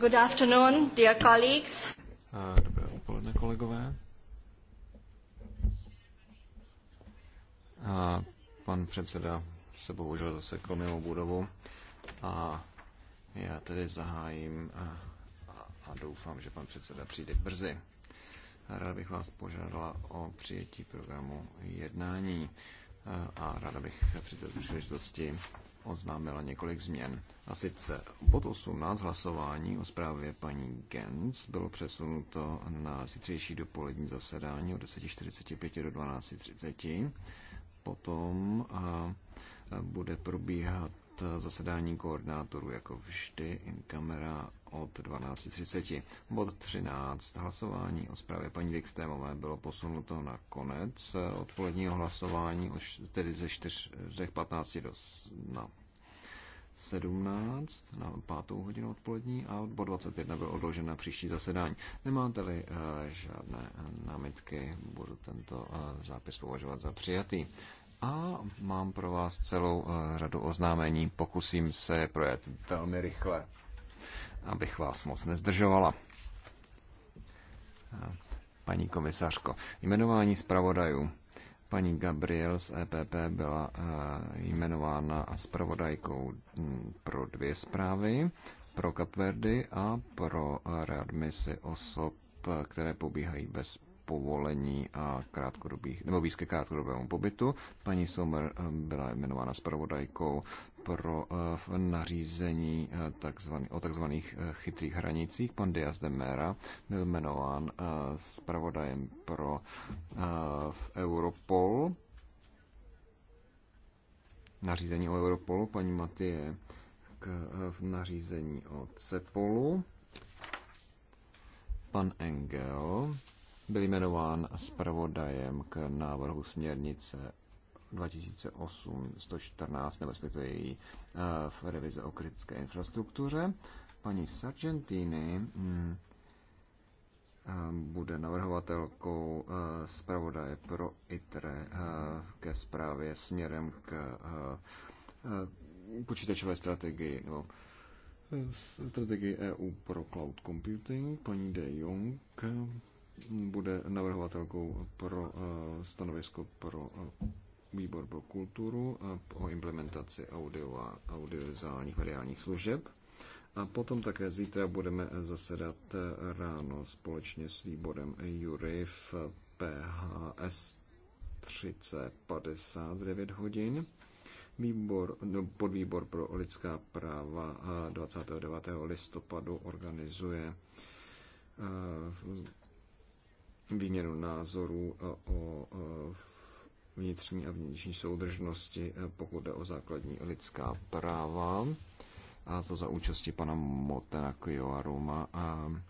Good afternoon, dear colleagues. Dobré odpoledne, kolegové. A pan předseda se bohužel zase mimo budovu a já tedy zahájím a, a doufám, že pan předseda přijde brzy. Rád bych vás požádala o přijetí programu jednání a ráda bych při této příležitosti oznámila několik změn. A sice bod 18 hlasování o zprávě paní Gens bylo přesunuto na zítřejší dopolední zasedání od 10.45 do 12.30. Potom bude probíhat zasedání koordinátorů jako vždy in kamera od 12.30. Bod 13. Hlasování o zprávě paní Vikstémové bylo posunuto na konec odpoledního hlasování, tedy ze 4.15 do na 17 na pátou hodinu odpolední a bod 21 byl odložen na příští zasedání. Nemáte-li eh, žádné eh, námitky, budu tento eh, zápis považovat za přijatý. A mám pro vás celou řadu oznámení, pokusím se projet velmi rychle abych vás moc nezdržovala. Paní komisařko, jmenování zpravodajů. Paní Gabriel z EPP byla eh, jmenována zpravodajkou hm, pro dvě zprávy, pro Kapverdy a pro eh, readmisi osob, eh, které pobíhají bez povolení a krátkodobých, nebo výzky krátkodobému pobytu. Paní Sommer byla jmenována zpravodajkou pro eh, nařízení eh, takzvaný, o takzvaných eh, chytrých hranicích. Pan Diaz de Mera byl jmenován zpravodajem pro Europol. Nařízení o Europolu, paní Matie k nařízení o CEPOLu. Pan Engel byl jmenován zpravodajem k návrhu směrnice 2008 114, nebo to její eh, v revize o kritické infrastruktuře. Paní Sargentini mm, eh, bude navrhovatelkou eh, zpravodaje pro ITRE ke zprávě směrem k počítačové strategii nebo strategii EU pro cloud computing. Paní De Jong bude navrhovatelkou pro stanovisko pro výbor pro kulturu o implementaci audio a audiovizuálních mediálních služeb. A potom také zítra budeme zasedat ráno společně s výborem Jury v PHS 3050 v 9 hodin. Výbor, no, podvýbor pro lidská práva 29. listopadu organizuje eh, výměnu názorů o, o vnitřní a vnitřní soudržnosti, eh, pokud jde o základní lidská práva, a to za účasti pana Motena Kioaruma a eh,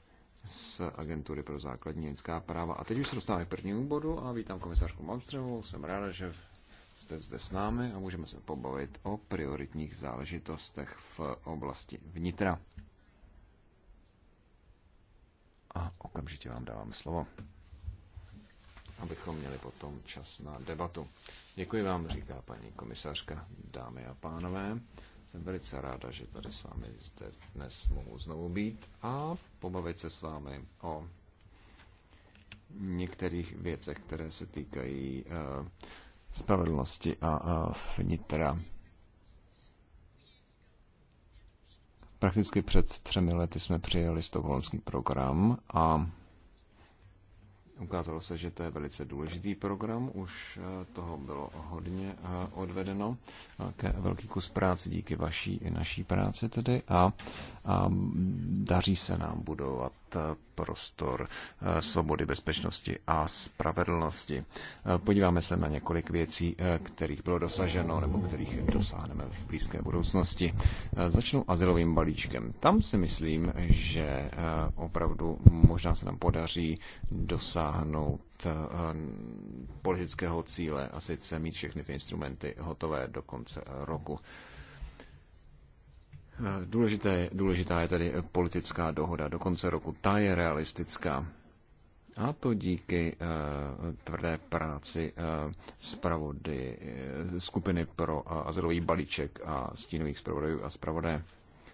z Agentury pro základní lidská práva. A teď už se dostáváme k prvnímu bodu a vítám komisařku Malmstrevu. Jsem ráda, že jste zde s námi a můžeme se pobavit o prioritních záležitostech v oblasti vnitra. A okamžitě vám dávám slovo abychom měli potom čas na debatu. Děkuji vám, říká paní komisařka, dámy a pánové. Jsem velice ráda, že tady s vámi zde dnes mohu znovu být a pobavit se s vámi o některých věcech, které se týkají uh, spravedlnosti a uh, vnitra. Prakticky před třemi lety jsme přijeli stokholmský program a Ukázalo se, že to je velice důležitý program, už eh, toho bylo hodně eh, odvedeno, velký kus práce díky vaší i naší práci tedy a, a daří se nám budovat prostor eh, svobody, bezpečnosti a spravedlnosti. Eh, podíváme se na několik věcí, eh, kterých bylo dosaženo nebo kterých dosáhneme v blízké budoucnosti. Začnu asilovým balíčkem. Tam si myslím, že opravdu možná se nám podaří dosáhnout politického cíle a sice mít všechny ty instrumenty hotové do konce roku. Důležité, důležitá je tedy politická dohoda. Do konce roku ta je realistická. A to díky uh, tvrdé práci uh, eh, zpravody, uh, eh, skupiny pro uh, azylový balíček a stínových zpravodajů a zpravodaje.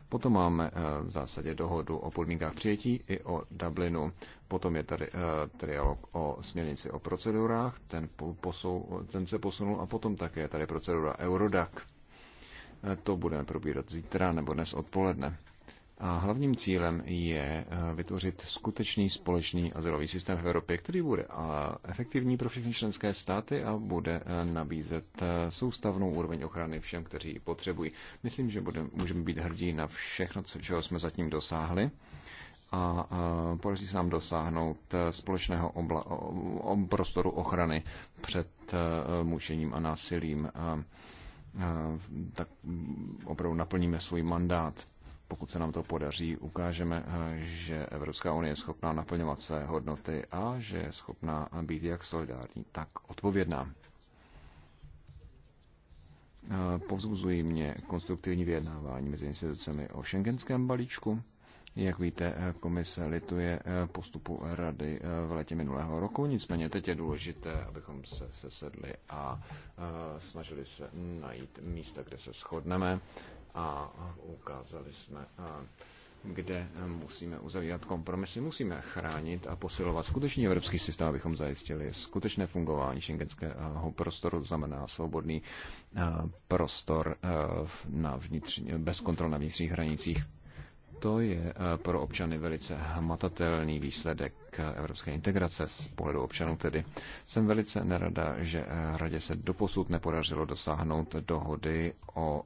Potom máme uh, v zásadě dohodu o podmínkách přijetí i o Dublinu. Potom je tady uh, trialog o směrnici o procedurách, ten, posou, ten se posunul a potom také je tady procedura Eurodac to budeme probírat zítra nebo dnes odpoledne. A hlavním cílem je eh, vytvořit skutečný společný azylový systém v Evropě, který bude eh, efektivní pro všechny členské státy a bude eh, nabízet soustavnou úroveň ochrany všem, kteří ji potřebují. Myslím, že budeme, můžeme být hrdí na všechno, co, čeho jsme zatím dosáhli a podaří se nám dosáhnout společného obla, prostoru ochrany před mučením a násilím. Eh, tak opravdu naplníme svůj mandát. Pokud se nám to podaří, ukážeme, eh, že Evropská unie je schopná naplňovat své hodnoty a že je schopná být jak solidární, tak odpovědná. Eh, povzbuzují mě konstruktivní vyjednávání mezi institucemi o šengenském balíčku jak víte, eh, komise lituje eh, postupu rady eh, v letě minulého roku, nicméně teď je důležité, abychom se sesedli a snažili se najít místa, kde se shodneme a ukázali jsme kde musíme uzavírat kompromisy, musíme chránit a posilovat skutečný evropský systém, abychom zajistili skutečné fungování šengenského prostoru, to znamená svobodný prostor na vnitř, bez kontrol na vnitřních hranicích to je eh, pro občany velice hmatatelný výsledek eh, evropské integrace z pohledu občanů tedy. Jsem velice nerada, že eh, radě se doposud nepodařilo dosáhnout dohody o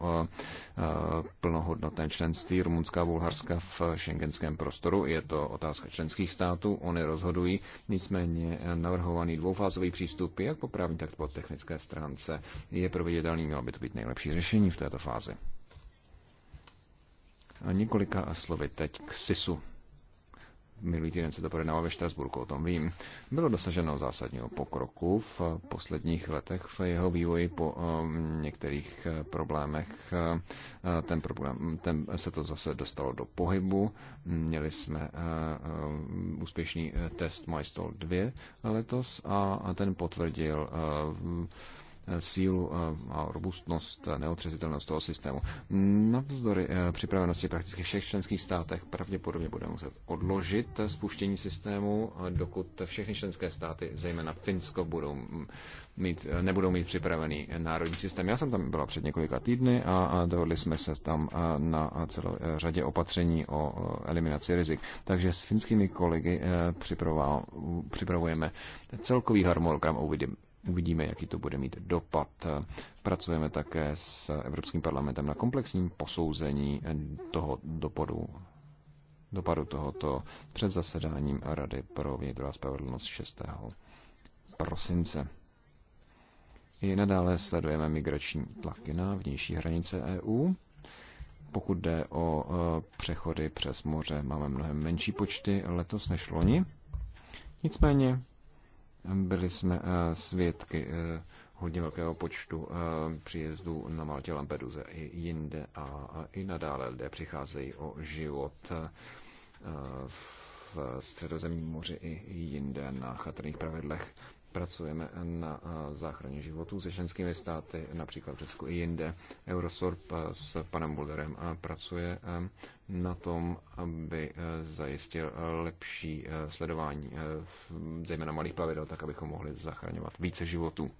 plnohodnotném členství Rumunská a Bulharska v šengenském prostoru. Je to otázka členských států, oni rozhodují. Nicméně navrhovaný dvoufázový přístup, jak po právní, tak po technické stránce, je proveditelný, mělo by to být nejlepší řešení v této fázi. A několika slovy teď k SISu. Minulý týden se to projednalo ve Štrasburku, o tom vím. Bylo dosaženo zásadního pokroku v posledních letech v jeho vývoji po um, některých eh, problémech. Eh, ten problém, ten se to zase dostalo do pohybu. Měli jsme uh, úspěšný test MyStall 2 letos a, a ten potvrdil uh, sílu eh, a robustnost, eh, neotřesitelnost toho systému. Navzdory eh, připravenosti prakticky všech členských státech pravděpodobně budeme muset odložit spuštění systému, dokud všechny členské státy, zejména Finsko, budou mít, nebudou mít připravený národní systém. Já jsem tam byla před několika týdny a dohodli jsme se tam na celé řadě opatření o eliminaci rizik. Takže s finskými kolegy připravujeme celkový harmonogram Uvidíme, jaký to bude mít dopad. Pracujeme také s Evropským parlamentem na komplexním posouzení toho dopadu, dopadu tohoto před zasedáním Rady pro vnitro a spravedlnost 6. prosince. I nadále sledujeme migrační tlaky na vnější hranice EU. Pokud jde o e, přechody přes moře, máme mnohem menší počty letos než loni. Nicméně byli jsme eh, svědky eh, hodně velkého počtu eh, příjezdů na Maltě Lampeduze i jinde a i nadále lidé přicházejí o život v středozemním moři i jinde na chatrných pravidlech pracujeme na eh, záchraně životů se členskými státy, například v Řecku i jinde. Eurosorp eh, s panem Bulderem eh, pracuje na tom, aby zajistil lepší sledování zejména malých plavidel, tak abychom mohli zachraňovat více životů.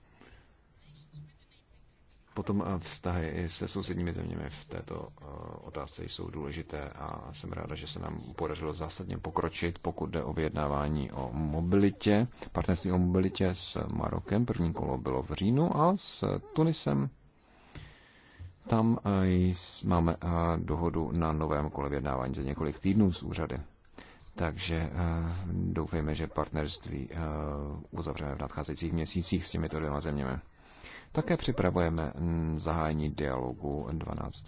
Potom eh, vztahy i se sousedními zeměmi v této eh, otázce jsou důležité a jsem ráda, že se nám podařilo zásadně pokročit, pokud jde o vyjednávání o mobilitě, partnerství o mobilitě s Marokem. První kolo bylo v říjnu a s Tunisem. Tam eh, máme dohodu na novém kole vyjednávání za několik týdnů z úřady. Takže doufejme, že partnerství uzavřeme v nadcházejících měsících s těmito dvěma zeměmi. Také připravujeme zahájení dialogu 12.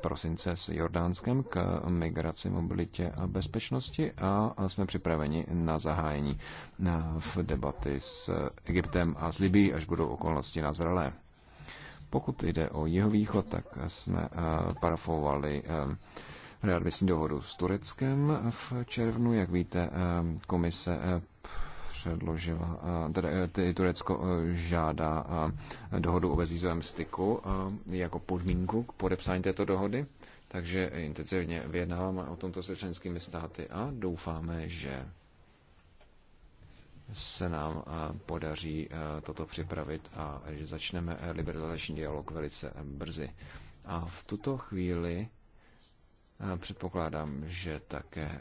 prosince s Jordánskem k migraci, mobilitě a bezpečnosti a jsme připraveni na zahájení v debaty s Egyptem a s Libí, až budou okolnosti nazralé. Pokud jde o jeho východ, tak jsme parafovali readmisní dohodu s Tureckem v červnu. Jak víte, komise předložila, tedy e, Turecko e, žádá dohodu o bezvízovém styku jako podmínku k podepsání této dohody, takže intenzivně vyjednáváme o tomto se členskými státy a doufáme, že se nám podaří toto připravit a že začneme e, liberalizační dialog velice brzy. A v tuto chvíli předpokládám, že také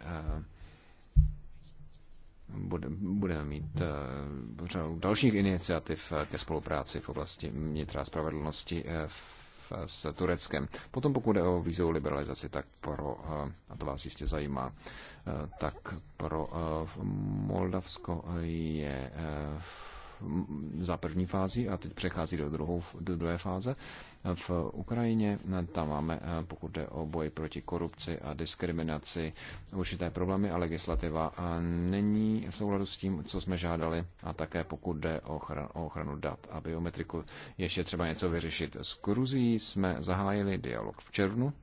budeme mít eh, řadu dalších iniciativ eh, ke spolupráci v oblasti vnitra spravedlnosti eh, s Tureckem. Potom pokud jde o vízovou liberalizaci, tak pro, a to vás jistě zajímá, tak pro Moldavsko je za první fázi a teď přechází do, druhou, do druhé fáze v Ukrajině tam máme, eh, pokud jde o boj proti korupci a diskriminaci, určité problémy a legislativa eh, není v souladu s tím, co jsme žádali a také pokud jde o, ochran, o ochranu dat a biometriku, ještě třeba něco vyřešit. S Gruzí jsme zahájili dialog v červnu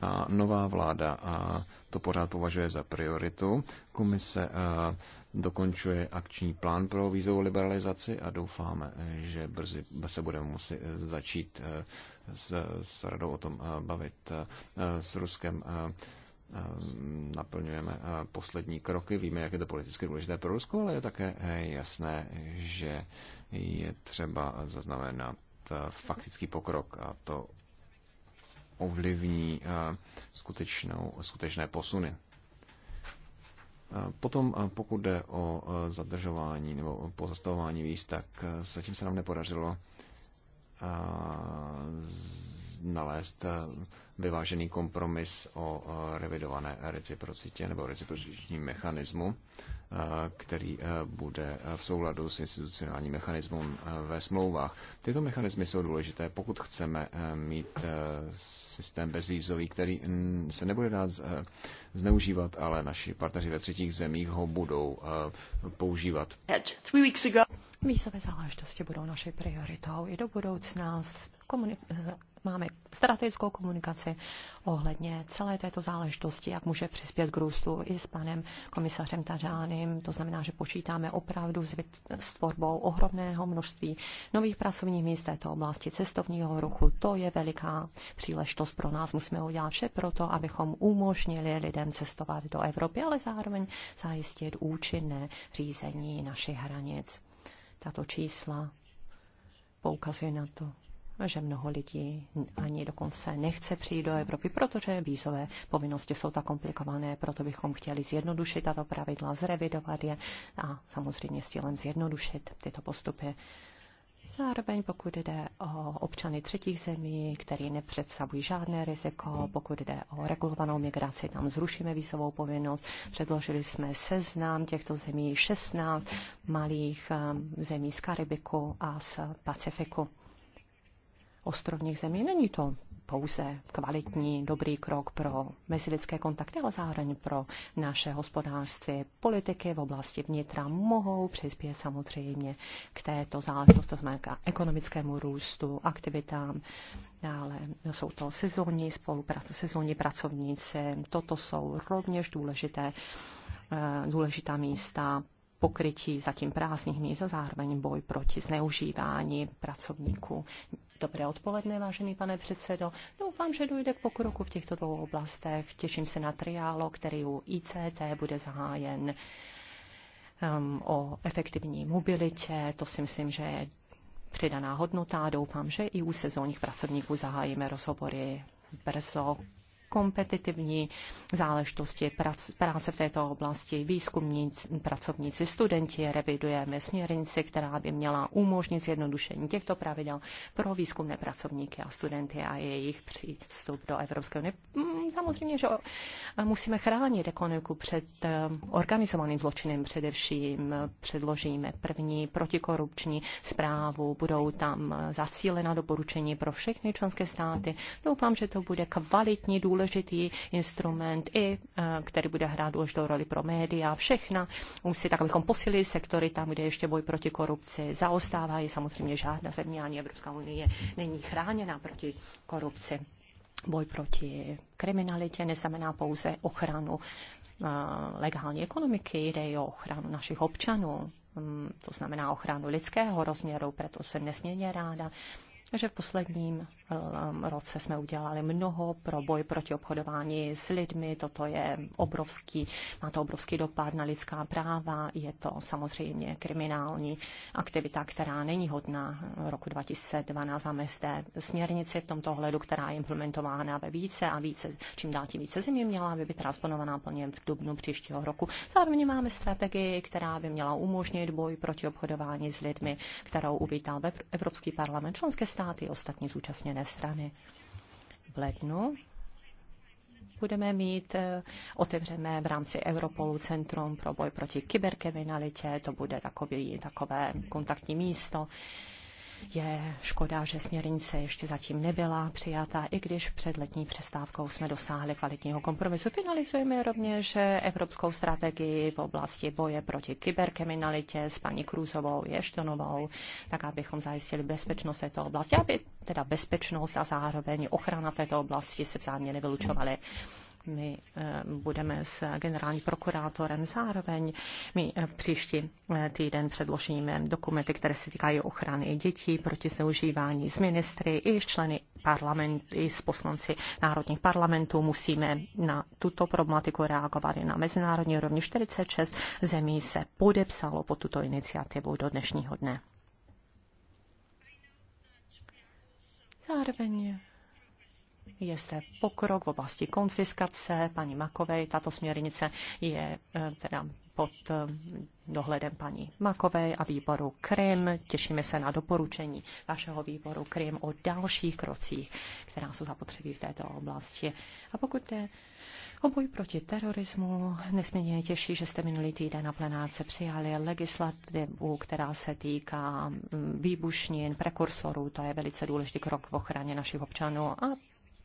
a nová vláda a to pořád považuje za prioritu. Komise eh, dokončuje akční plán pro vízovou liberalizaci a doufáme, že brzy se budeme muset eh, začít eh, s, s radou o tom eh, bavit s Ruskem naplňujeme poslední kroky. Víme, jak je to politicky důležité pro Rusko, ale je také jasné, že je třeba zaznamenat faktický pokrok a to ovlivní skutečnou, skutečné posuny. Potom, pokud jde o e, zadržování nebo pozastavování víz, tak e, zatím se nám nepodařilo nalézt eh, vyvážený kompromis o eh, revidované reciprocitě nebo recipročním mechanismu, eh, který bude v souladu s institucionálním mechanismem ve smlouvách. Tyto mechanismy jsou důležité, pokud chceme mít systém bezvízový, který se nebude dát zneužívat, ale naši partneři ve třetích zemích ho budou používat. Vízové záležitosti budou naší prioritou i do budoucna komunik- máme strategickou komunikaci ohledně celé této záležitosti, jak může přispět k růstu i s panem komisařem Tažánem. To znamená, že počítáme opravdu s, tvorbou ohromného množství nových pracovních míst této oblasti cestovního ruchu. To je veliká příležitost pro nás. Musíme udělat vše pro to, abychom umožnili lidem cestovat do Evropy, ale zároveň zajistit účinné řízení našich hranic. Tato čísla poukazuje na to, že mnoho lidí ani dokonce nechce přijít do Evropy, protože vízové povinnosti jsou tak komplikované, proto bychom chtěli zjednodušit tato pravidla, zrevidovat je a samozřejmě s cílem zjednodušit tyto postupy. Zároveň pokud jde o občany třetích zemí, který nepředstavují žádné riziko, pokud jde o regulovanou migraci, tam zrušíme výsovou povinnost. Předložili jsme seznam těchto zemí 16 malých um, zemí z Karibiku a z Pacifiku ostrovních zemí. Není to pouze kvalitní, dobrý krok pro mezilidské kontakty, ale zároveň pro naše hospodářství. Politiky v oblasti vnitra mohou přispět samozřejmě k této záležitosti, to znamená ekonomickému růstu, aktivitám. Dále jsou to sezónní spolupráce, sezónní pracovníci. Toto jsou rovněž důležité, eh, důležitá místa pokrytí zatím prázdných míst a zároveň boj proti zneužívání pracovníků Dobré odpoledne, vážený pane předsedo. Doufám, že dojde k pokroku v těchto dvou oblastech. Těším se na triálo, který u ICT bude zahájen um, o efektivní mobilitě. To si myslím, že je přidaná hodnota. Doufám, že i u sezónních pracovníků zahájíme rozhovory brzo kompetitivní záležitosti práce v této oblasti. Výzkumní pracovníci, studenti revidujeme směrnici, která by měla umožnit zjednodušení těchto pravidel pro výzkumné pracovníky a studenty a jejich přístup do Evropské unie. Mm, samozřejmě, že musíme chránit ekonomiku před eh, organizovaným zločinem především. Eh, předložíme první protikorupční zprávu, budou tam eh, zacílena doporučení pro všechny členské státy. Doufám, že to bude kvalitní, důležitost důležitý instrument i, eh, který bude hrát důležitou roli pro média, všechna musí tak, abychom posílili sektory tam, kde ještě boj proti korupci zaostává. Je samozřejmě žádná země ani Evropská unie není chráněna proti korupci. Boj proti kriminalitě neznamená pouze ochranu eh, legální ekonomiky, jde i o ochranu našich občanů, mm, to znamená ochranu lidského rozměru, proto jsem nesmírně ráda, že v posledním roce jsme udělali mnoho pro boj proti obchodování s lidmi. Toto je obrovský, má to obrovský dopad na lidská práva. Je to samozřejmě kriminální aktivita, která není hodná. Roku 2012 máme zde směrnici v tomto ohledu, která je implementována ve více a více, čím dál tím více zemí měla by být transponovaná plně v dubnu příštího roku. Zároveň máme strategii, která by měla umožnit boj proti obchodování s lidmi, kterou uvítal Evropský parlament, členské státy i ostatní zúčastněné zúčastněné strany. V lednu budeme mít, eh, otevřeme v rámci Europolu Centrum pro boj proti kyberkriminalitě, to bude takový, takové kontaktní místo je škoda, že směrnice ještě zatím nebyla přijata, i když před letní přestávkou jsme dosáhli kvalitního kompromisu. Finalizujeme rovněž evropskou strategii v oblasti boje proti kyberkriminalitě s paní Krůzovou, Ještonovou, tak abychom zajistili bezpečnost této oblasti, aby teda bezpečnost a zároveň ochrana této oblasti se vzájemně nevylučovaly. My eh, budeme s generálním prokurátorem zároveň. My v eh, příští eh, týden předložíme dokumenty, které se týkají ochrany dětí proti zneužívání Z ministry i z členy parlament, i z poslanci národních parlamentů. Musíme na tuto problematiku reagovat i na mezinárodní úrovni. 46 zemí se podepsalo po tuto iniciativu do dnešního dne. Zároveň je pokrok v oblasti konfiskace paní Makovej. Tato směrnice je eh, teda pod eh, dohledem paní Makové a výboru Krym. Těšíme se na doporučení vašeho výboru Krym o dalších krocích, která jsou zapotřebí v této oblasti. A pokud jde o boj proti terorismu, nesmírně těší, že jste minulý týden na plenáce přijali legislativu, která se týká mm, výbušnin, prekursorů. To je velice důležitý krok v ochraně našich občanů. A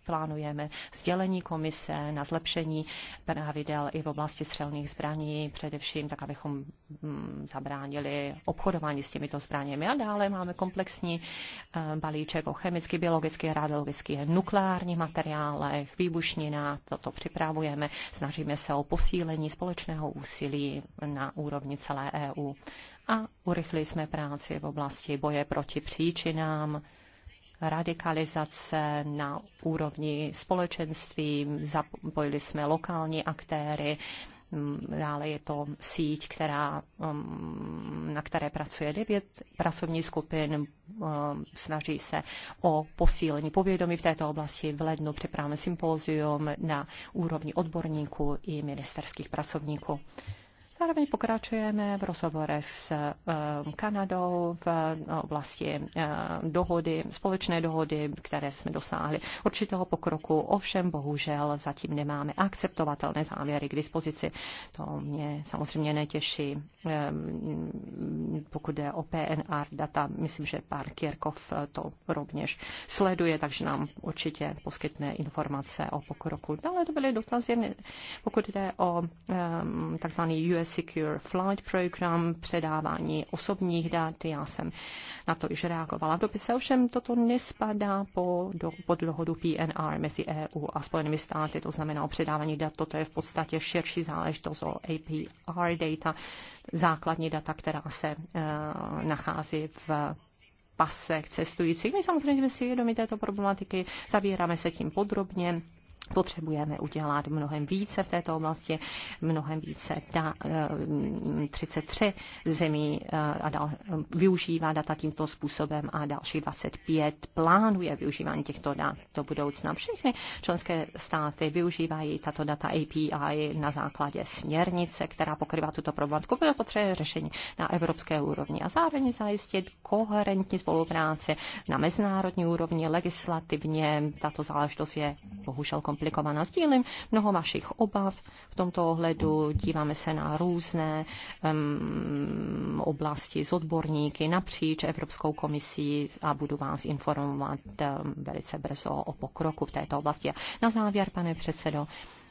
plánujeme sdělení komise na zlepšení pravidel i v oblasti střelných zbraní, především tak, abychom mm, zabránili obchodování s těmito zbraněmi. A dále máme komplexní eh, balíček o chemicky, biologických, radiologických, nukleárních materiálech, výbušninách. Toto připravujeme. Snažíme se o posílení společného úsilí na úrovni celé EU. A urychlili jsme práci v oblasti boje proti příčinám radikalizace na úrovni společenství, zapojili jsme lokální aktéry, mm, dále je to síť, která, mm, na které pracuje devět pracovních skupin, mm, snaží se o posílení povědomí v této oblasti. V lednu připravíme sympózium na úrovni odborníků i ministerských pracovníků. Zároveň pokračujeme v rozhovore s eh, Kanadou v eh, oblasti eh, dohody, společné dohody, které jsme dosáhli určitého pokroku. Ovšem, bohužel, zatím nemáme akceptovatelné závěry k dispozici. To mě samozřejmě netěší. Pokud jde o PNR data, myslím, že pár Kirkov to rovněž sleduje, takže nám určitě poskytne informace o pokroku. Dále to byly dotazy, pokud jde o takzvaný US Secure Flight program, předávání osobních dat. Já jsem na to již reagovala v dopise, ovšem toto nespadá po, do, pod dohodu PNR mezi EU a Spojenými státy, to znamená o předávání dat. Toto je v podstatě širší záležitost o APR data, základní data, která se uh, nachází v pasech cestujících. My samozřejmě jsme si vědomi této problematiky, zabíráme se tím podrobně Potřebujeme udělat mnohem více v této oblasti, mnohem více da, 33 eh, zemí eh, a dal, eh, využívá data tímto způsobem a další 25 plánuje využívání těchto dat do budoucna. Všechny členské státy využívají tato data API na základě směrnice, která pokrývá tuto problematiku. Bude potřebuje řešení na evropské úrovni a zároveň zajistit koherentní spolupráci na mezinárodní úrovni, legislativně. Tato záležitost je bohužel komplikovaná komplikovaná. Sdílím mnoho vašich obav v tomto ohledu. Díváme se na různé um, oblasti s odborníky napříč Evropskou komisí a budu vás informovat um, velice brzo o pokroku v této oblasti. Na závěr, pane předsedo,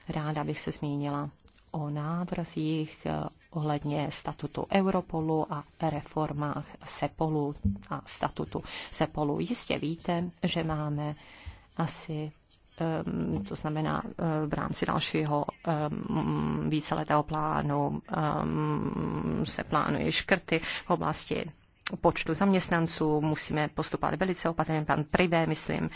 ráda bych se zmínila o návrzích eh, ohledně statutu Europolu a reformách SEPOLu a statutu SEPOLu. Jistě víte, že máme asi Ehm, to znamená ehm, v rámci dalšího ehm, víceletého plánu se plánuje škrty v oblasti počtu zaměstnanců, musíme postupovat velice opatrně. Pan Privé, myslím,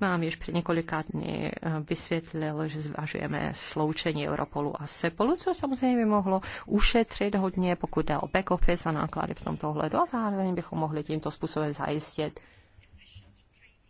vám již před několika dny vysvětlil, že zvažujeme sloučení Europolu a Sepolu, co samozřejmě by mohlo ušetřit hodně, pokud jde o back office a náklady v tomto ohledu a zároveň bychom mohli tímto způsobem zajistit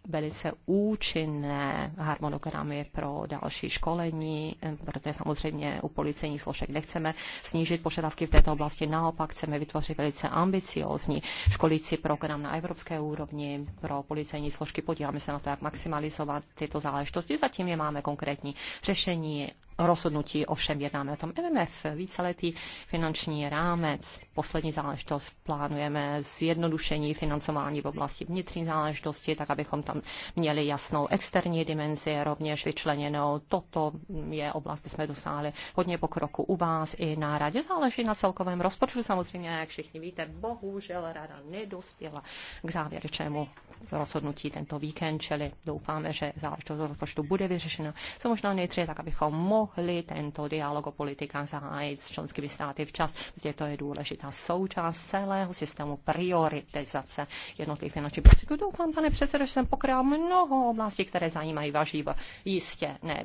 velice účinné harmonogramy pro další školení, protože samozřejmě u policejních složek nechceme snížit požadavky v této oblasti, naopak chceme vytvořit velice ambiciózní školící program na evropské úrovni pro policejní složky. Podíváme se na to, jak maximalizovat tyto záležitosti. Zatím je máme konkrétní řešení rozhodnutí, ovšem jednáme o tom MMF, víceletý finanční rámec, poslední záležitost, plánujeme zjednodušení financování v oblasti vnitřní záležitosti, tak abychom tam měli jasnou externí dimenzi, rovněž vyčleněnou. Toto je oblast, kde jsme dosáhli hodně pokroku u vás i na radě. Záleží na celkovém rozpočtu, samozřejmě, jak všichni víte, bohužel rada nedospěla k závěrečnému rozhodnutí tento víkend, čili doufáme, že záležitost rozpočtu bude vyřešena. Co možná nejdříve, tak abychom mohli mohli tento dialog o politikách zahájit s členskými státy včas, protože to je důležitá součást celého systému prioritizace jednotlivých finančních prostředků. Doufám, pane předsedo, že jsem pokryl mnoho oblastí, které zajímají váš výbor. Jistě ne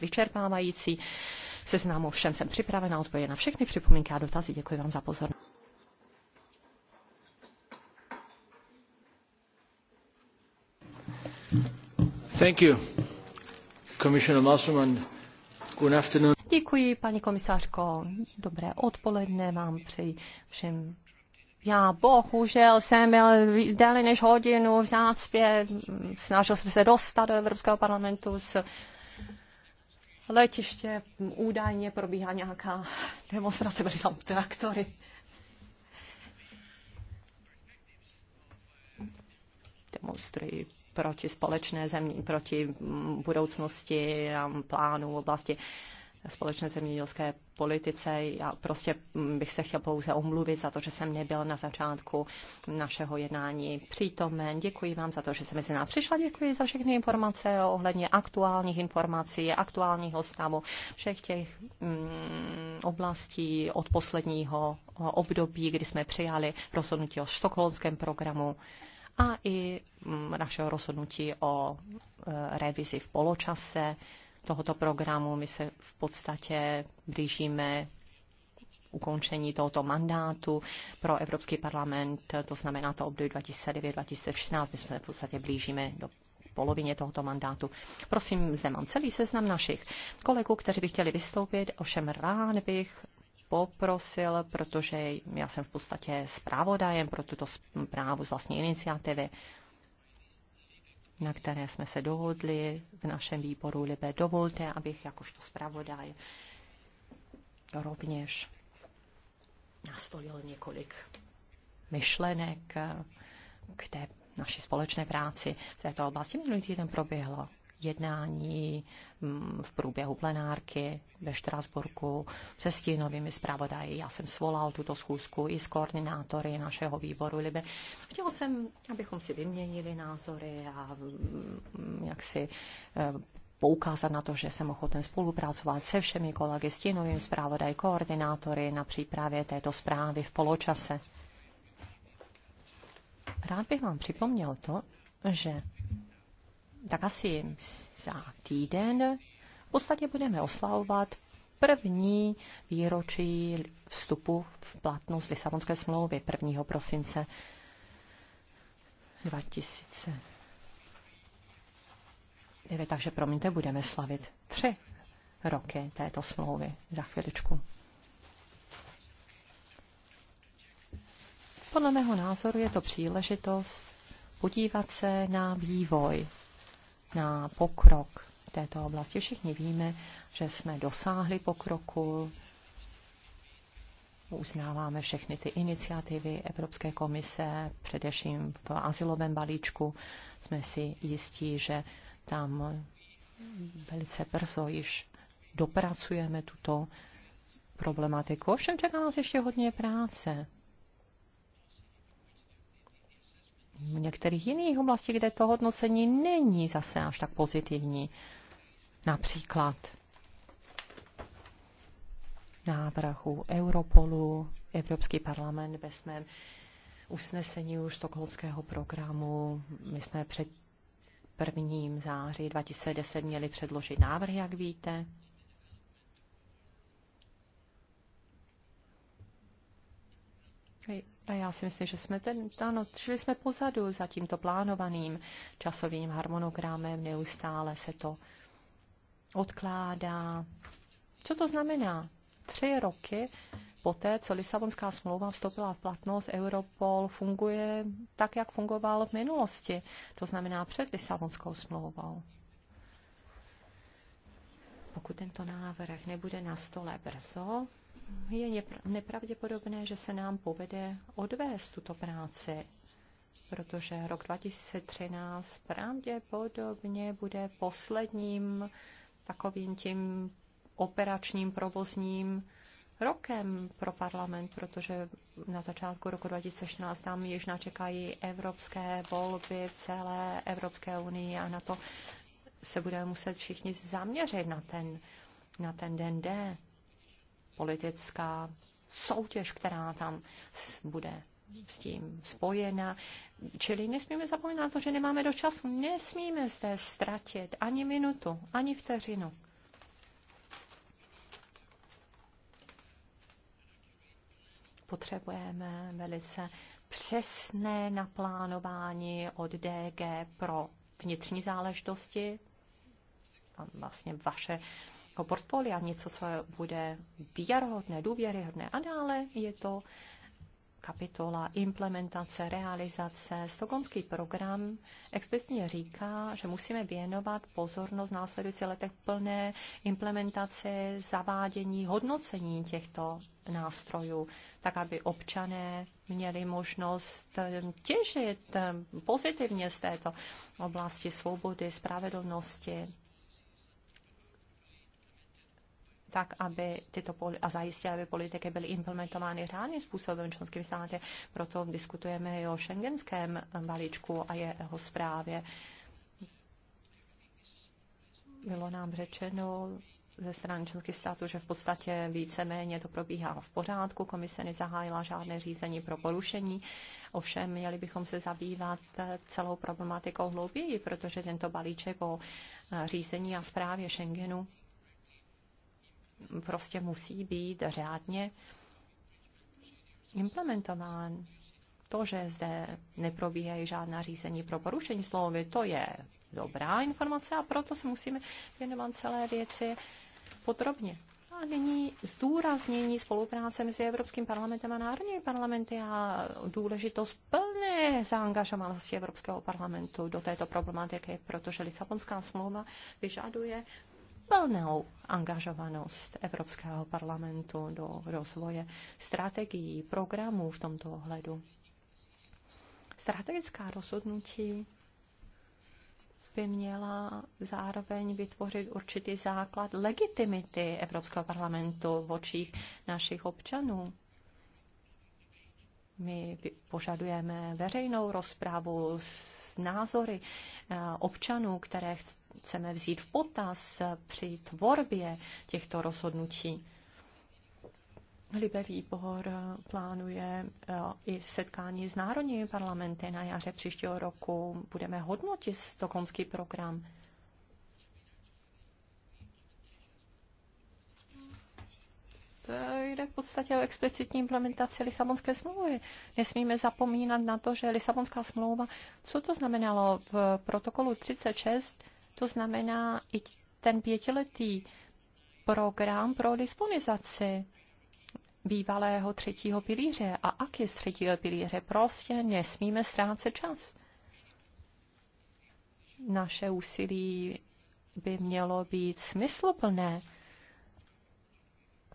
Seznámu všem jsem připravena odpovědět na všechny připomínky a dotazy. Děkuji vám za pozornost. Thank you, Commissioner Musselman. Good afternoon. Děkuji, paní komisářko. Dobré odpoledne vám přeji všem. Já bohužel jsem byl déle než hodinu v zácpě. Snažil jsem se dostat do Evropského parlamentu s letiště. Údajně probíhá nějaká demonstrace, byly tam traktory. Demonstrují proti společné zemi, proti budoucnosti a plánu v oblasti společné zemědělské politice. Já prostě bych se chtěl pouze omluvit za to, že jsem nebyl na začátku našeho jednání přítomen. Děkuji vám za to, že jsem mezi nás přišla. Děkuji za všechny informace ohledně aktuálních informací, aktuálního stavu všech těch mm, oblastí od posledního období, kdy jsme přijali rozhodnutí o štokholmském programu a i mm, našeho rozhodnutí o e, revizi v poločase tohoto programu. My se v podstatě blížíme ukončení tohoto mandátu pro Evropský parlament, to znamená to období 2009-2014, my jsme v podstatě blížíme do polovině tohoto mandátu. Prosím, zde mám celý seznam našich kolegů, kteří by chtěli vystoupit, ovšem rád bych poprosil, protože já jsem v podstatě zpravodajem pro tuto zprávu z vlastní iniciativy, na které jsme se dohodli v našem výboru Libe. Dovolte, abych jakožto zpravodaj rovněž nastolil několik myšlenek k té naší společné práci v této oblasti. Minulý týden proběhlo jednání mm, v průběhu plenárky ve Štrasburku se stínovými zpravodaji. Já jsem svolal tuto schůzku i s koordinátory našeho výboru Libe. Chtěl jsem, abychom si vyměnili názory a mm, jak si e, poukázat na to, že jsem ochoten spolupracovat se všemi kolegy, stínovým zpravodaj, koordinátory na přípravě této zprávy v poločase. Rád bych vám připomněl to, že tak asi za týden v podstatě budeme oslavovat první výročí vstupu v platnost Lisabonské smlouvy 1. prosince 2009. Takže promiňte, budeme slavit tři roky této smlouvy za chviličku. Podle mého názoru je to příležitost podívat se na vývoj na pokrok v této oblasti. Všichni víme, že jsme dosáhli pokroku, uznáváme všechny ty iniciativy Evropské komise, především v asilovém balíčku. Jsme si jistí, že tam velice brzo již dopracujeme tuto problematiku. Ovšem čeká nás ještě hodně práce. v některých jiných oblastích, kde to hodnocení není zase až tak pozitivní. Například návrhu Europolu, Evropský parlament ve svém usnesení už stokholmského programu. My jsme před prvním září 2010 měli předložit návrh, jak víte. A já si myslím, že jsme ten, ano, šli jsme pozadu za tímto plánovaným časovým harmonogramem, neustále se to odkládá. Co to znamená? Tři roky poté, co Lisabonská smlouva vstoupila v platnost, Europol funguje tak, jak fungoval v minulosti, to znamená před Lisabonskou smlouvou. Pokud tento návrh nebude na stole brzo, je nepravděpodobné, že se nám povede odvést tuto práci, protože rok 2013 pravděpodobně bude posledním takovým tím operačním provozním rokem pro parlament, protože na začátku roku 2016 tam již načekají evropské volby v celé Evropské unii a na to se budeme muset všichni zaměřit na ten, na ten den D politická soutěž, která tam bude s tím spojena. Čili nesmíme zapomínat to, že nemáme do času. Nesmíme zde ztratit ani minutu, ani vteřinu. Potřebujeme velice přesné naplánování od DG pro vnitřní záležitosti. Tam vlastně vaše jako portfolia, něco, co bude věrohodné, důvěryhodné. A dále je to kapitola implementace, realizace. Stokonský program explicitně říká, že musíme věnovat pozornost v následujících letech plné implementace, zavádění, hodnocení těchto nástrojů, tak aby občané měli možnost těžit pozitivně z této oblasti svobody, spravedlnosti, tak, aby tyto poli- a zajistili, aby politiky byly implementovány řádným způsobem členským státě. Proto diskutujeme i o šengenském balíčku a jeho zprávě. Bylo nám řečeno, ze strany členských států, že v podstatě víceméně to probíhá v pořádku, komise nezahájila žádné řízení pro porušení. Ovšem měli bychom se zabývat celou problematikou hlouběji, protože tento balíček o řízení a zprávě Schengenu prostě musí být řádně implementován. To, že zde neprobíhají žádná řízení pro porušení smlouvy, to je dobrá informace a proto se musíme věnovat celé věci podrobně. A nyní zdůraznění spolupráce mezi Evropským parlamentem a národními parlamenty a důležitost plné zaangažovanosti Evropského parlamentu do této problematiky, protože Lisabonská smlouva vyžaduje plnou angažovanost Evropského parlamentu do rozvoje strategií, programů v tomto ohledu. Strategická rozhodnutí by měla zároveň vytvořit určitý základ legitimity Evropského parlamentu v očích našich občanů. My požadujeme veřejnou rozpravu s názory eh, občanů, které chceme vzít v potaz při tvorbě těchto rozhodnutí. Libe výbor plánuje eh, i setkání s národními parlamenty na jaře příštího roku. Budeme hodnotit stokonský program. To jde v podstatě o explicitní implementaci Lisabonské smlouvy. Nesmíme zapomínat na to, že Lisabonská smlouva, co to znamenalo v protokolu 36, to znamená i ten pětiletý program pro disponizaci bývalého třetího pilíře a aky z třetího pilíře. Prostě nesmíme ztrácet čas. Naše úsilí by mělo být smysluplné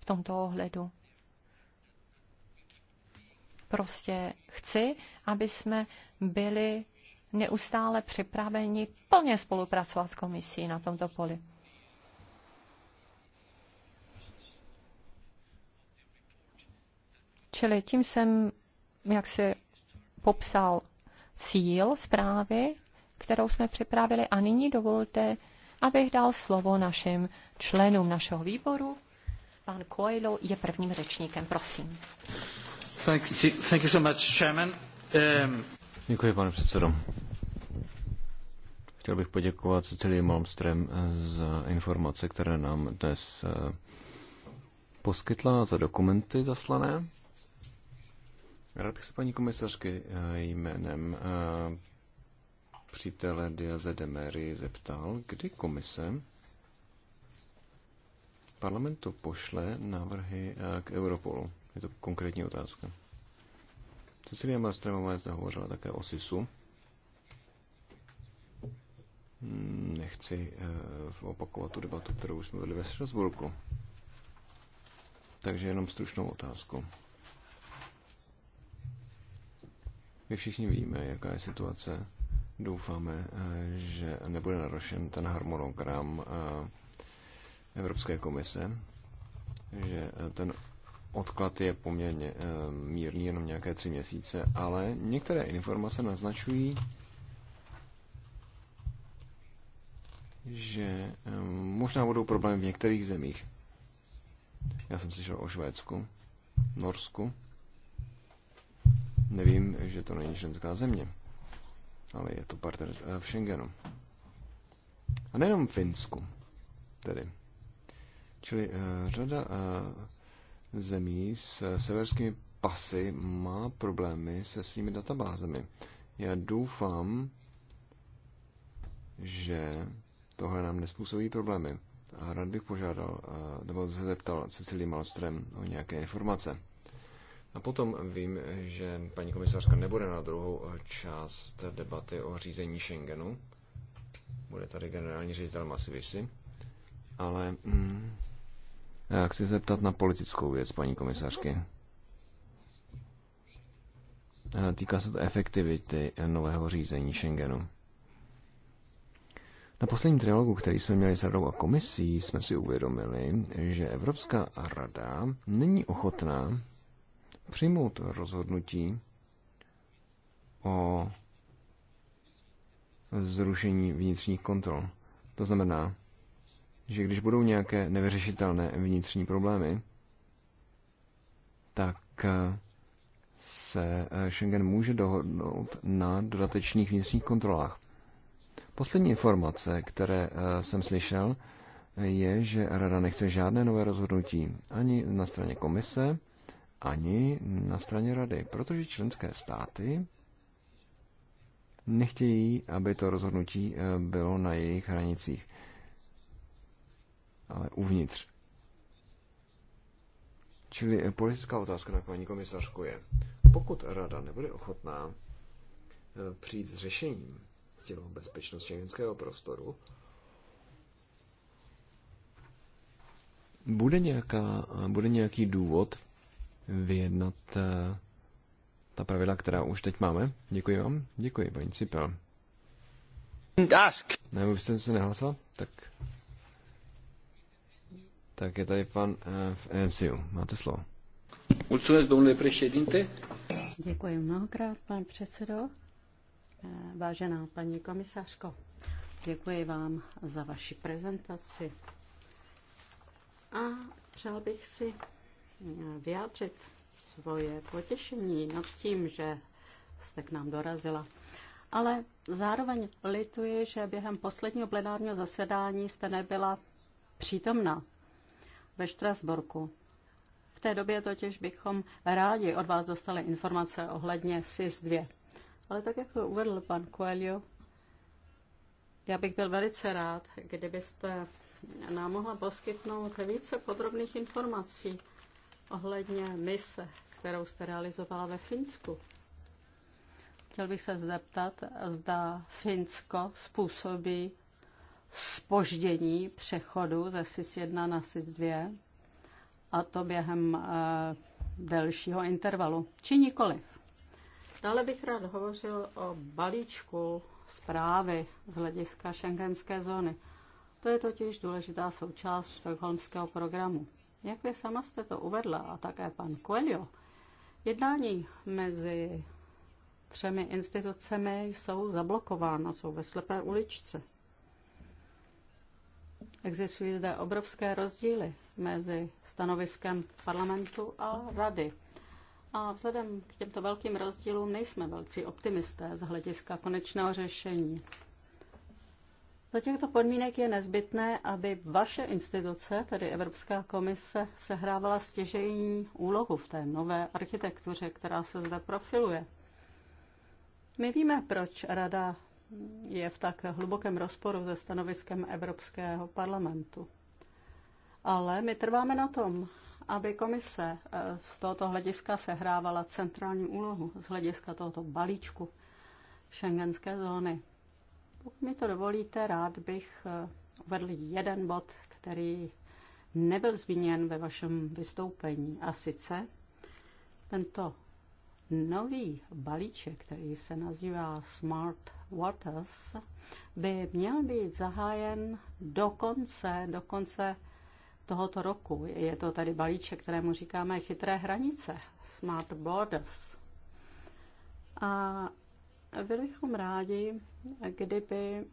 v tomto ohledu. Prostě chci, aby jsme byli neustále připraveni plně spolupracovat s komisí na tomto poli. Čili tím jsem, jak si popsal cíl zprávy, kterou jsme připravili a nyní dovolte, abych dal slovo našim členům našeho výboru. Pan Coelho je prvním řečníkem, prosím. Thank you, thank you so much, Chairman. Um... Děkuji, pane předsedo. Chtěl bych poděkovat Cecilii Malmström za informace, které nám dnes eh, poskytla, za dokumenty zaslané. Rád bych se paní komisařky eh, jménem eh, přítele Diaze Mary zeptal, kdy komise parlamentu pošle návrhy k Europolu. Je to konkrétní otázka. Cecilia Malmströmová zde hovořila také o SISu. Nechci eh, opakovat tu debatu, kterou jsme vedli ve Strasburku. Takže jenom stručnou otázku. My všichni víme, jaká je situace. Doufáme, eh, že nebude narušen ten harmonogram eh, Evropské komise, že ten odklad je poměrně eh, mírný, jenom nějaké tři měsíce, ale některé informace naznačují, že eh, možná budou problémy v některých zemích. Já jsem slyšel o Švédsku, Norsku. Nevím, že to není členská země, ale je to partner eh, v Schengenu. A nejenom v Finsku, tedy. Čili řada zemí s severskými pasy má problémy se svými databázemi. Já doufám, že tohle nám nespůsobí problémy. A rád bych požádal, eh, nebo se zeptal Cecily Malstrem o nějaké informace. A potom vím, že paní komisařka nebude na druhou eh, část debaty o řízení Schengenu. Bude tady generální ředitel Masivisi. Ale mm, Chci zeptat na politickou věc, paní komisařky. Eh, týká se to efektivity nového řízení Schengenu. Na posledním trialogu, který jsme měli s radou a komisí, jsme si uvědomili, že Evropská rada není ochotná přijmout rozhodnutí o zrušení vnitřních kontrol. To znamená, že když budou nějaké nevyřešitelné vnitřní problémy, tak eh, se eh, Schengen může dohodnout na dodatečných vnitřních kontrolách. Poslední informace, které eh, jsem slyšel, je, že Rada nechce žádné nové rozhodnutí ani na straně komise, ani na straně Rady, protože členské státy nechtějí, aby to rozhodnutí bylo na jejich hranicích ale uvnitř. Čili politická otázka na paní komisařku je, pokud rada nebude ochotná eh, přijít s řešením s tělou bezpečnosti šengenského prostoru, bude, nějaká, bude nějaký důvod vyjednat eh, ta pravidla, která už teď máme? Děkuji vám. Děkuji, paní Cipel. Ask. Ne, vy jste se nehlasla? Tak tak je tady pan eh, v ENSIU. Máte slovo. Mulțumesc, domnule președinte. Děkuji mnohokrát, pan předsedo. Eh, vážená paní komisařko, děkuji vám za vaši prezentaci. A přál bych si eh, vyjádřit svoje potěšení nad tím, že jste k nám dorazila. Ale zároveň lituji, že během posledního plenárního zasedání jste nebyla přítomna ve Štrasburku. V té době totiž bychom rádi od vás dostali informace ohledně SIS-2. Ale tak, jak to uvedl pan Coelho, já bych byl velice rád, kdybyste nám mohla poskytnout více podrobných informací ohledně mise, kterou jste realizovala ve Finsku. Chtěl bych se zeptat, zda Finsko způsobí spoždění přechodu ze SIS 1 na SIS 2 a to během eh, delšího intervalu, či nikoliv. Dále bych rád hovořil o balíčku zprávy z hlediska šengenské zóny. To je totiž důležitá součást štokholmského programu. Jak vy sama jste to uvedla a také pan Coelho, jednání mezi třemi institucemi jsou zablokována, jsou ve slepé uličce. Existují zde obrovské rozdíly mezi stanoviskem parlamentu a rady. A vzhledem k těmto velkým rozdílům nejsme velcí optimisté z hlediska konečného řešení. Za těchto podmínek je nezbytné, aby vaše instituce, tedy Evropská komise, sehrávala stěžejní úlohu v té nové architektuře, která se zde profiluje. My víme, proč Rada je v tak hlubokém rozporu se stanoviskem Evropského parlamentu. Ale my trváme na tom, aby komise eh, z tohoto hlediska sehrávala centrální úlohu z hlediska tohoto balíčku šengenské zóny. Pokud mi to dovolíte, rád bych eh, uvedl jeden bod, který nebyl zmíněn ve vašem vystoupení. A sice tento Nový balíček, který se nazývá Smart Waters, by měl být zahájen do konce, do konce tohoto roku. Je to tady balíček, kterému říkáme chytré hranice, Smart Borders. A byli bychom rádi, kdyby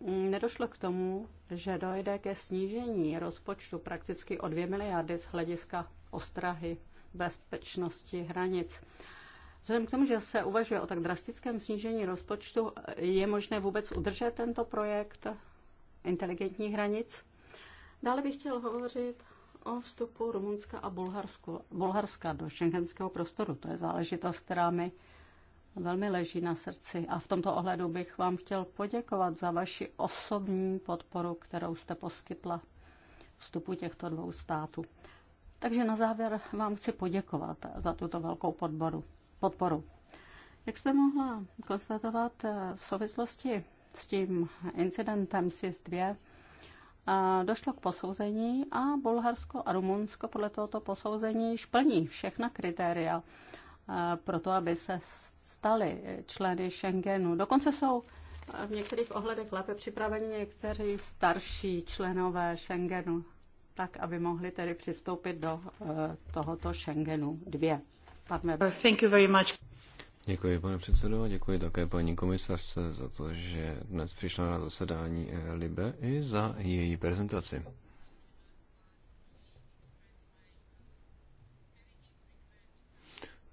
mm, nedošlo k tomu, že dojde ke snížení rozpočtu prakticky o 2 miliardy z hlediska ostrahy bezpečnosti hranic. Vzhledem k tomu, že se uvažuje o tak drastickém snížení rozpočtu, je možné vůbec udržet tento projekt inteligentních hranic? Dále bych chtěl hovořit o vstupu Rumunska a Bulharsku, Bulharska do šengenského prostoru. To je záležitost, která mi velmi leží na srdci. A v tomto ohledu bych vám chtěl poděkovat za vaši osobní podporu, kterou jste poskytla vstupu těchto dvou států. Takže na závěr vám chci poděkovat za tuto velkou podporu podporu. Jak jste mohla konstatovat eh, v souvislosti s tím incidentem SIS-2, eh, došlo k posouzení a Bulharsko a Rumunsko podle tohoto posouzení již plní všechna kritéria eh, pro to, aby se stali členy Schengenu. Dokonce jsou v některých ohledech lépe připraveni někteří starší členové Schengenu, tak aby mohli tedy přistoupit do tohoto Schengenu 2. Padme. Uh, thank you very much. Děkuji, pane předsedo, a děkuji také paní komisařce za to, že dnes přišla na zasedání eh, Libe i za její prezentaci.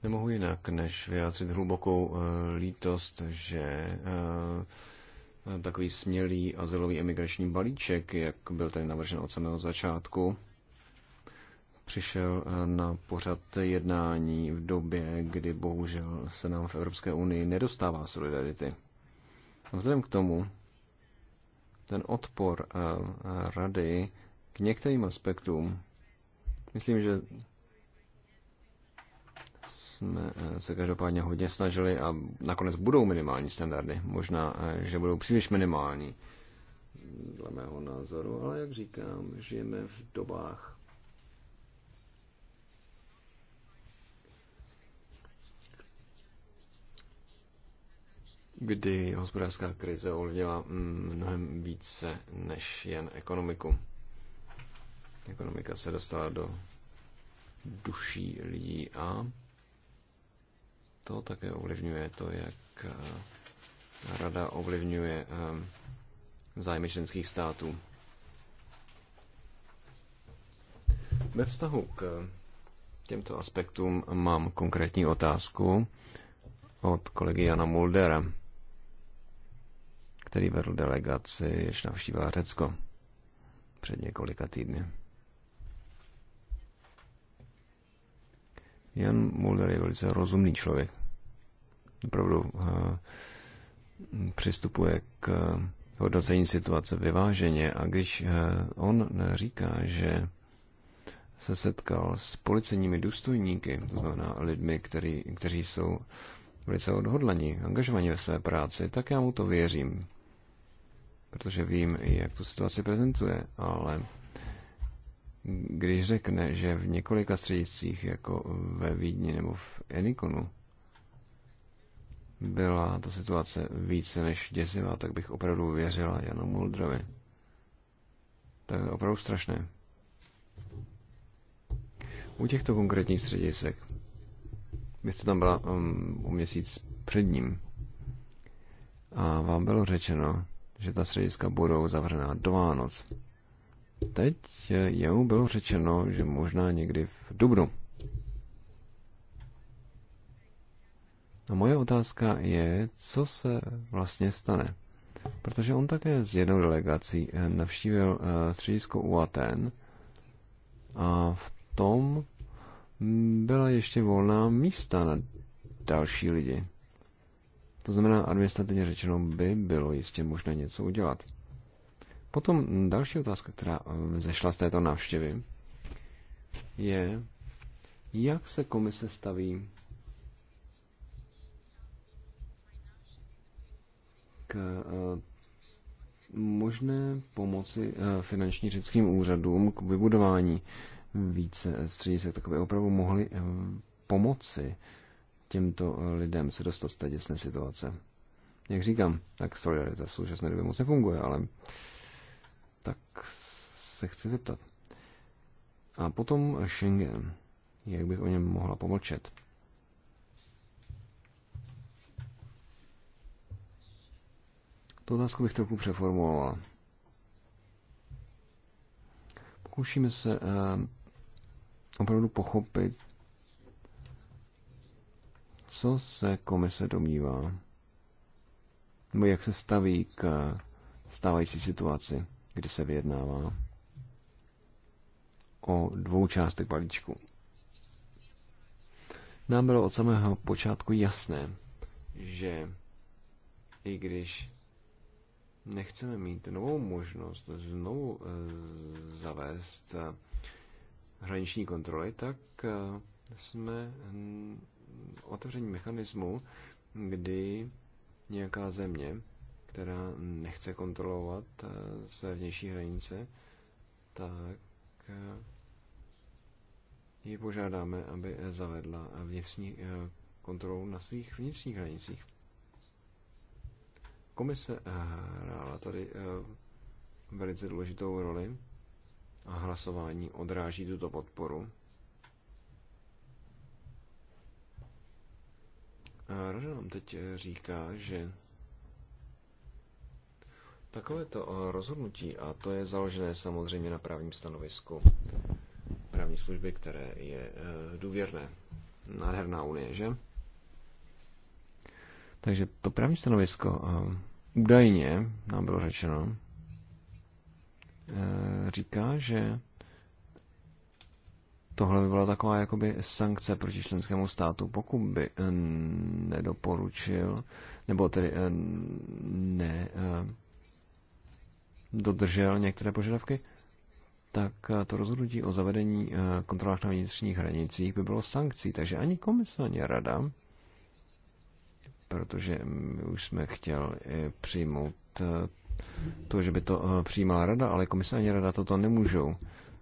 Nemohu jinak, než vyjádřit hlubokou eh, lítost, že eh, takový smělý azylový emigrační balíček, jak byl tady navržen od samého začátku, přišel eh, na pořad jednání v době, kdy bohužel se nám v Evropské unii nedostává solidarity. Vzhledem k tomu, ten odpor eh, rady k některým aspektům, myslím, že jsme eh, se každopádně hodně snažili a nakonec budou minimální standardy. Možná, že budou příliš minimální, dle mého názoru, ale jak říkám, žijeme v dobách kdy hospodářská krize ovlivnila mm, mnohem více než jen ekonomiku. Ekonomika se dostala do duší lidí a to také ovlivňuje to, jak eh, rada ovlivňuje eh, zájmy členských států. Ve vztahu k těmto aspektům mám konkrétní otázku od kolegy Jana Muldera který vedl delegaci, jež navštívila Řecko před několika týdny. Jan Mulder je velice rozumný člověk. Opravdu uh, přistupuje k hodnocení situace vyváženě a když eh, on říká, že se setkal s policejními důstojníky, to znamená lidmi, který, kteří jsou velice odhodlaní, angažovaní ve své práci, tak já mu to věřím protože vím, jak tu situaci prezentuje, ale když řekne, že v několika střediscích, jako ve Vídni nebo v Enikonu, byla ta situace více než děsivá, tak bych opravdu věřila Janu Muldrovi. To je opravdu strašné. U těchto konkrétních středisek, vy jste tam byla um, u měsíc před ním, a vám bylo řečeno, že ta střediska budou zavřená do Vánoc. Teď jemu bylo řečeno, že možná někdy v dubnu. A moje otázka je, co se vlastně stane. Protože on také s jednou delegací eh, navštívil eh, středisko u Aten a v tom byla ještě volná místa na další lidi. To znamená, administrativně řečeno by bylo jistě možné něco udělat. Potom další otázka, která zešla z této návštěvy, je, jak se komise staví k eh, možné pomoci eh, finanční řeckým úřadům k vybudování více středisek, tak aby opravdu mohli eh, pomoci těmto eh, lidem se dostat z té děsné situace. Jak říkám, tak solidarita v současné době moc nefunguje, ale tak se chci zeptat. A potom Schengen. Jak bych o něm mohla pomlčet? Tu otázku bych trochu přeformulovala. Pokoušíme se eh, opravdu pochopit co se komise domnívá, nebo jak se staví k stávající situaci, kdy se vyjednává o dvou částech balíčku. Nám bylo od samého počátku jasné, že i když nechceme mít novou možnost znovu eh, zavést eh, hraniční kontroly, tak eh, jsme hm, otevření mechanismu, kdy nějaká země, která nechce kontrolovat eh, své vnější hranice, tak eh, ji požádáme, aby zavedla vnitřní eh, kontrolu na svých vnitřních hranicích. Komise hrála tady velice důležitou roli a hlasování odráží tuto podporu. Rožel nám teď eh, říká, že takové to eh, rozhodnutí, a to je založené samozřejmě na právním stanovisku právní služby, které je eh, důvěrné. Nádherná unie, že? Takže to právní stanovisko údajně, nám bylo řečeno, říká, že Tohle by byla taková jakoby sankce proti členskému státu, pokud by eh, nedoporučil, nebo tedy eh, ne eh, dodržel některé požadavky, tak to rozhodnutí o zavedení kontrolách na vnitřních hranicích by bylo sankcí. Takže ani komise, ani rada, protože my už jsme chtěli přijmout to, že by to přijímala rada, ale komise ani rada toto nemůžou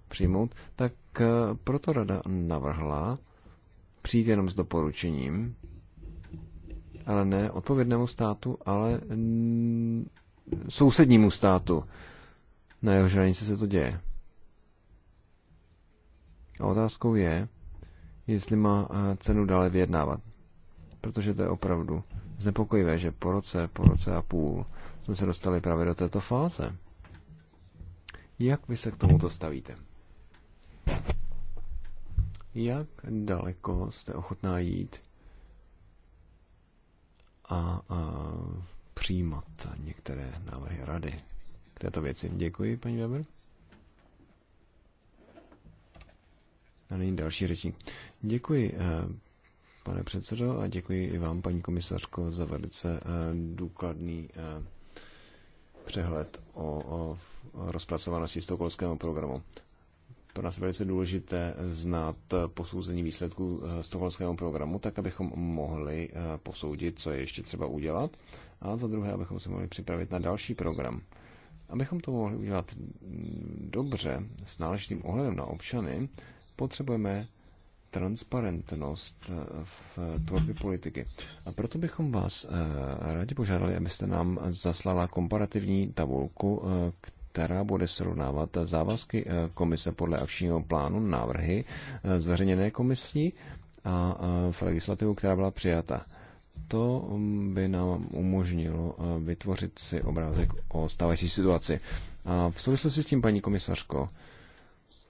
přijmout, tak Eh, proto rada navrhla přijít jenom s doporučením, ale ne odpovědnému státu, ale sousednímu státu. Na jeho hranici se to děje. A otázkou je, jestli má eh, cenu dále vyjednávat. Protože to je opravdu znepokojivé, že po roce, po roce a půl jsme se dostali právě do této fáze. Jak vy se k tomuto stavíte? Jak daleko jste ochotná jít a, a přijímat některé návrhy rady k této věci? Děkuji, paní Weber. A nyní další řečník. Děkuji, eh, pane předsedo, a děkuji i vám, paní komisařko, za velice eh, důkladný eh, přehled o, o rozpracovanosti stokholmského programu pro nás velice důležité znát posouzení výsledků eh, stokholmského programu, tak abychom mohli eh, posoudit, co je ještě třeba udělat, a za druhé, abychom se mohli připravit na další program. Abychom to mohli udělat mm, dobře, s náležitým ohledem na občany, potřebujeme transparentnost eh, v tvorbě politiky. A proto bychom vás rádi požádali, abyste nám zaslala komparativní tabulku, k která bude srovnávat závazky eh, komise podle akčního plánu, návrhy eh, zveřejněné komisí a eh, v legislativu, která byla přijata. To mm, by nám umožnilo vytvořit si obrázek o stávající situaci. A v souvislosti s tím, paní komisařko,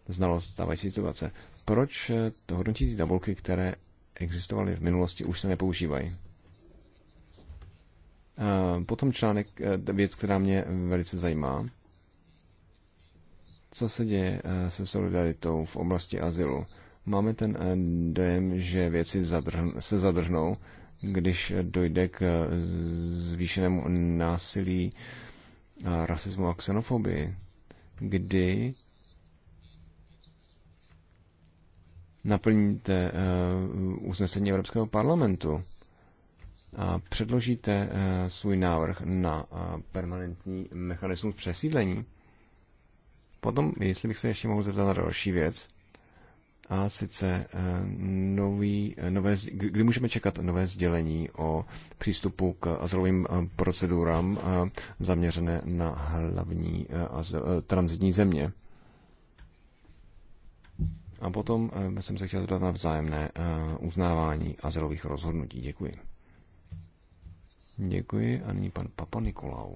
znalost stávající situace, proč to hodnotící tabulky, které existovaly v minulosti, už se nepoužívají? Potom článek, věc, která mě velice zajímá co se děje eh, se solidaritou v oblasti azylu. Máme ten eh, dojem, že věci zadrhn, se zadrhnou, když dojde k eh, zvýšenému násilí, a rasismu a xenofobii, kdy naplníte usnesení Evropského parlamentu a předložíte svůj návrh na permanentní mechanismus přesídlení, Potom, jestli bych se ještě mohl zeptat na další věc, a sice eh, nový, eh, nové, kdy můžeme čekat nové sdělení o přístupu k azylovým eh, procedurám zaměřené na hlavní transitní země. A potom jsem se chtěl zeptat na vzájemné uznávání azylových rozhodnutí. Děkuji. Děkuji a nyní pan Papa Nikolau.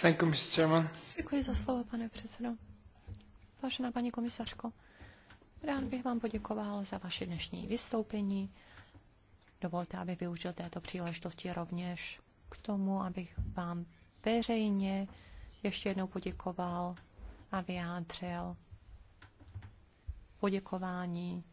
Thank you, Mr. Chairman. Děkuji za slovo, pane předsedo. Vážená paní komisařko, rád bych vám poděkoval za vaše dnešní vystoupení. Dovolte, abych využil této příležitosti rovněž k tomu, abych vám veřejně ještě jednou poděkoval a vyjádřil poděkování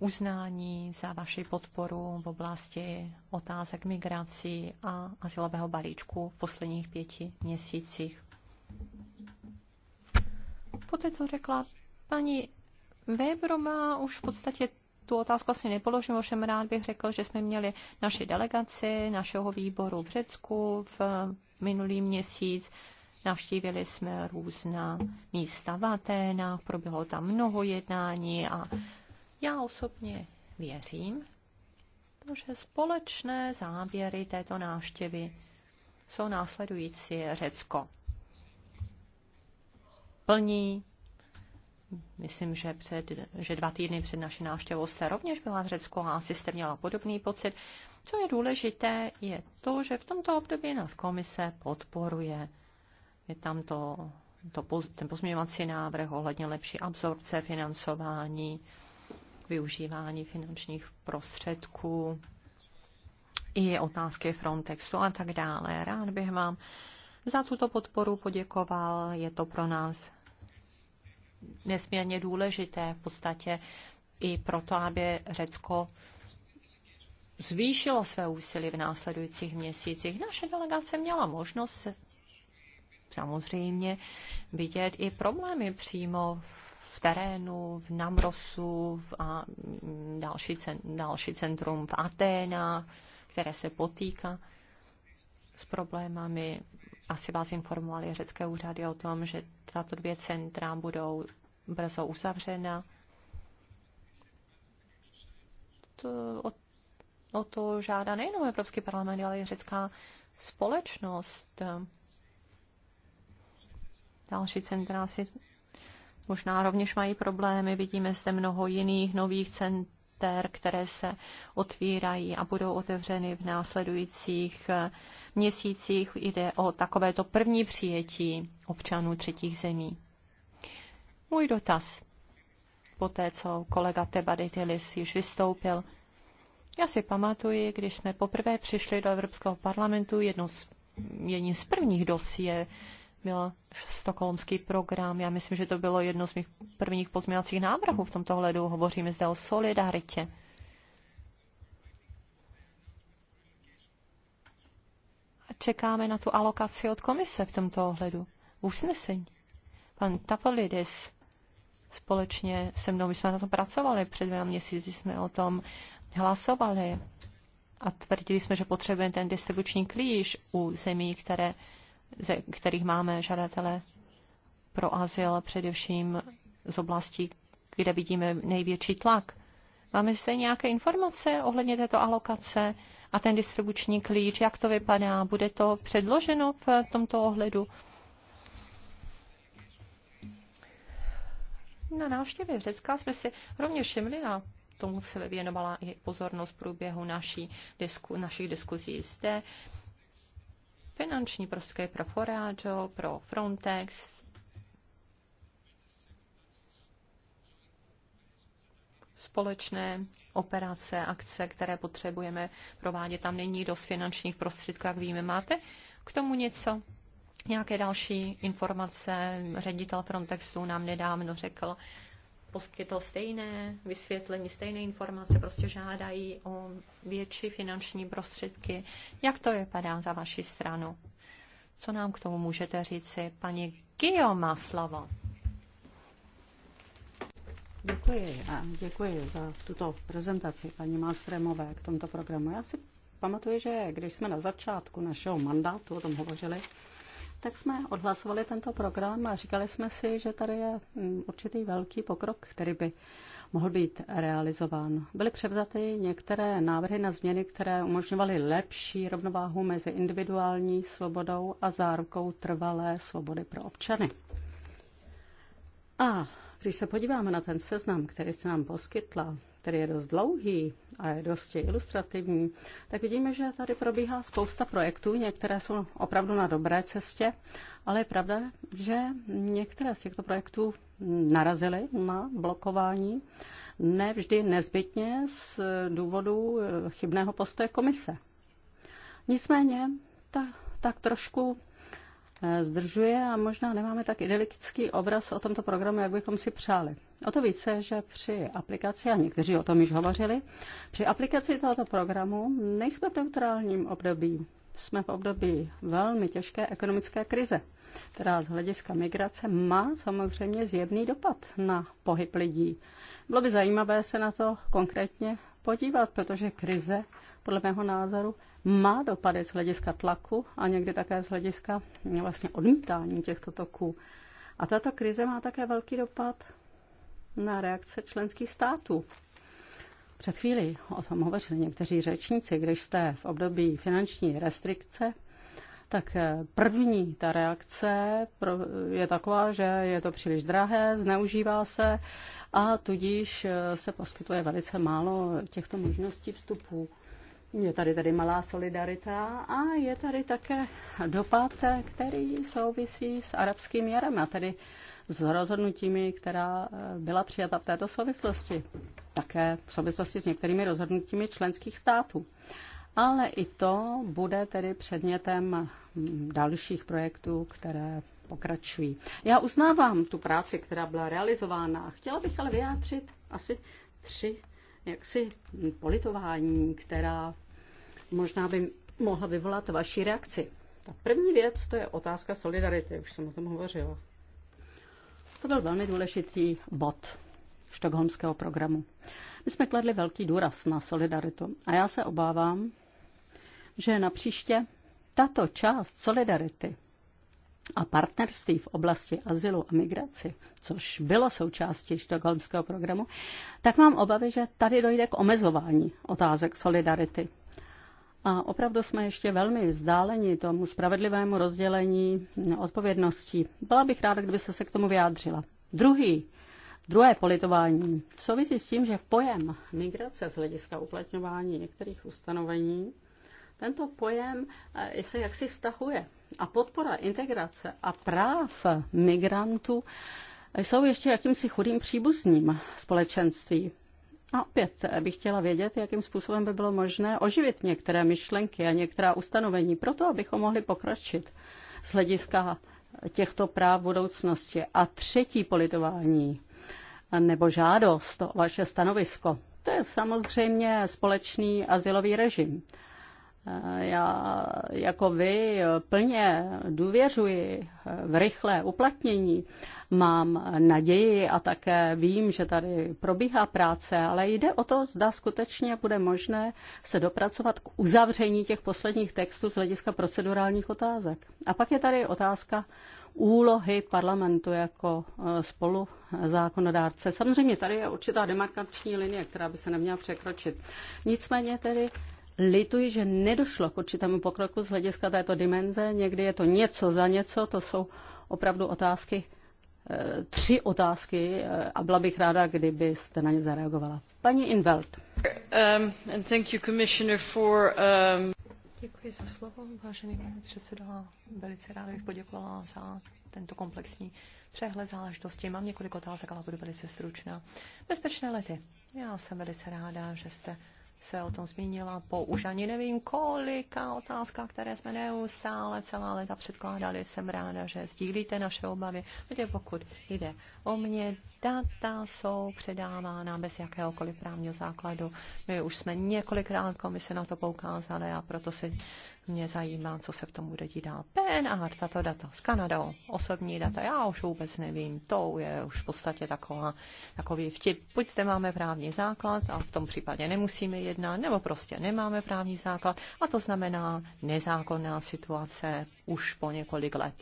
uznání za vaši podporu v oblasti otázek migrací a asilového balíčku v posledních pěti měsících. Poté, co řekla paní Webroma, už v podstatě tu otázku asi nepoložím, ovšem rád bych řekl, že jsme měli naši delegaci našeho výboru v Řecku v minulý měsíc. Navštívili jsme různá místa v Aténách, proběhlo tam mnoho jednání a já osobně věřím, že společné záběry této návštěvy jsou následující Řecko. Plní, myslím, že, před, že dva týdny před naší návštěvou jste rovněž byla v Řecku a asi jste měla podobný pocit. Co je důležité, je to, že v tomto období nás komise podporuje. Je tam to, to, ten pozměňovací návrh ohledně lepší absorpce financování, využívání finančních prostředků, i otázky Frontexu a tak dále. Rád bych vám za tuto podporu poděkoval. Je to pro nás nesmírně důležité v podstatě i proto, aby Řecko zvýšilo své úsilí v následujících měsících. Naše delegace měla možnost samozřejmě vidět i problémy přímo v terénu, v Namrosu a mm, další, další centrum v Aténách, které se potýká s problémami. Asi vás informovali řecké úřady o tom, že tato dvě centra budou brzo uzavřena. To, o, o to žádá nejenom Evropský parlament, ale i řecká společnost. Další centra si možná rovněž mají problémy. Vidíme zde mnoho jiných nových center, které se otvírají a budou otevřeny v následujících eh, měsících. Jde o takovéto první přijetí občanů třetích zemí. Můj dotaz, po té, co kolega Tebaditilis již vystoupil. Já si pamatuji, když jsme poprvé přišli do Evropského parlamentu, jedno z, jedním z prvních dosie, měla stokholmský program. Já myslím, že to bylo jedno z mých prvních pozměňovacích návrhů v tomto hledu. Hovoříme zde o solidaritě. A čekáme na tu alokaci od komise v tomto ohledu. Usnesení. Pan Tapolidis společně se mnou, my jsme na tom pracovali, před dvěma měsíci jsme o tom hlasovali a tvrdili jsme, že potřebujeme ten distribuční klíž u zemí, které ze kterých máme žadatele pro azyl, především z oblastí, kde vidíme největší tlak. Máme zde nějaké informace ohledně této alokace a ten distribuční klíč, jak to vypadá? Bude to předloženo v tomto ohledu? Na návštěvě Řecka jsme si rovněž všimli a tomu se věnovala i pozornost v průběhu naší disku, našich diskuzí zde finanční prostředky pro Forážo, pro Frontex. společné operace, akce, které potřebujeme provádět. Tam není dost finančních prostředků, jak víme. Máte k tomu něco? Nějaké další informace? Ředitel Frontexu nám nedávno řekl, poskytl stejné vysvětlení, stejné informace, prostě žádají o větší finanční prostředky. Jak to vypadá za vaši stranu? Co nám k tomu můžete říci? Paní Gio má slovo. Děkuji a děkuji za tuto prezentaci paní Malstremové k tomto programu. Já si pamatuju, že když jsme na začátku našeho mandátu o tom hovořili, tak jsme odhlasovali tento program a říkali jsme si, že tady je mm, určitý velký pokrok, který by mohl být realizován. Byly převzaty některé návrhy na změny, které umožňovaly lepší rovnováhu mezi individuální svobodou a zárukou trvalé svobody pro občany. A když se podíváme na ten seznam, který se nám poskytla který je dost dlouhý a je dosti ilustrativní, tak vidíme, že tady probíhá spousta projektů, některé jsou opravdu na dobré cestě, ale je pravda, že některé z těchto projektů narazily na blokování, ne vždy nezbytně z důvodu eh, chybného postoje komise. Nicméně ta, tak trošku Eh, zdržuje a možná nemáme tak idylický obraz o tomto programu, jak bychom si přáli. O to více, že při aplikaci, a někteří o tom již hovořili, při aplikaci tohoto programu nejsme v neutrálním období. Jsme v období velmi těžké ekonomické krize, která z hlediska migrace má samozřejmě zjevný dopad na pohyb lidí. Bylo by zajímavé se na to konkrétně podívat, protože krize podle mého názoru má dopady z hlediska tlaku a někdy také z hlediska mm, vlastně odmítání těchto toků. A tato krize má také velký dopad na reakce členských států. Před chvílí o tom hovořili někteří řečníci, když jste v období finanční restrikce, tak eh, první ta reakce je taková, že je to příliš drahé, zneužívá se a tudíž eh, se poskytuje velice málo těchto možností vstupů. Je tady tady malá solidarita a je tady také dopad, který souvisí s arabským jarem a tedy s rozhodnutími, která eh, byla přijata v této souvislosti. Také v souvislosti s některými rozhodnutími členských států. Ale i to bude tedy předmětem hm, dalších projektů, které pokračují. Já uznávám tu práci, která byla realizována. Chtěla bych ale vyjádřit asi tři jaksi politování, která možná by mohla vyvolat vaši reakci. Ta první věc, to je otázka solidarity, už jsem o tom hovořila. To byl velmi důležitý bod štokholmského programu. My jsme kladli velký důraz na solidaritu a já se obávám, že na příště tato část solidarity a partnerství v oblasti azylu a migraci, což bylo součástí štokholmského programu, tak mám obavy, že tady dojde k omezování otázek solidarity. A opravdu jsme ještě velmi vzdáleni tomu spravedlivému rozdělení odpovědností. Byla bych ráda, kdyby se k tomu vyjádřila. Druhý, druhé politování souvisí s tím, že pojem migrace z hlediska uplatňování některých ustanovení tento pojem eh, se jaksi stahuje. A podpora integrace a práv migrantů jsou ještě jakýmsi chudým příbuzním společenství. A opět bych chtěla vědět, jakým způsobem by bylo možné oživit některé myšlenky a některá ustanovení, proto abychom mohli pokročit z hlediska těchto práv budoucnosti. A třetí politování nebo žádost o vaše stanovisko, to je samozřejmě společný asilový režim. Eh, já jako vy plně důvěřuji eh, v rychlé uplatnění. Mám naději a také vím, že tady probíhá práce, ale jde o to, zda skutečně bude možné se dopracovat k uzavření těch posledních textů z hlediska procedurálních otázek. A pak je tady otázka úlohy parlamentu jako eh, spolu zákonodárce. Samozřejmě tady je určitá demarkační linie, která by se neměla překročit. Nicméně tedy lituji, že nedošlo k určitému pokroku z hlediska této dimenze. Někdy je to něco za něco, to jsou opravdu otázky, eh, tři otázky eh, a byla bych ráda, kdybyste na ně zareagovala. Paní Inveld. Um, and thank you, Commissioner, for, um... Děkuji za slovo, vážený pane předsedo. Velice ráda bych poděkovala za tento komplexní přehled záležitosti. Mám několik otázek, ale budu velice stručná. Bezpečné lety. Já jsem velice ráda, že jste se o tom zmínila po už ani nevím kolika otázka, které jsme neustále celá léta předkládali. Jsem ráda, že sdílíte naše obavy, protože pokud jde o mě, data jsou předávána bez jakéhokoliv právního základu. My už jsme několikrát komise na to poukázali a proto si mě zajímá, co se v tom bude dít dál. PNR, tato data s Kanadou, osobní data, já už vůbec nevím, to je už v podstatě taková, takový vtip. Buď zde máme právní základ a v tom případě nemusíme jednat, nebo prostě nemáme právní základ a to znamená nezákonná situace už po několik let.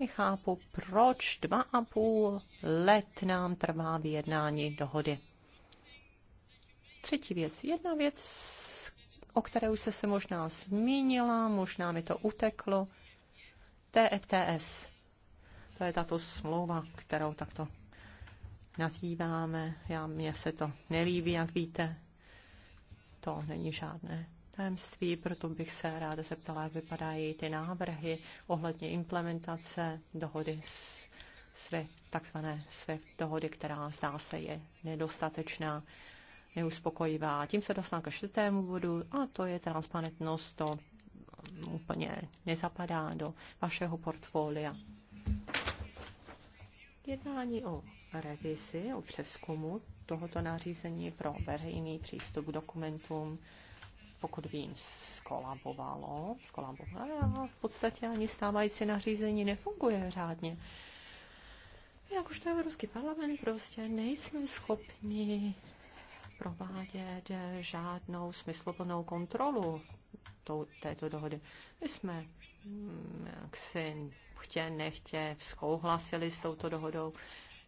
Nechápu, proč dva a půl let nám trvá vyjednání dohody. Třetí věc. Jedna věc o které už se se možná zmínila, možná mi to uteklo. TFTS. To je tato smlouva, kterou takto nazýváme. Já, mně se to nelíbí, jak víte. To není žádné tajemství, proto bych se ráda zeptala, jak vypadají ty návrhy ohledně implementace dohody s SWIFT, takzvané SWIFT dohody, která zdá se je nedostatečná neuspokojivá. Tím se dostávám ke čtvrtému bodu a to je transparentnost. To úplně nezapadá do vašeho portfolia. Jednání o revizi, o přeskumu tohoto nařízení pro veřejný přístup k dokumentům, pokud vím, skolabovalo, skolabovalo a v podstatě ani stávající nařízení nefunguje řádně. Jak už to Evropský parlament prostě nejsme schopni provádět žádnou smysluplnou kontrolu tou, této dohody. My jsme mm, jaksi chtě, nechtě souhlasili s touto dohodou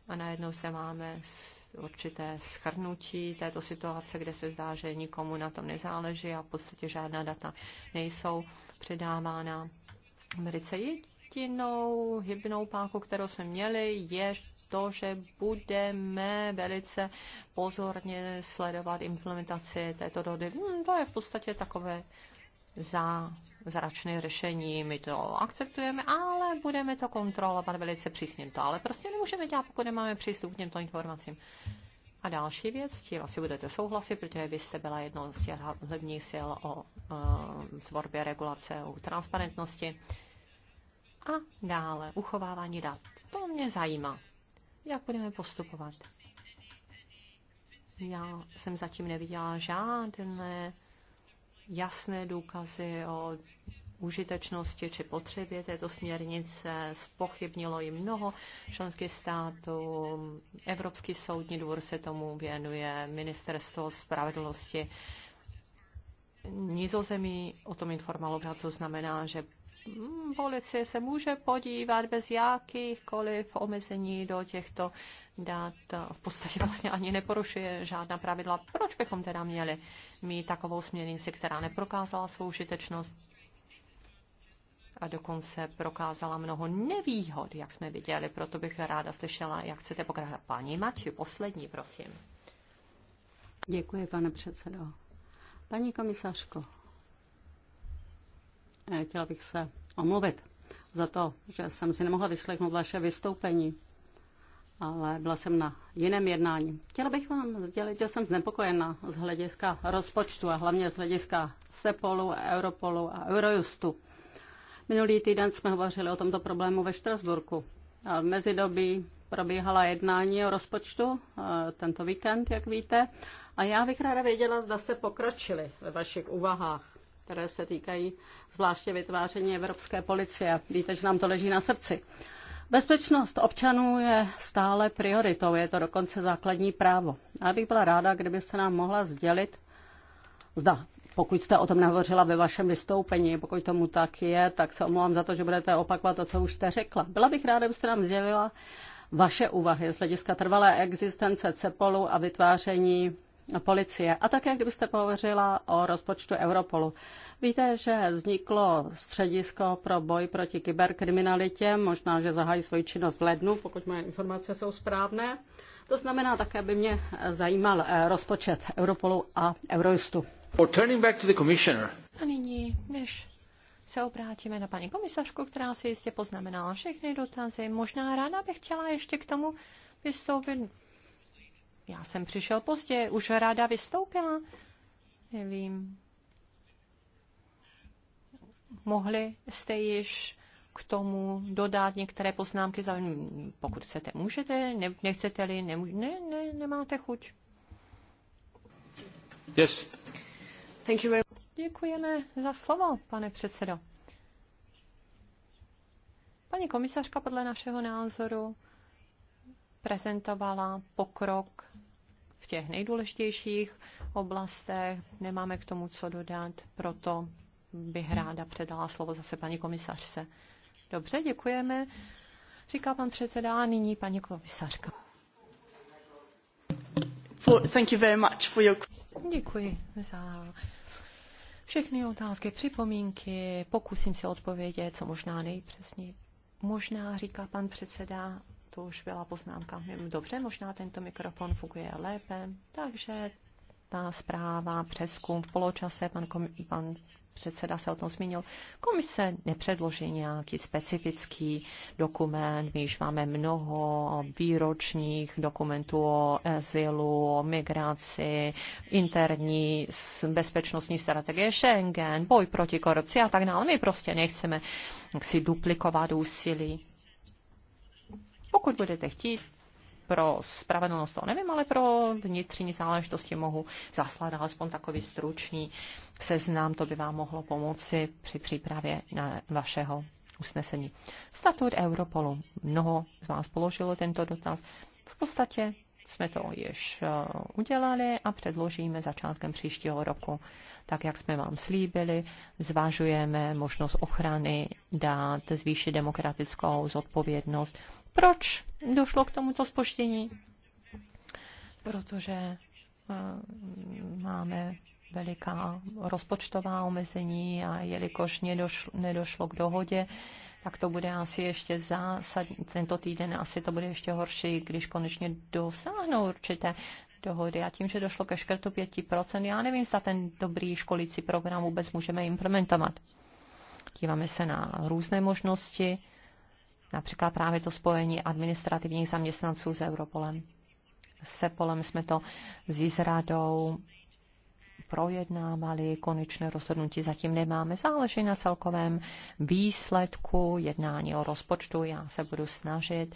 a najednou zde máme určité schrnutí této situace, kde se zdá, že nikomu na tom nezáleží a v podstatě žádná data nejsou předávána Americe. Jedinou hybnou páku, kterou jsme měli, je to, že budeme velice pozorně sledovat implementaci této dohody. Hmm, to je v podstatě takové za zračné řešení, my to akceptujeme, ale budeme to kontrolovat velice přísně. To ale prostě nemůžeme dělat, pokud nemáme přístup k těmto informacím. A další věc, tím asi budete souhlasit, protože vy jste byla jednou z těch hlavních sil o uh, tvorbě regulace, u transparentnosti. A dále, uchovávání dat. To mě zajímá jak budeme postupovat. Já jsem zatím neviděla žádné jasné důkazy o užitečnosti či potřebě této směrnice. Spochybnilo ji mnoho členských států. Evropský soudní dvůr se tomu věnuje, ministerstvo spravedlnosti. Nizozemí o tom informovalo, co znamená, že Hmm, policie se může podívat bez jakýchkoliv omezení do těchto dát. V podstatě vlastně ani neporušuje žádná pravidla. Proč bychom teda měli mít takovou směrnici, která neprokázala svou užitečnost a dokonce prokázala mnoho nevýhod, jak jsme viděli. Proto bych ráda slyšela, jak chcete pokračovat. Paní Mači, poslední, prosím. Děkuji, pane předsedo. Paní komisařko, Eh, chtěla bych se omluvit za to, že jsem si nemohla vyslechnout vaše vystoupení, ale byla jsem na jiném jednání. Chtěla bych vám sdělit, že jsem znepokojena z hlediska rozpočtu a hlavně z hlediska SEPOLu, Europolu a Eurojustu. Minulý týden jsme hovořili o tomto problému ve Štrasburku. A v mezidobí probíhala jednání o rozpočtu eh, tento víkend, jak víte. A já bych ráda věděla, zda jste pokročili ve vašich úvahách které se týkají zvláště vytváření evropské policie. Víte, že nám to leží na srdci. Bezpečnost občanů je stále prioritou, je to dokonce základní právo. Já bych byla ráda, kdybyste nám mohla sdělit, zda pokud jste o tom nehovořila ve vašem vystoupení, pokud tomu tak je, tak se omlouvám za to, že budete opakovat to, co už jste řekla. Byla bych ráda, kdybyste nám sdělila vaše úvahy z hlediska trvalé existence CEPOLu a vytváření policie. A také, kdybyste pohovořila o rozpočtu Europolu. Víte, že vzniklo středisko pro boj proti kyberkriminalitě, možná, že zahájí svoji činnost v lednu, pokud moje informace jsou správné. To znamená, také by mě zajímal eh, rozpočet Europolu a Eurojustu. A nyní, než se obrátíme na paní komisařku, která si jistě poznamenala všechny dotazy. Možná ráda bych chtěla ještě k tomu vystoupit já jsem přišel pozdě, už ráda vystoupila. Nevím. Mohli jste již k tomu dodat některé poznámky, za, pokud chcete, můžete, ne, nechcete-li, ne, ne, ne, nemáte chuť. Yes. Thank you very... Děkujeme za slovo, pane předsedo. Paní komisařka podle našeho názoru prezentovala pokrok v těch nejdůležitějších oblastech. Nemáme k tomu co dodat, proto bych ráda předala slovo zase paní komisařce. Dobře, děkujeme. Říká pan předseda a nyní paní komisařka. thank you very much for your... Děkuji za všechny otázky, připomínky. Pokusím se odpovědět, co možná nejpřesněji. Možná, říká pan předseda, to už byla poznámka. Dobře, možná tento mikrofon funguje lépe, takže ta zpráva, přeskum v poločase, pan, komi- pan předseda se o tom zmínil, komise nepředloží nějaký specifický dokument, my již máme mnoho výročních dokumentů o asilu, o migraci, interní bezpečnostní strategie Schengen, boj proti korupci a tak dále. My prostě nechceme si duplikovat úsilí pokud budete chtít, pro spravedlnost to nevím, ale pro vnitřní záležitosti mohu zaslat alespoň takový stručný seznam, to by vám mohlo pomoci při přípravě na vašeho usnesení. Statut Europolu. Mnoho z vás položilo tento dotaz. V podstatě jsme to již eh, udělali a předložíme začátkem příštího roku. Tak, jak jsme vám slíbili, zvažujeme možnost ochrany dát, zvýšit demokratickou zodpovědnost proč došlo k tomuto spoštění? Protože eh, máme veliká rozpočtová omezení a jelikož nedošlo, nedošlo k dohodě, tak to bude asi ještě zásadní. Tento týden asi to bude ještě horší, když konečně dosáhnou určité dohody. A tím, že došlo ke škrtu 5%, já nevím, zda ten dobrý školící program vůbec můžeme implementovat. Díváme se na různé možnosti například právě to spojení administrativních zaměstnanců s Europolem. Se polem jsme to s Izradou projednávali, konečné rozhodnutí zatím nemáme. Záleží na celkovém výsledku jednání o rozpočtu. Já se budu snažit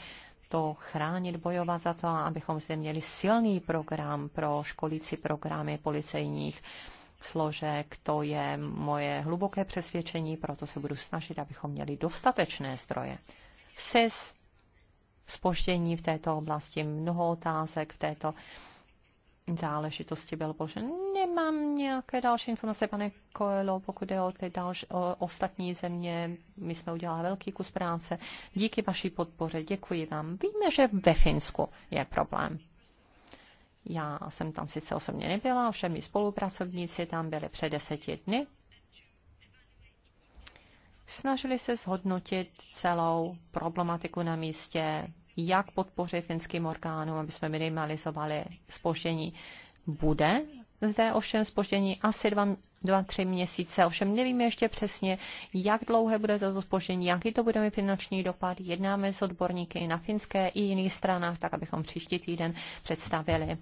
to chránit, bojovat za to, abychom zde měli silný program pro školící programy policejních složek. To je moje hluboké přesvědčení, proto se budu snažit, abychom měli dostatečné stroje se spoždění v této oblasti, mnoho otázek v této záležitosti bylo položeno. Nemám nějaké další informace, pane Koelo, pokud je o ty další, o ostatní země. My jsme udělali velký kus práce. Díky vaší podpoře, děkuji vám. Víme, že ve Finsku je problém. Já jsem tam sice osobně nebyla, ovšem i spolupracovníci tam byli před deseti dny snažili se zhodnotit celou problematiku na místě, jak podpořit finským orgánům, aby jsme minimalizovali spoždění. Bude zde ovšem spoždění asi dva, dva, tři měsíce. Ovšem nevíme ještě přesně, jak dlouhé bude toto spoždění, jaký to bude mít finanční dopad. Jednáme s odborníky na finské i jiných stranách, tak abychom příští týden představili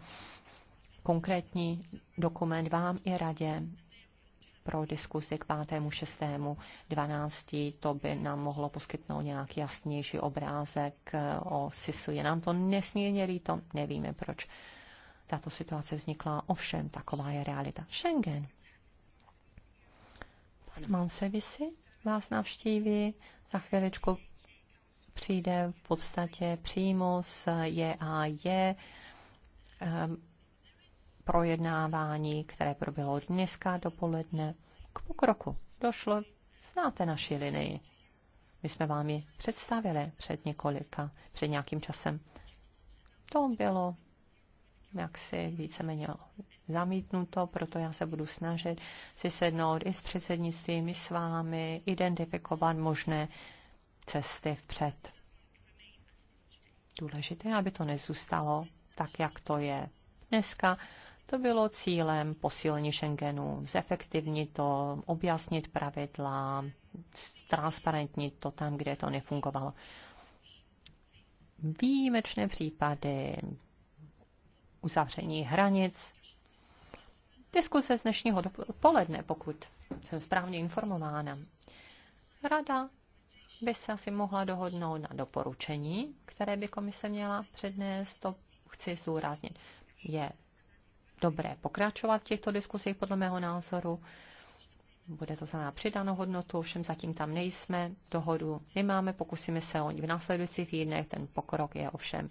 konkrétní dokument vám i radě pro diskusi k 5. 6. 12. To by nám mohlo poskytnout nějaký jasnější obrázek o SISu. Je nám to nesmírně líto, nevíme proč tato situace vznikla. Ovšem, taková je realita. Schengen. Pan Mansevisi vás navštíví, za chvíličku přijde v podstatě přímo z JAJ. Um, projednávání, které proběhlo dneska dopoledne, k pokroku došlo, znáte naši linii. My jsme vám ji představili před několika, před nějakým časem. To bylo jaksi víceméně zamítnuto, proto já se budu snažit si sednout i s předsednictvím, i s vámi, identifikovat možné cesty vpřed. Důležité, aby to nezůstalo tak, jak to je dneska, to bylo cílem posílení Schengenu, zefektivnit to, objasnit pravidla, transparentnit to tam, kde to nefungovalo. Výjimečné případy uzavření hranic. Diskuse z dnešního dopoledne, pokud jsem správně informována. Rada by se asi mohla dohodnout na doporučení, které by komise měla přednést, to chci zdůraznit. Je dobré pokračovat v těchto diskusích, podle mého názoru. Bude to znamená přidanou hodnotu, ovšem zatím tam nejsme, dohodu nemáme, pokusíme se o ní v následujících týdnech, ten pokrok je ovšem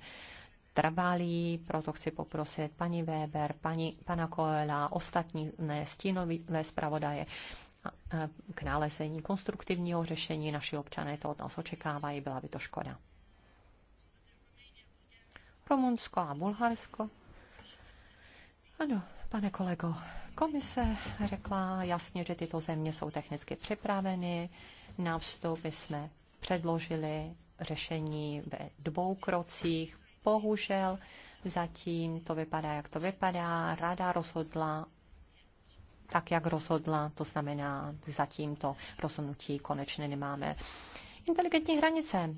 trvalý, proto chci poprosit paní Weber, paní, pana Koela, ostatní ne, stínové zpravodaje k nalezení konstruktivního řešení. Naši občané to od nás očekávají, byla by to škoda. Rumunsko a Bulharsko. Ano, pane kolego, komise řekla jasně, že tyto země jsou technicky připraveny. Na vstup jsme předložili řešení ve dvou krocích. Bohužel zatím to vypadá, jak to vypadá. Rada rozhodla tak, jak rozhodla, to znamená, zatím to rozhodnutí konečně nemáme. Inteligentní hranice.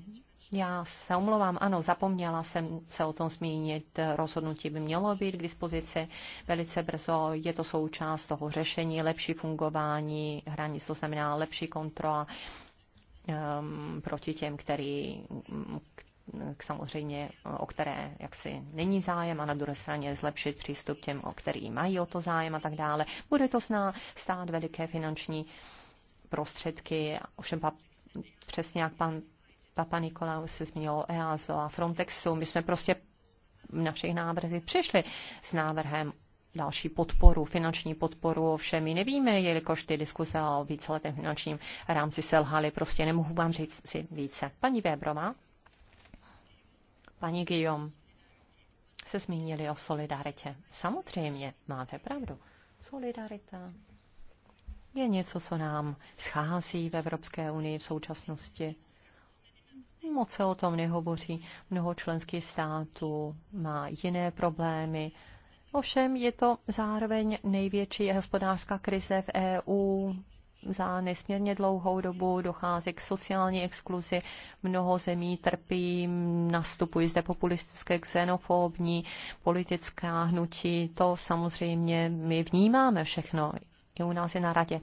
Já se omlouvám, ano, zapomněla jsem se o tom zmínit. Rozhodnutí by mělo být k dispozici velice brzo. Je to součást toho řešení, lepší fungování hranic, to znamená lepší kontrola um, proti těm, který, k, k samozřejmě, o které jaksi není zájem a na druhé straně zlepšit přístup těm, o který mají o to zájem a tak dále. Bude to sná, stát veliké finanční prostředky, ovšem pa, přesně jak pan Papa Nikolaus se zmínil o EASO a Frontexu. My jsme prostě na všech návrzích přišli s návrhem další podporu, finanční podporu, ovšem my nevíme, jelikož ty diskuse o víceletém finančním rámci selhaly, prostě nemohu vám říct si více. Paní Vébrová, paní Guillaume, se zmínili o solidaritě. Samozřejmě, máte pravdu. Solidarita je něco, co nám schází v Evropské unii v současnosti. Moc se o tom nehovoří. Mnoho členských států má jiné problémy. Ovšem je to zároveň největší hospodářská krize v EU. Za nesmírně dlouhou dobu dochází k sociální exkluzi. Mnoho zemí trpí, nastupují zde populistické, xenofobní, politická hnutí. To samozřejmě my vnímáme všechno. I u nás je na radě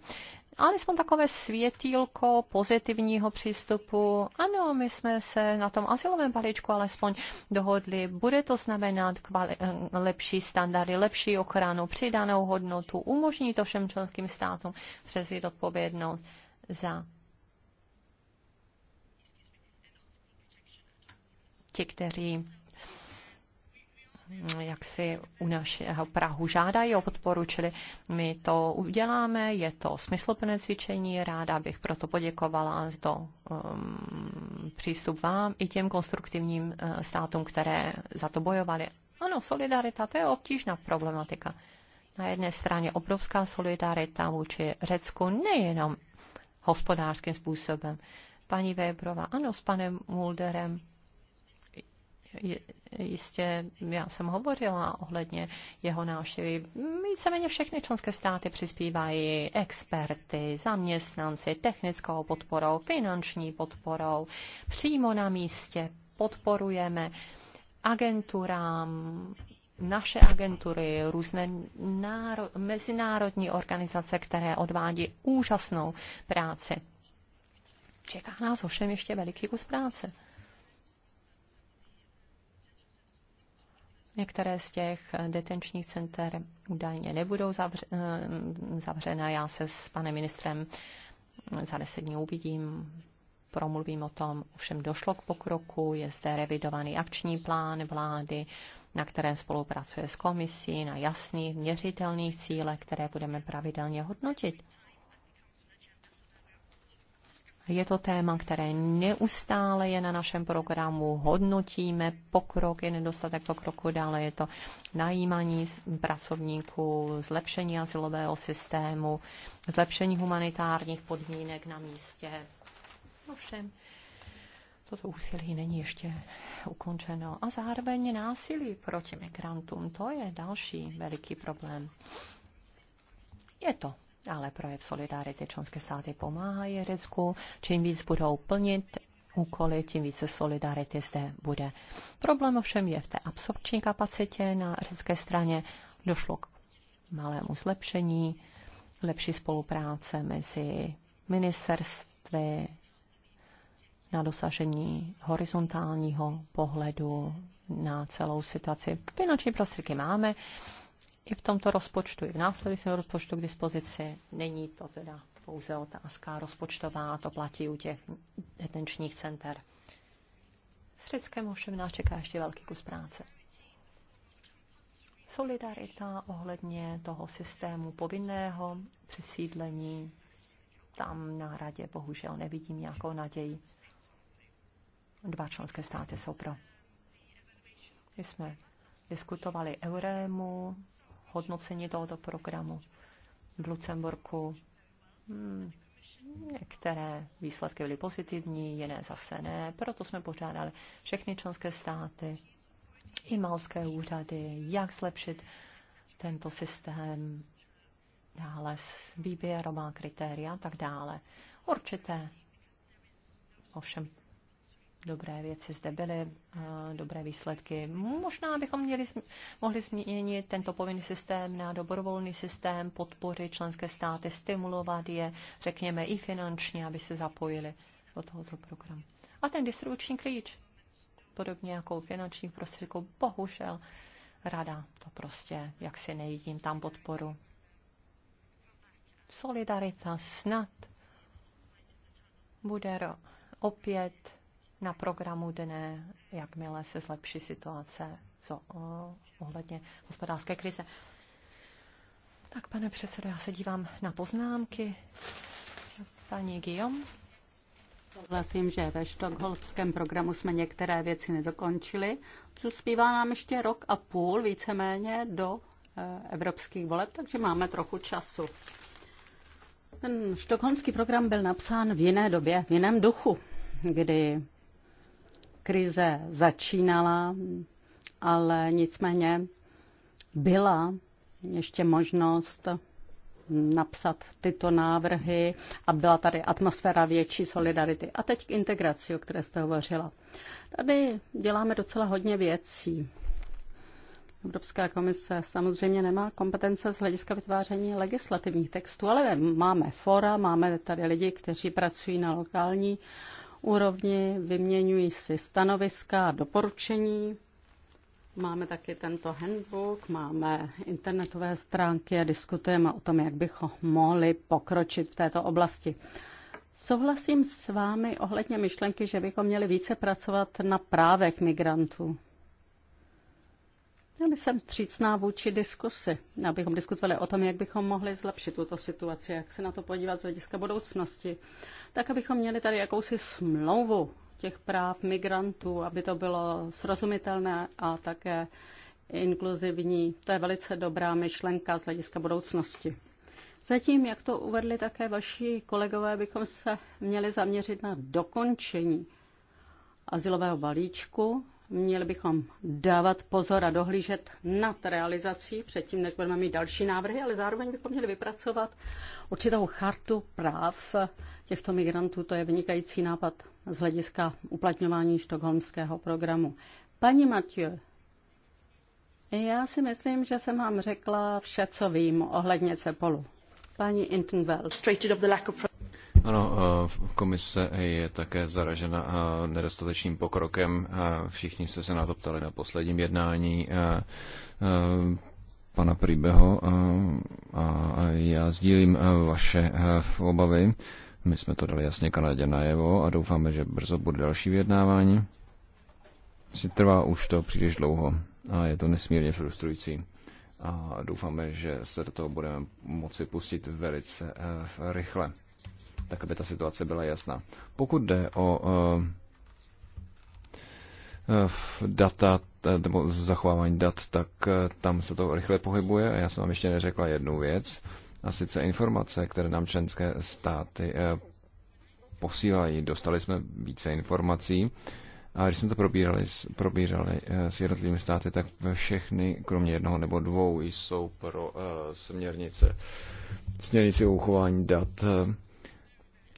alespoň takové světílko pozitivního přístupu. Ano, my jsme se na tom asilovém balíčku alespoň dohodli. Bude to znamenat kvali- eh, lepší standardy, lepší ochranu, přidanou hodnotu, umožní to všem členským státům přezít odpovědnost za ti, kteří jak si u našeho Prahu žádají o podporu, čili my to uděláme, je to smysluplné cvičení, ráda bych proto poděkovala za to um, přístup vám i těm konstruktivním uh, státům, které za to bojovali. Ano, solidarita, to je obtížná problematika. Na jedné straně obrovská solidarita vůči Řecku, nejenom hospodářským způsobem. Paní Weberová, ano, s panem Mulderem, jistě já jsem hovořila ohledně jeho návštěvy. Víceméně všechny členské státy přispívají experty, zaměstnanci, technickou podporou, finanční podporou, přímo na místě podporujeme agenturám, naše agentury, různé náro- mezinárodní organizace, které odvádí úžasnou práci. Čeká nás ovšem ještě veliký kus práce. Některé z těch eh, detenčních center údajně nebudou zavře, eh, zavřené. Já se s panem ministrem eh, za deset dní uvidím, promluvím o tom. Ovšem došlo k pokroku, je zde revidovaný akční plán vlády, na kterém spolupracuje s komisí, na jasných, měřitelných cílech, které budeme pravidelně hodnotit. Je to téma, které neustále je na našem programu, hodnotíme pokrok, je nedostatek pokroku, dále je to najímaní pracovníků, zlepšení asilového systému, zlepšení humanitárních podmínek na místě. všem, toto úsilí není ještě ukončeno. A zároveň násilí proti migrantům, to je další veliký problém. Je to ale projev solidarity členské státy pomáhají Řecku. Čím víc budou plnit úkoly, tím více solidarity zde bude. Problém ovšem je v té absorpční kapacitě na řecké straně. Došlo k malému zlepšení, lepší spolupráce mezi ministerstvy na dosažení horizontálního pohledu na celou situaci. Finanční prostředky máme, i v tomto rozpočtu, i v následujícím rozpočtu k dispozici. Není to teda pouze otázka rozpočtová, to platí u těch detenčních center. S Řeckem ovšem nás čeká ještě velký kus práce. Solidarita ohledně toho systému povinného přesídlení, tam na radě bohužel nevidím nějakou naději. Dva členské státy jsou pro. My jsme diskutovali Eurému, hodnocení tohoto programu v Lucemburku. Hmm. Některé výsledky byly pozitivní, jiné zase ne. Proto jsme pořádali všechny členské státy i malské úřady, jak zlepšit tento systém, dále výběrová kritéria a tak dále. Určité ovšem dobré věci zde byly, dobré výsledky. Možná bychom měli, mohli změnit tento povinný systém na dobrovolný systém, podpory členské státy, stimulovat je, řekněme, i finančně, aby se zapojili do tohoto programu. A ten distribuční klíč, podobně jako finančních prostředků, bohužel rada to prostě, jak si nevidím tam podporu. Solidarita snad bude opět na programu dne, jakmile se zlepší situace co, o, eh, ohledně hospodářské krize. Tak, pane předsedo, já se dívám na poznámky. Paní Guillaume. Souhlasím, že ve štokholmském programu jsme některé věci nedokončili. Zuspívá nám ještě rok a půl víceméně do eh, evropských voleb, takže máme trochu času. Ten štokholmský program byl napsán v jiné době, v jiném duchu, kdy krize začínala, ale nicméně byla ještě možnost napsat tyto návrhy a byla tady atmosféra větší solidarity. A teď k integraci, o které jste hovořila. Tady děláme docela hodně věcí. Evropská komise samozřejmě nemá kompetence z hlediska vytváření legislativních textů, ale máme fora, máme tady lidi, kteří pracují na lokální úrovni, vyměňují si stanoviska a doporučení. Máme taky tento handbook, máme internetové stránky a diskutujeme o tom, jak bychom mohli pokročit v této oblasti. Souhlasím s vámi ohledně myšlenky, že bychom měli více pracovat na právech migrantů. Já jsem střícná vůči diskusi, abychom diskutovali o tom, jak bychom mohli zlepšit tuto situaci, jak se na to podívat z hlediska budoucnosti. Tak, abychom měli tady jakousi smlouvu těch práv migrantů, aby to bylo srozumitelné a také inkluzivní. To je velice dobrá myšlenka z hlediska budoucnosti. Zatím, jak to uvedli také vaši kolegové, bychom se měli zaměřit na dokončení asilového balíčku, Měli bychom dávat pozor a dohlížet nad realizací předtím, než budeme mít další návrhy, ale zároveň bychom měli vypracovat určitou chartu práv těchto migrantů. To je vynikající nápad z hlediska uplatňování štokholmského programu. Paní Matěj, já si myslím, že jsem vám řekla vše, co vím ohledně Cepolu. Paní Intenvel. Ano, eh, komise je také zaražena eh, nedostatečným pokrokem. Eh, všichni jste se na to ptali na posledním jednání pana Príbeho a já sdílím vaše obavy. My jsme to dali jasně Kanadě najevo a doufáme, že brzo bude další vyjednávání. Si trvá už to příliš dlouho a je to nesmírně frustrující a doufáme, že se do toho budeme moci pustit velice rychle tak aby ta situace byla jasná. Pokud jde o eh, eh, data eh, nebo zachovávání dat, tak tam se to rychle pohybuje. Já jsem vám ještě neřekla jednu věc, a sice informace, které nám členské státy posílají. Dostali jsme více informací. A když jsme to probírali, probírali s jednotlivými státy, tak všechny, kromě jednoho nebo dvou, jsou pro uh, směrnice. Směrnici o uchování dat. Uh,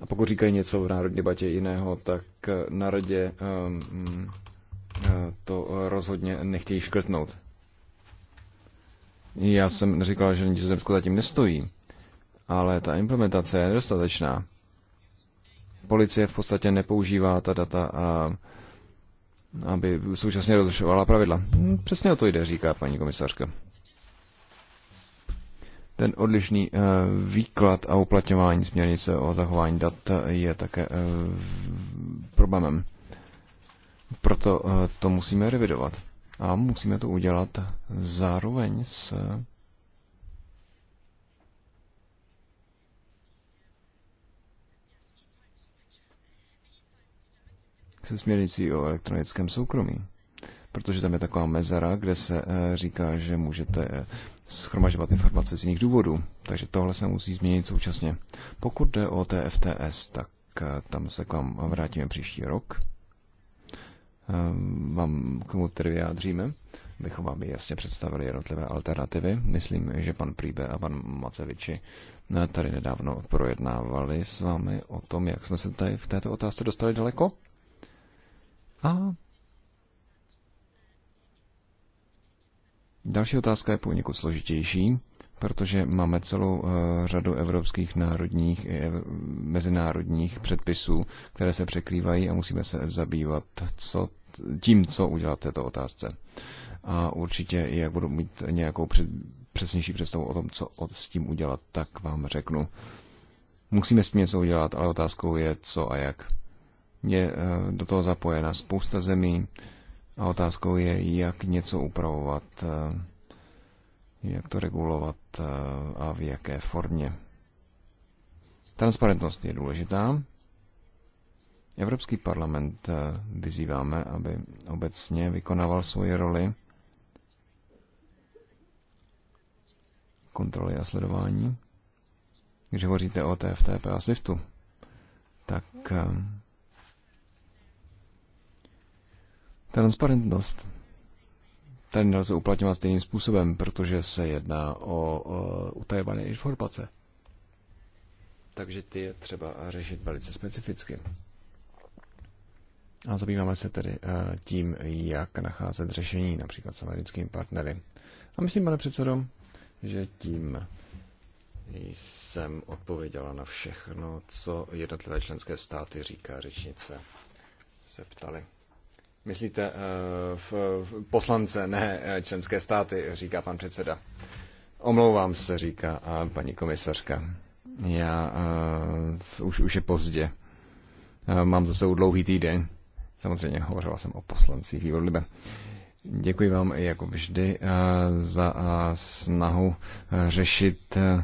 a pokud říkají něco v národní debatě jiného, tak eh, na radě ehm, mm, eh, to rozhodně nechtějí škrtnout. Já jsem říkal, že Nizozemsko zatím nestojí, ale ta implementace je nedostatečná. Policie v podstatě nepoužívá ta data, a, eh, aby současně rozlišovala pravidla. Hm, přesně o to jde, říká paní komisařka. Ten odlišný eh, výklad a uplatňování směrnice o zachování dat eh, je také eh, problémem. Proto to musíme revidovat. A musíme to udělat zároveň s se směrnicí o elektronickém soukromí. Protože tam je taková mezera, kde se říká, že můžete schromažovat informace z jiných důvodů. Takže tohle se musí změnit současně. Pokud jde o TFTS, tak eh, tam se k vám vrátíme příští rok. Eh, vám k tomu tedy vyjádříme, bychom vám jasně představili jednotlivé alternativy. Myslím, že pan Príbe a pan Maceviči eh, tady nedávno projednávali s vámi o tom, jak jsme se tady v této otázce dostali daleko. A Další otázka je poněkud složitější, protože máme celou eh, řadu evropských národních i mezinárodních předpisů, které se překrývají a musíme se zabývat co, tím, co udělat této otázce. A určitě, jak budu mít nějakou před, přesnější představu o tom, co s tím udělat, tak vám řeknu. Musíme s tím něco udělat, ale otázkou je, co a jak. Je eh, do toho zapojena spousta zemí, a otázkou je, jak něco upravovat, eh, jak to regulovat eh, a v jaké formě. Transparentnost je důležitá. Evropský parlament eh, vyzýváme, aby obecně vykonával svoji roli kontroly a sledování. Když hovoříte o TFTP a SWIFTu, tak Transparentnost. Tady nelze uplatňovat stejným způsobem, protože se jedná o, o utajované informace. Takže ty je třeba řešit velice specificky. A zabýváme se tedy eh, tím, jak nacházet řešení například s americkými partnery. A myslím, pane předsedo, že tím jsem odpověděla na všechno, co jednotlivé členské státy, říká řečnice, se ptali. Myslíte eh, v poslance, ne eh, členské státy, říká pan předseda. Omlouvám se, říká eh, paní komisařka. Já uh, už, už je pozdě. Uh, mám za sebou dlouhý týden. Samozřejmě hovořila jsem o poslancích výboru Děkuji vám jako vždy uh, za uh, snahu uh, řešit uh,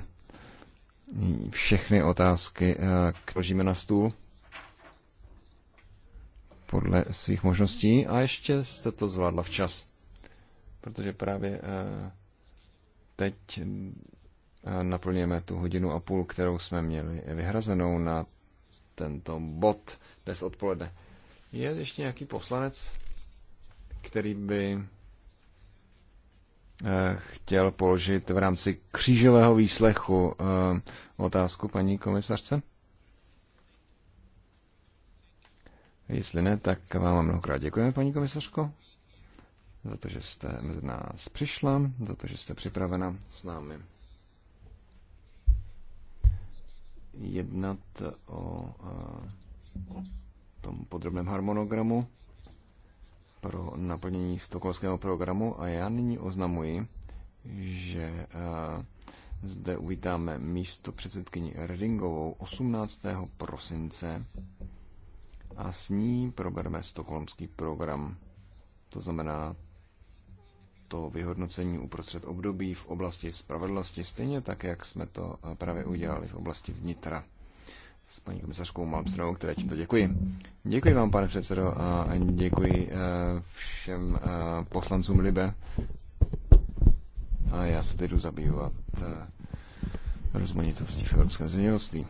všechny otázky, uh, které na stůl podle svých možností a ještě jste to zvládla včas. Protože právě eh, teď eh, naplňujeme tu hodinu a půl, kterou jsme měli vyhrazenou na tento bod dnes odpoledne. Je ještě nějaký poslanec, který by eh, chtěl položit v rámci křížového výslechu otázku paní komisařce? Jestli ne, tak vám mnohokrát děkujeme, paní komisařko, za to, že jste mezi nás přišla, za to, že jste připravena s námi jednat o eh, tom podrobném harmonogramu pro naplnění stokolského programu a já nyní oznamuji, že eh, zde uvítáme místo předsedkyni Redingovou 18. prosince a s ní probereme stokholmský program. To znamená to vyhodnocení uprostřed období v oblasti spravedlnosti, stejně tak, jak jsme to eh, právě udělali v oblasti vnitra s paní komisařkou Malmstrovou, které tímto děkuji. Děkuji vám, pane předsedo, a děkuji eh, všem eh, poslancům Libe. A já se teď jdu zabývat rozmanitosti v evropském zemědělství.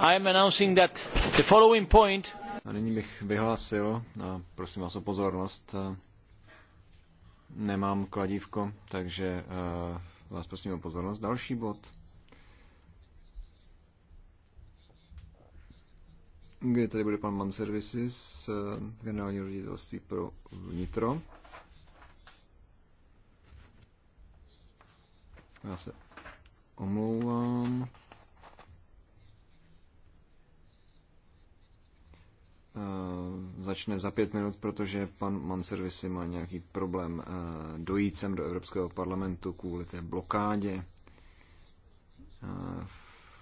I am announcing that the following point. A nyní bych vyhlásil, a prosím vás o pozornost, nemám kladívko, takže vás prosím o pozornost. Další bod. kde tady bude pan Man Services, generální ředitelství pro vnitro. Já se omlouvám. Eh, začne za pět minut, protože pan Manservisi má nějaký problém eh, dojít sem do Evropského parlamentu kvůli té blokádě eh,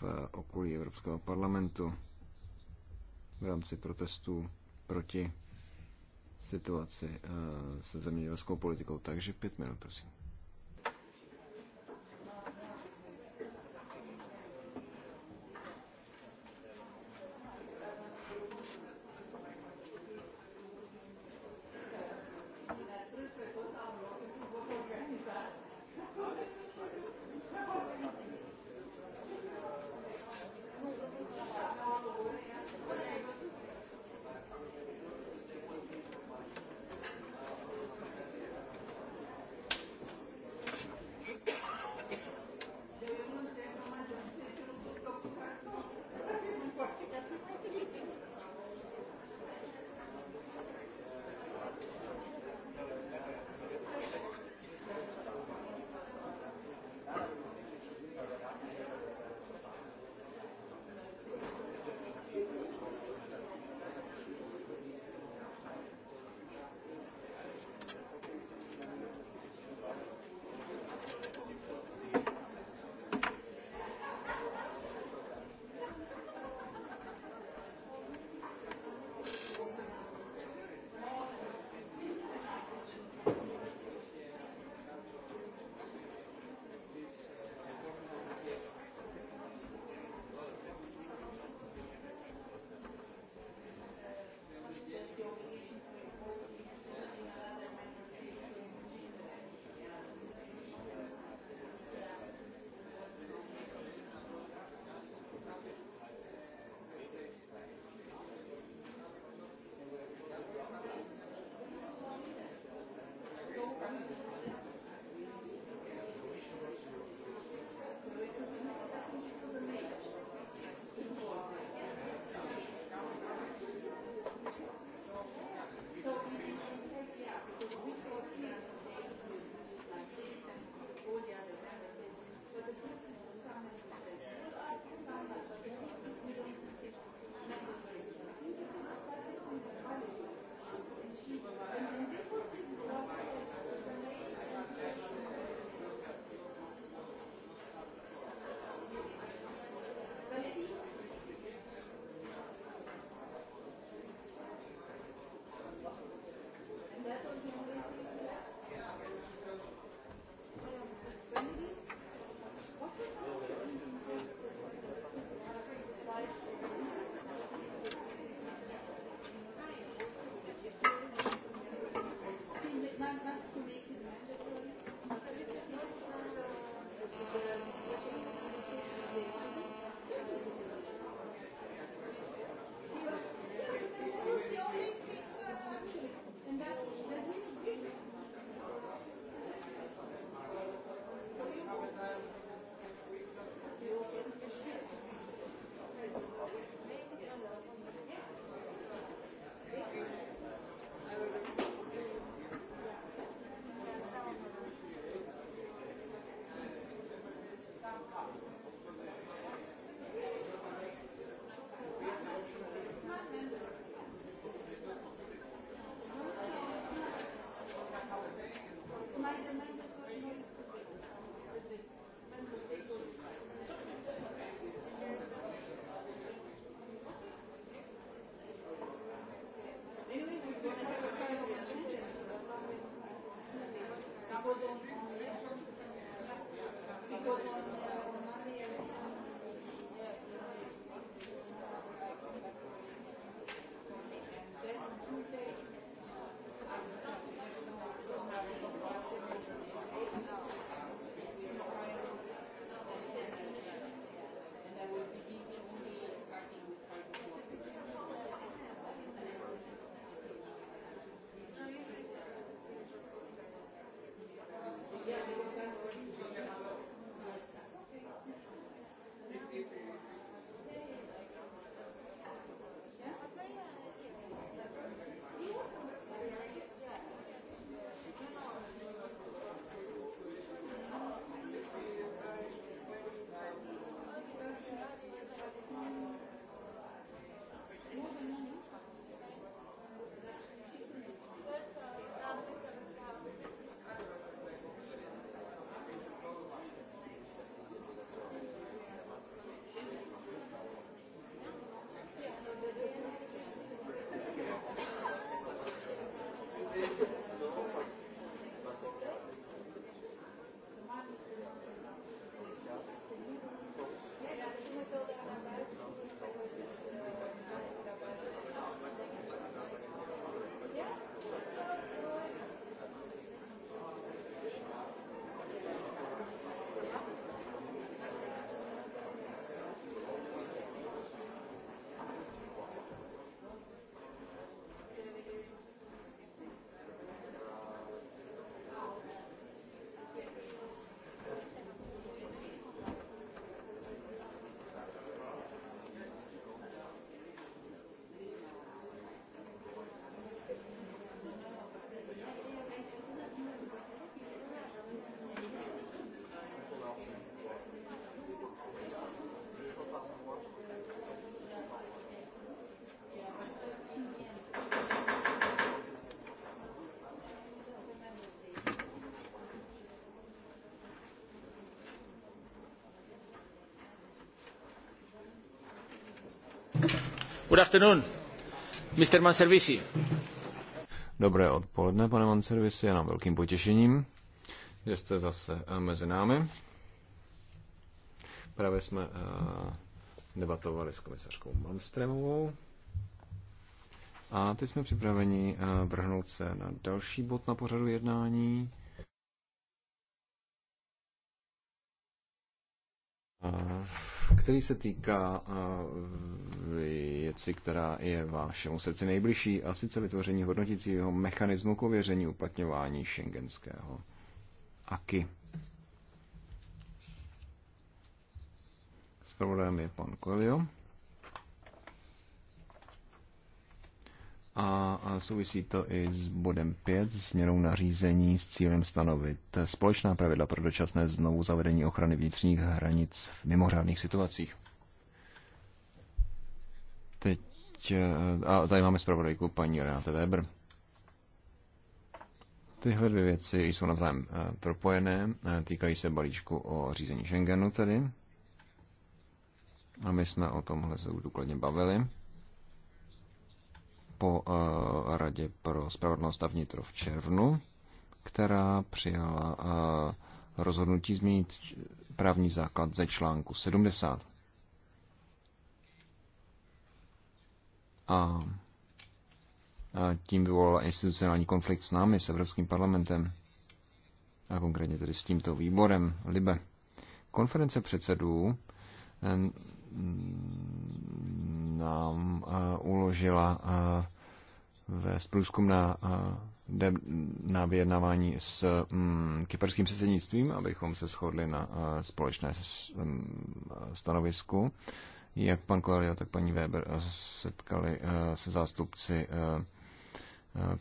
v okolí Evropského parlamentu v rámci protestů proti situaci se zemědělskou politikou. Takže pět minut, prosím. Thank you. Manservisi. Dobré odpoledne, pane Manservisi, je nám velkým potěšením, že jste zase eh, mezi námi. Právě jsme eh, debatovali s komisařkou Malmstremovou. A teď jsme připraveni eh, vrhnout se na další bod na pořadu jednání. který se týká eh, věci, která je vašemu srdci nejbližší, a sice vytvoření hodnotícího mechanismu k ověření uplatňování šengenského AKI. Spravodajem je pan Coelho. a souvisí to i s bodem 5, na nařízení s cílem stanovit společná pravidla pro dočasné znovu zavedení ochrany vnitřních hranic v mimořádných situacích. Teď, eh, a tady máme zpravodajku paní Renate Weber. Tyhle dvě věci jsou navzájem eh, propojené, eh, týkají se balíčku o řízení Schengenu tedy. A my jsme o tomhle se už důkladně bavili po eh, Radě pro spravedlnost a vnitro v červnu, která přijala eh, rozhodnutí změnit právní základ ze článku 70. A tím vyvolala institucionální konflikt s námi, s Evropským parlamentem a konkrétně tedy s tímto výborem LIBE. Konference předsedů eh, nám eh, uložila eh, ve průzkum na, eh, na vyjednávání s mm, kyperským předsednictvím, abychom se shodli na společné mm, stanovisku. Jak pan Koelio, tak paní Weber setkali se zástupci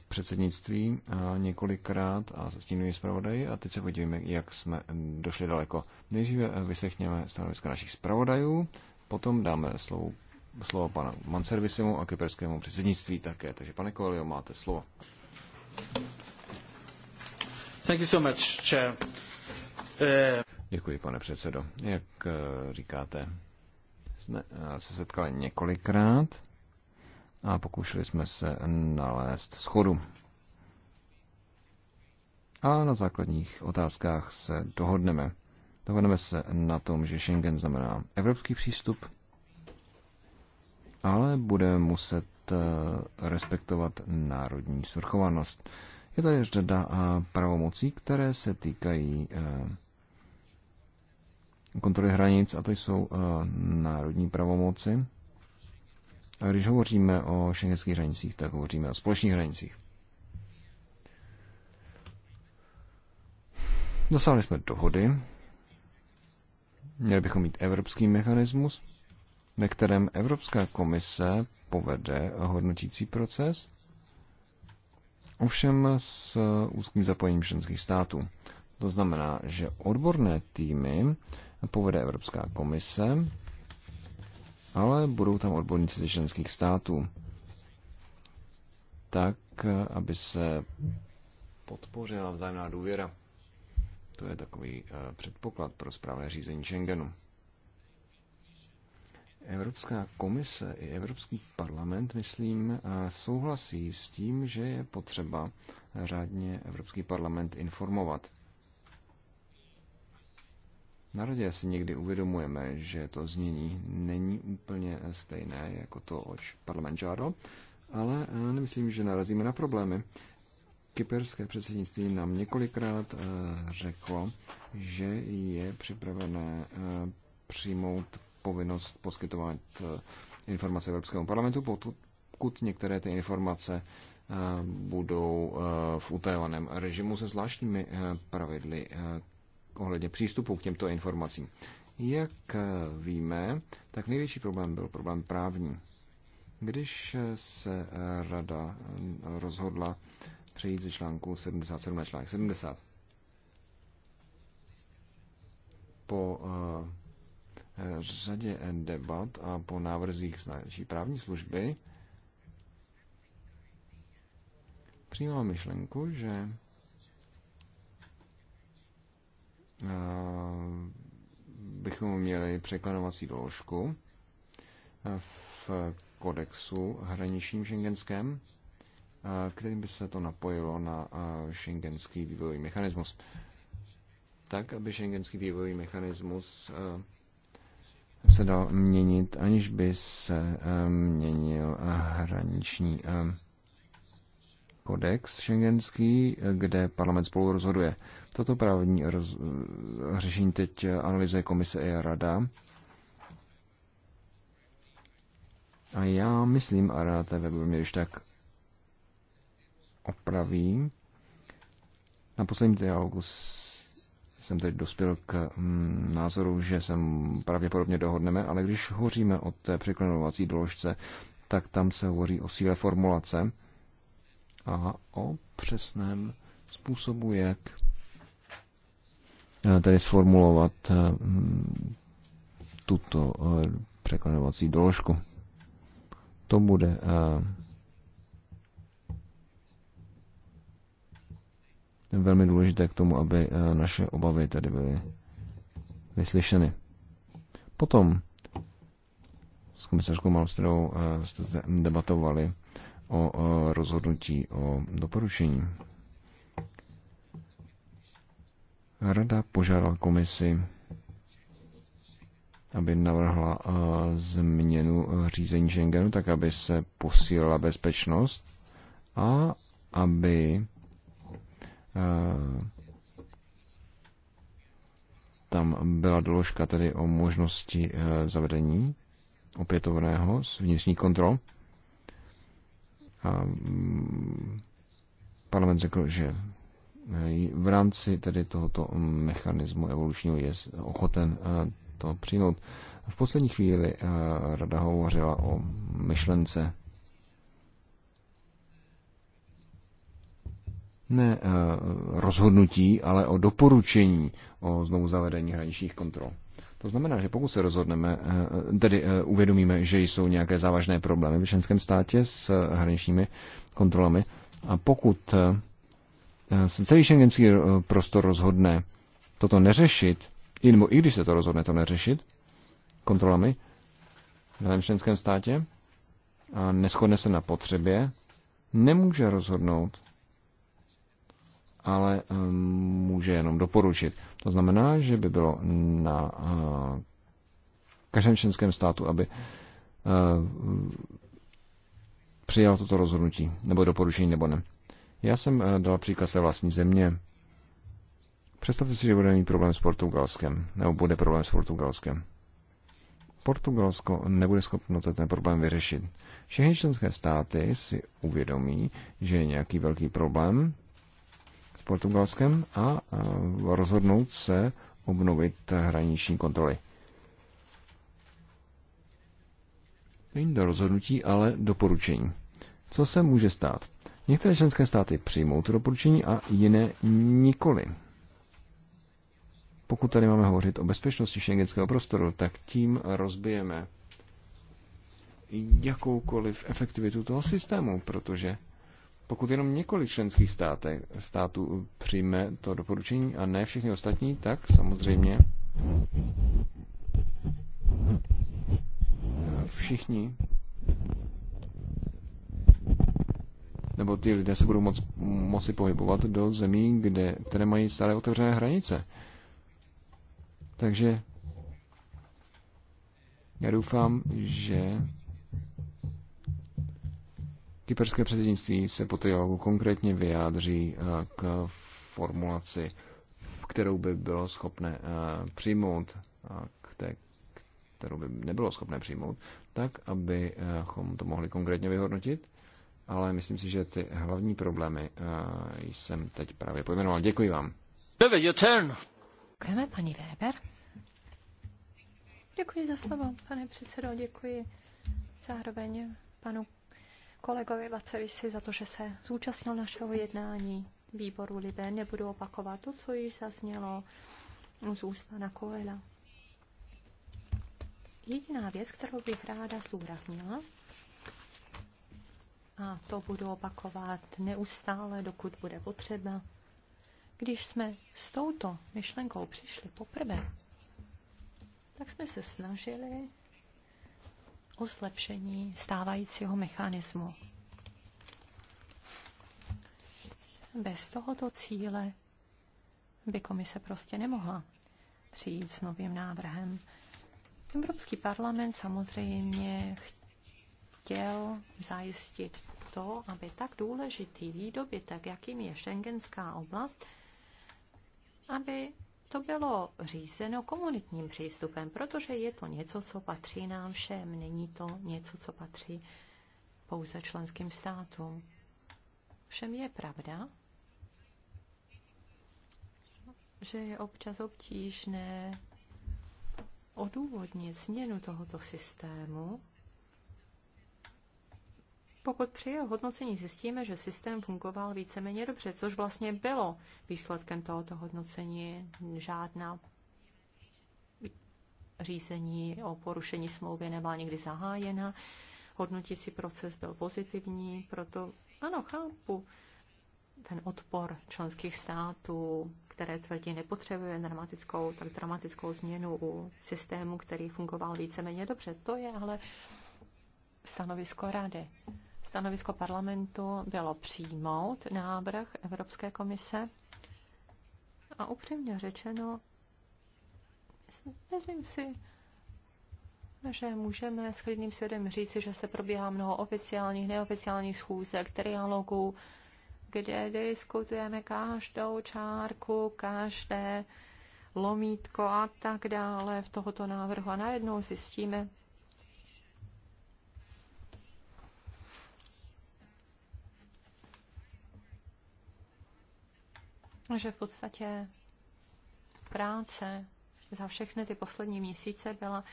předsednictví několikrát a se stínují zpravodaji a teď se podívejme, jak jsme došli daleko. Nejdříve vyslechněme stanoviska našich zpravodajů, potom dáme slovo slovo pana Manservisimu a kyperskému předsednictví také. Takže pane Koelio, máte slovo. Thank you so much, chair. Uh... Děkuji, pane předsedo. Jak uh, říkáte, jsme uh, se setkali několikrát a pokoušeli jsme se nalézt schodu. A na základních otázkách se dohodneme. Dohodneme se na tom, že Schengen znamená evropský přístup, ale bude muset eh, respektovat národní svrchovanost. Je tady řada eh, pravomocí, které se týkají eh, kontroly hranic, a to jsou národní pravomoci. A když hovoříme o šengenských hranicích, tak hovoříme o společných hranicích. Dosáhli jsme dohody. Měli bychom mít evropský mechanismus, ve kterém Evropská komise povede hodnotící proces, ovšem s úzkým zapojením členských států. To znamená, že odborné týmy povede Evropská komise, ale budou tam odborníci ze členských států, tak, aby se podpořila vzájemná důvěra. To je takový eh, předpoklad pro správné řízení Schengenu. Evropská komise i Evropský parlament, myslím, souhlasí s tím, že je potřeba řádně Evropský parlament informovat. Na radě si někdy uvědomujeme, že to znění není úplně stejné jako to, oč parlament žádal, ale eh, nemyslím, že narazíme na problémy. Kyperské předsednictví nám několikrát eh, řeklo, že je připravené eh, přijmout povinnost poskytovat eh, informace Evropskému parlamentu, pokud některé ty informace eh, budou eh, v utajovaném režimu se zvláštními pravidly ohledně přístupu k těmto informacím. Jak víme, tak největší problém byl problém právní. Když se rada rozhodla přejít ze článku 77 na článek 70, po řadě debat a po návrzích z naší právní služby přijímá myšlenku, že eh, bychom měli překlenovací doložku eh, v kodexu hraničním šengenském, eh, kterým by se to napojilo na šengenský vývojový mechanismus. Tak, aby šengenský vývojový mechanismus se dal měnit, aniž by se eh, měnil eh, hraniční eh, kodex šengenský, kde parlament spolu rozhoduje. Toto právní roz, řešení teď analyzuje komise i rada. A já myslím, a rád webu mě když tak opraví, na posledním dialogu s jsem teď dospěl k mm, názoru, že se pravděpodobně dohodneme, ale když hovoříme o té překlenovací doložce, tak tam se hovoří o síle formulace a o přesném způsobu, jak eh, tedy sformulovat eh, mm, tuto eh, překlenovací doložku. To bude velmi důležité k tomu, aby eh, naše obavy tady byly vyslyšeny. Potom s komisařkou Malmstrou eh, jste debatovali o eh, rozhodnutí o doporučení. Rada požádala komisi, aby navrhla změnu řízení Schengenu, tak aby se posílila bezpečnost a aby Eh, tam byla doložka tedy o možnosti eh, zavedení opětovného z vnitřní kontrol. A mm, parlament řekl, že eh, v rámci tedy tohoto mm, mechanismu evolučního je ochoten to přijmout. V poslední chvíli rada hovořila o myšlence ne eh, rozhodnutí, ale o doporučení o znovu zavedení hraničních kontrol. To znamená, že pokud se rozhodneme, eh, eh, tedy uvědomíme, že jsou nějaké závažné problémy v členském státě s hraničními kontrolami, a pokud se celý šengenský prostor rozhodne toto neřešit, nebo i když se to rozhodne to neřešit kontrolami v daném členském státě a neschodne se na potřebě, nemůže rozhodnout ale eh, může jenom doporučit. To znamená, že by bylo na eh, každém členském státu, aby eh, přijal toto rozhodnutí, nebo doporučení, nebo ne. Já jsem dal příklad své vlastní země. Představte si, že bude mít problém s Portugalskem, nebo bude problém s Portugalskem. Portugalsko nebude schopno ten problém vyřešit. Všechny členské státy si uvědomí, že je nějaký velký problém, Portugalskem a eh, rozhodnout se obnovit hraniční kontroly. Není do rozhodnutí, ale doporučení. Co se může stát? Některé členské státy přijmou to doporučení a jiné nikoli. Pokud tady máme hovořit o bezpečnosti šengenského prostoru, tak tím rozbijeme jakoukoliv efektivitu toho systému, protože pokud jenom několik členských státek, států přijme to doporučení a ne všechny ostatní, tak samozřejmě všichni nebo ty lidé se budou moc, moci pohybovat do zemí, kde, které mají stále otevřené hranice. Takže já doufám, že Kyperské předsednictví se po trialogu konkrétně vyjádří eh, k formulaci, kterou by bylo schopné eh, přijmout a k té, kterou by nebylo schopné přijmout, tak, abychom to mohli konkrétně vyhodnotit. Ale myslím si, že ty hlavní problémy eh, jsem teď právě pojmenoval. Děkuji vám. Děkujeme, paní Weber. Děkuji za slovo, pane předsedo, děkuji zároveň panu kolegovi Vacevisi za to, že se zúčastnil našeho jednání výboru Libé. Nebudu opakovat to, co již zaznělo z úst pana Koela. Jediná věc, kterou bych ráda zdůraznila, a to budu opakovat neustále, dokud bude potřeba, když jsme s touto myšlenkou přišli poprvé, tak jsme se snažili o zlepšení stávajícího mechanismu. Bez tohoto cíle by komise prostě nemohla přijít s novým návrhem. Evropský parlament samozřejmě chtěl zajistit to, aby tak důležitý výdobytek, jakým je šengenská oblast, aby to bylo řízeno komunitním přístupem, protože je to něco, co patří nám všem, není to něco, co patří pouze členským státům. Všem je pravda, že je občas obtížné odůvodnit změnu tohoto systému, pokud při jeho hodnocení zjistíme, že systém fungoval víceméně dobře, což vlastně bylo výsledkem tohoto hodnocení, žádná řízení o porušení smlouvy nebyla nikdy zahájena, hodnotící proces byl pozitivní, proto ano, chápu ten odpor členských států, které tvrdí nepotřebuje dramatickou, tak dramatickou změnu u systému, který fungoval víceméně dobře. To je ale stanovisko rady. Stanovisko parlamentu bylo přijmout návrh Evropské komise a upřímně řečeno, myslím si, že můžeme s klidným svědem říci, že se probíhá mnoho oficiálních, neoficiálních schůzek, trialogů, kde diskutujeme každou čárku, každé lomítko a tak dále v tohoto návrhu. A najednou zjistíme, že v podstatě práce za všechny ty poslední měsíce byla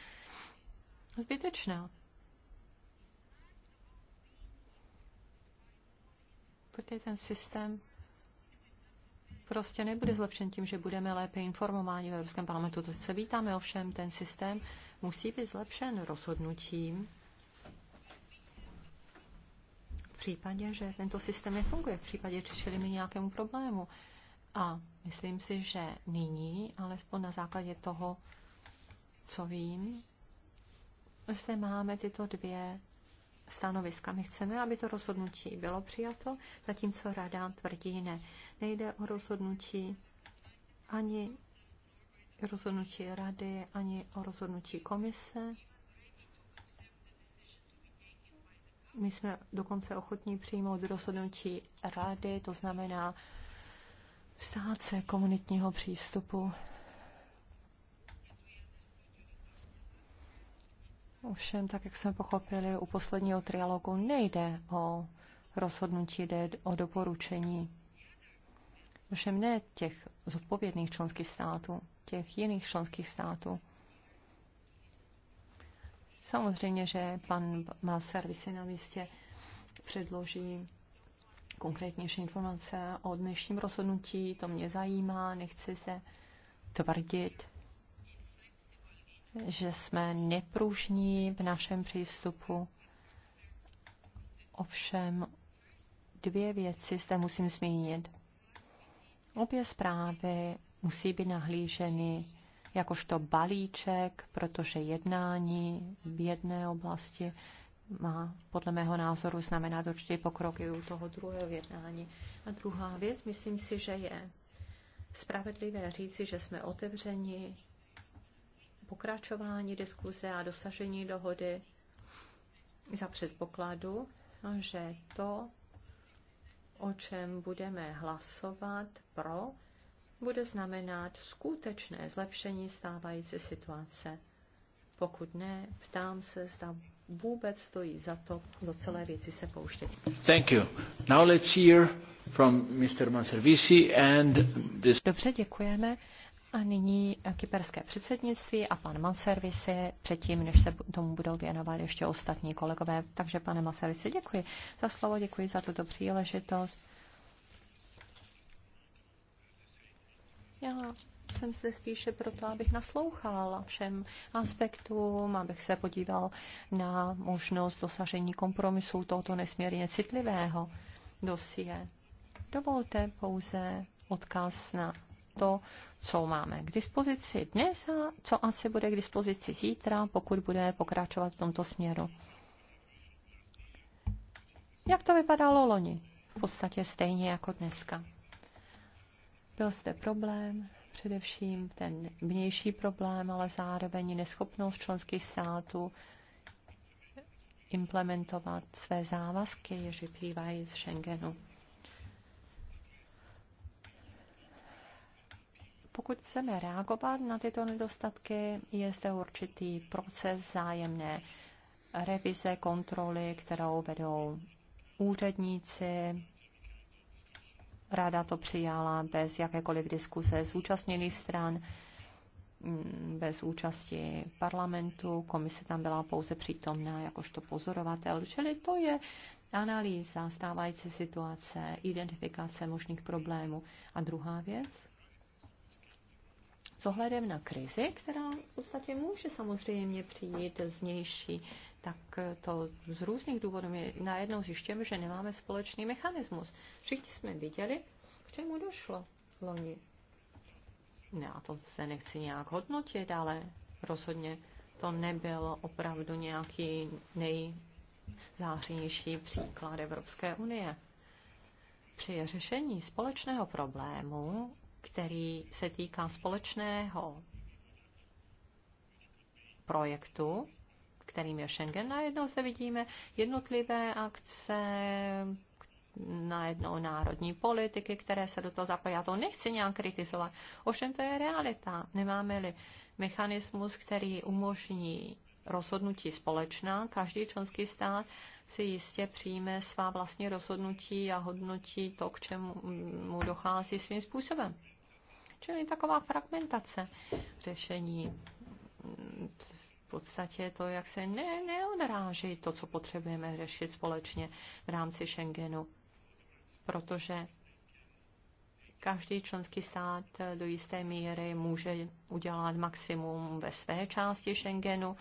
zbytečná. Protože ten systém prostě nebude zlepšen tím, že budeme lépe informováni v Evropském parlamentu. To se vítáme, ovšem ten systém musí být zlepšen rozhodnutím v případě, že tento systém nefunguje, v případě, že čelíme nějakému problému. A myslím si, že nyní, alespoň na základě toho, co vím, zde máme tyto dvě stanoviska. My chceme, aby to rozhodnutí bylo přijato, zatímco rada tvrdí ne. Nejde o rozhodnutí ani rozhodnutí rady, ani o rozhodnutí komise. My jsme dokonce ochotní přijmout rozhodnutí rady, to znamená Vstát se komunitního přístupu. Ovšem, tak jak jsme pochopili, u posledního trialogu nejde o rozhodnutí, jde o doporučení. Ovšem ne těch zodpovědných členských států, těch jiných členských států. Samozřejmě, že pan Maser vy si na místě předloží konkrétnější informace o dnešním rozhodnutí, to mě zajímá, nechci se tvrdit, že jsme nepružní v našem přístupu. Ovšem dvě věci zde musím zmínit. Obě zprávy musí být nahlíženy jakožto balíček, protože jednání v jedné oblasti má podle mého názoru znamenat určitý pokrok i u toho druhého jednání. A druhá věc, myslím si, že je spravedlivé říci, že jsme otevřeni pokračování diskuze a dosažení dohody za předpokladu, že to, o čem budeme hlasovat pro, bude znamenat skutečné zlepšení stávající situace. Pokud ne, ptám se, zda vůbec stojí za to do celé věci se pouštět. Thank you. Now let's hear from Mr. Manservisi and this... Dobře, děkujeme. A nyní kyperské předsednictví a pan Manservisi, předtím, než se tomu budou věnovat ještě ostatní kolegové. Takže pane Manservisi, děkuji za slovo, děkuji za tuto příležitost. Já jsem zde spíše proto, abych naslouchal všem aspektům, abych se podíval na možnost dosažení kompromisu tohoto nesmírně citlivého dosie. Dovolte pouze odkaz na to, co máme k dispozici dnes a co asi bude k dispozici zítra, pokud bude pokračovat v tomto směru. Jak to vypadalo loni? V podstatě stejně jako dneska. Byl zde problém především ten vnější problém, ale zároveň neschopnost členských států implementovat své závazky, jež vyplývají z Schengenu. Pokud chceme reagovat na tyto nedostatky, je zde určitý proces zájemné revize, kontroly, kterou vedou úředníci, ráda to přijala bez jakékoliv diskuse zúčastněných stran, mm, bez účasti parlamentu, komise tam byla pouze přítomná jakožto pozorovatel, čili to je analýza stávající situace, identifikace možných problémů. A druhá věc, s ohledem na krizi, která v podstatě může samozřejmě přijít z vnější tak eh, to z různých důvodů my najednou zjišťujeme, že nemáme společný mechanismus. Všichni jsme viděli, k čemu došlo loni. Já to se nechci nějak hodnotit, ale rozhodně to nebylo opravdu nějaký nejzářnější příklad Evropské unie. Při řešení společného problému, který se týká společného projektu, kterým je Schengen. Najednou zde vidíme jednotlivé akce, najednou národní politiky, které se do toho zapojí. Já to nechci nějak kritizovat. Ovšem to je realita. Nemáme-li mechanismus, který umožní rozhodnutí společná, každý členský stát si jistě přijme svá vlastní rozhodnutí a hodnotí to, k čemu mu dochází svým způsobem. Čili taková fragmentace řešení podstatě to, jak se ne, neodráží to, co potřebujeme řešit společně v rámci Schengenu. Protože každý členský stát do jisté míry může udělat maximum ve své části Schengenu.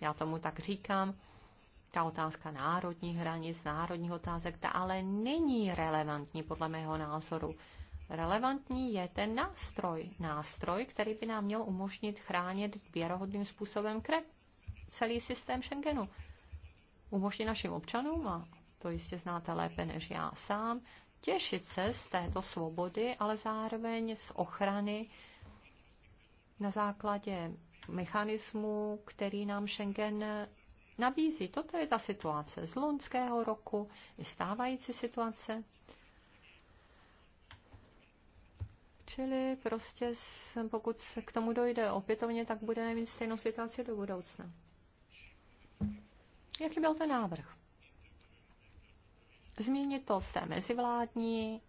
Já tomu tak říkám. Ta otázka národních hranic, národních otázek, ta ale není relevantní podle mého názoru relevantní je ten nástroj. Nástroj, který by nám měl umožnit chránit věrohodným způsobem krev. Celý systém Schengenu. Umožnit našim občanům, a to jistě znáte lépe než já sám, těšit se z této svobody, ale zároveň z ochrany na základě mechanismu, který nám Schengen nabízí. Toto je ta situace z loňského roku, i stávající situace. Čili prostě pokud se k tomu dojde opětovně, tak budeme mít stejnou situaci do budoucna. Jaký byl ten návrh? Změnit to z té mezivládní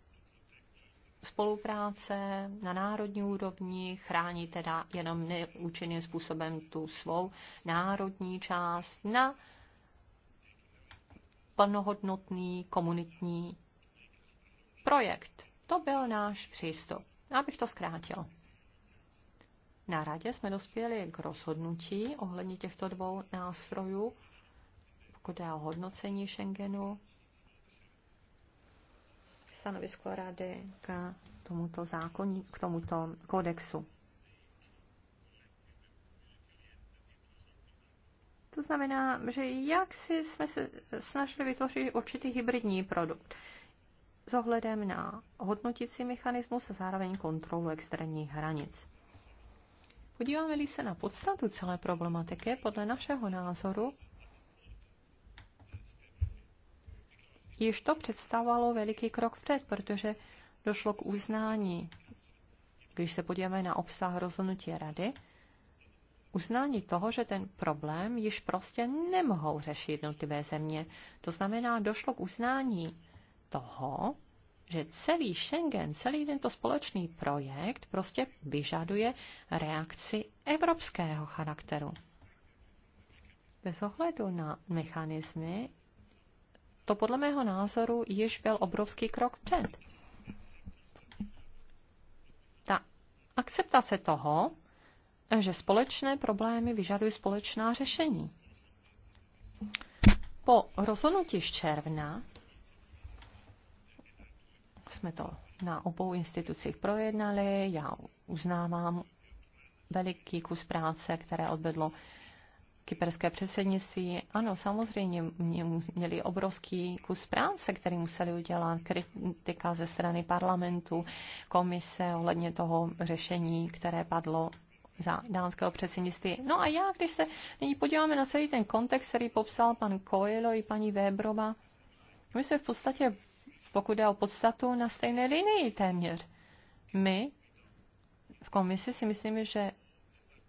spolupráce na národní úrovni, chránit teda jenom neúčinným způsobem tu svou národní část na plnohodnotný komunitní projekt. To byl náš přístup. Já bych to zkrátil. Na radě jsme dospěli k rozhodnutí ohledně těchto dvou nástrojů, pokud je o hodnocení Schengenu, stanovisko rady k tomuto zákoní, k tomuto kodexu. To znamená, že jak si jsme se snažili vytvořit určitý hybridní produkt s ohledem na hodnotící mechanismus a zároveň kontrolu externích hranic. Podíváme-li se na podstatu celé problematiky, podle našeho názoru již to představovalo veliký krok vpřed, protože došlo k uznání, když se podíváme na obsah rozhodnutí rady, uznání toho, že ten problém již prostě nemohou řešit jednotlivé země. To znamená, došlo k uznání toho, že celý Schengen, celý tento společný projekt prostě vyžaduje reakci evropského charakteru. Bez ohledu na mechanismy, to podle mého názoru již byl obrovský krok před. Ta akceptace toho, že společné problémy vyžadují společná řešení. Po rozhodnutí z června jsme to na obou institucích projednali. Já uznávám veliký kus práce, které odvedlo kyperské předsednictví. Ano, samozřejmě měli obrovský kus práce, který museli udělat, kritika ze strany parlamentu, komise ohledně toho řešení, které padlo za dánského předsednictví. No a já, když se nyní podíváme na celý ten kontext, který popsal pan Coelho i paní Weberova, my se v podstatě pokud jde o podstatu, na stejné linii téměř. My v komisi si myslíme, že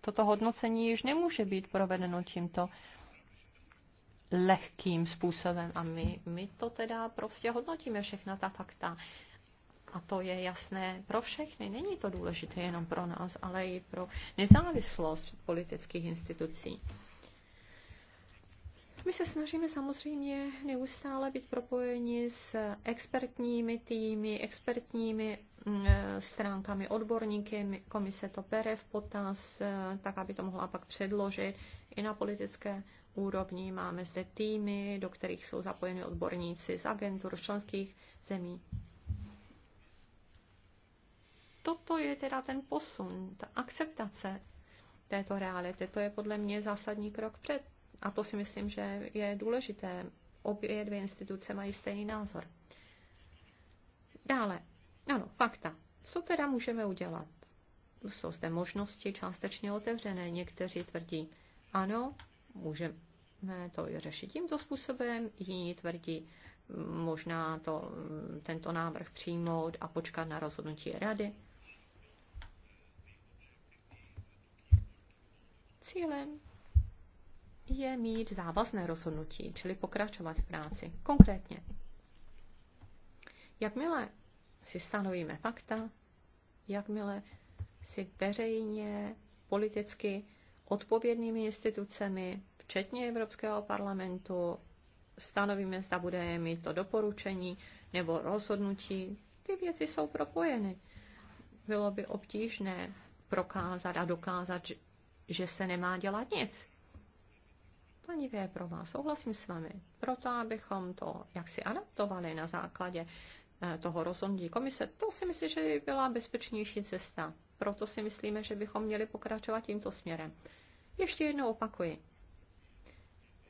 toto hodnocení již nemůže být provedeno tímto lehkým způsobem. A my, my to teda prostě hodnotíme, všechna ta fakta. A to je jasné pro všechny. Není to důležité jenom pro nás, ale i pro nezávislost politických institucí. My se snažíme samozřejmě neustále být propojeni s expertními týmy, expertními mm, e, stránkami, odborníky. Komise to bere v potaz, e, tak aby to mohla pak předložit i na politické úrovni. Máme zde týmy, do kterých jsou zapojeni odborníci z agentur, z členských zemí. Toto je teda ten posun, ta akceptace této reality. To je podle mě zásadní krok před a to si myslím, že je důležité. Obě dvě instituce mají stejný názor. Dále, ano, fakta. Co teda můžeme udělat? Jsou zde možnosti částečně otevřené. Někteří tvrdí, ano, můžeme to řešit tímto způsobem, jiní tvrdí, možná to, tento návrh přijmout a počkat na rozhodnutí rady. Cílem je mít závazné rozhodnutí, čili pokračovat v práci. Konkrétně, jakmile si stanovíme fakta, jakmile si veřejně, politicky odpovědnými institucemi, včetně Evropského parlamentu, stanovíme, zda bude mít to doporučení nebo rozhodnutí. Ty věci jsou propojeny. Bylo by obtížné prokázat a dokázat, že se nemá dělat nic pro vás, souhlasím s vámi. Proto, abychom to jaksi adaptovali na základě eh, toho rozhodnutí komise, to si myslím, že by byla bezpečnější cesta. Proto si myslíme, že bychom měli pokračovat tímto směrem. Ještě jednou opakuji.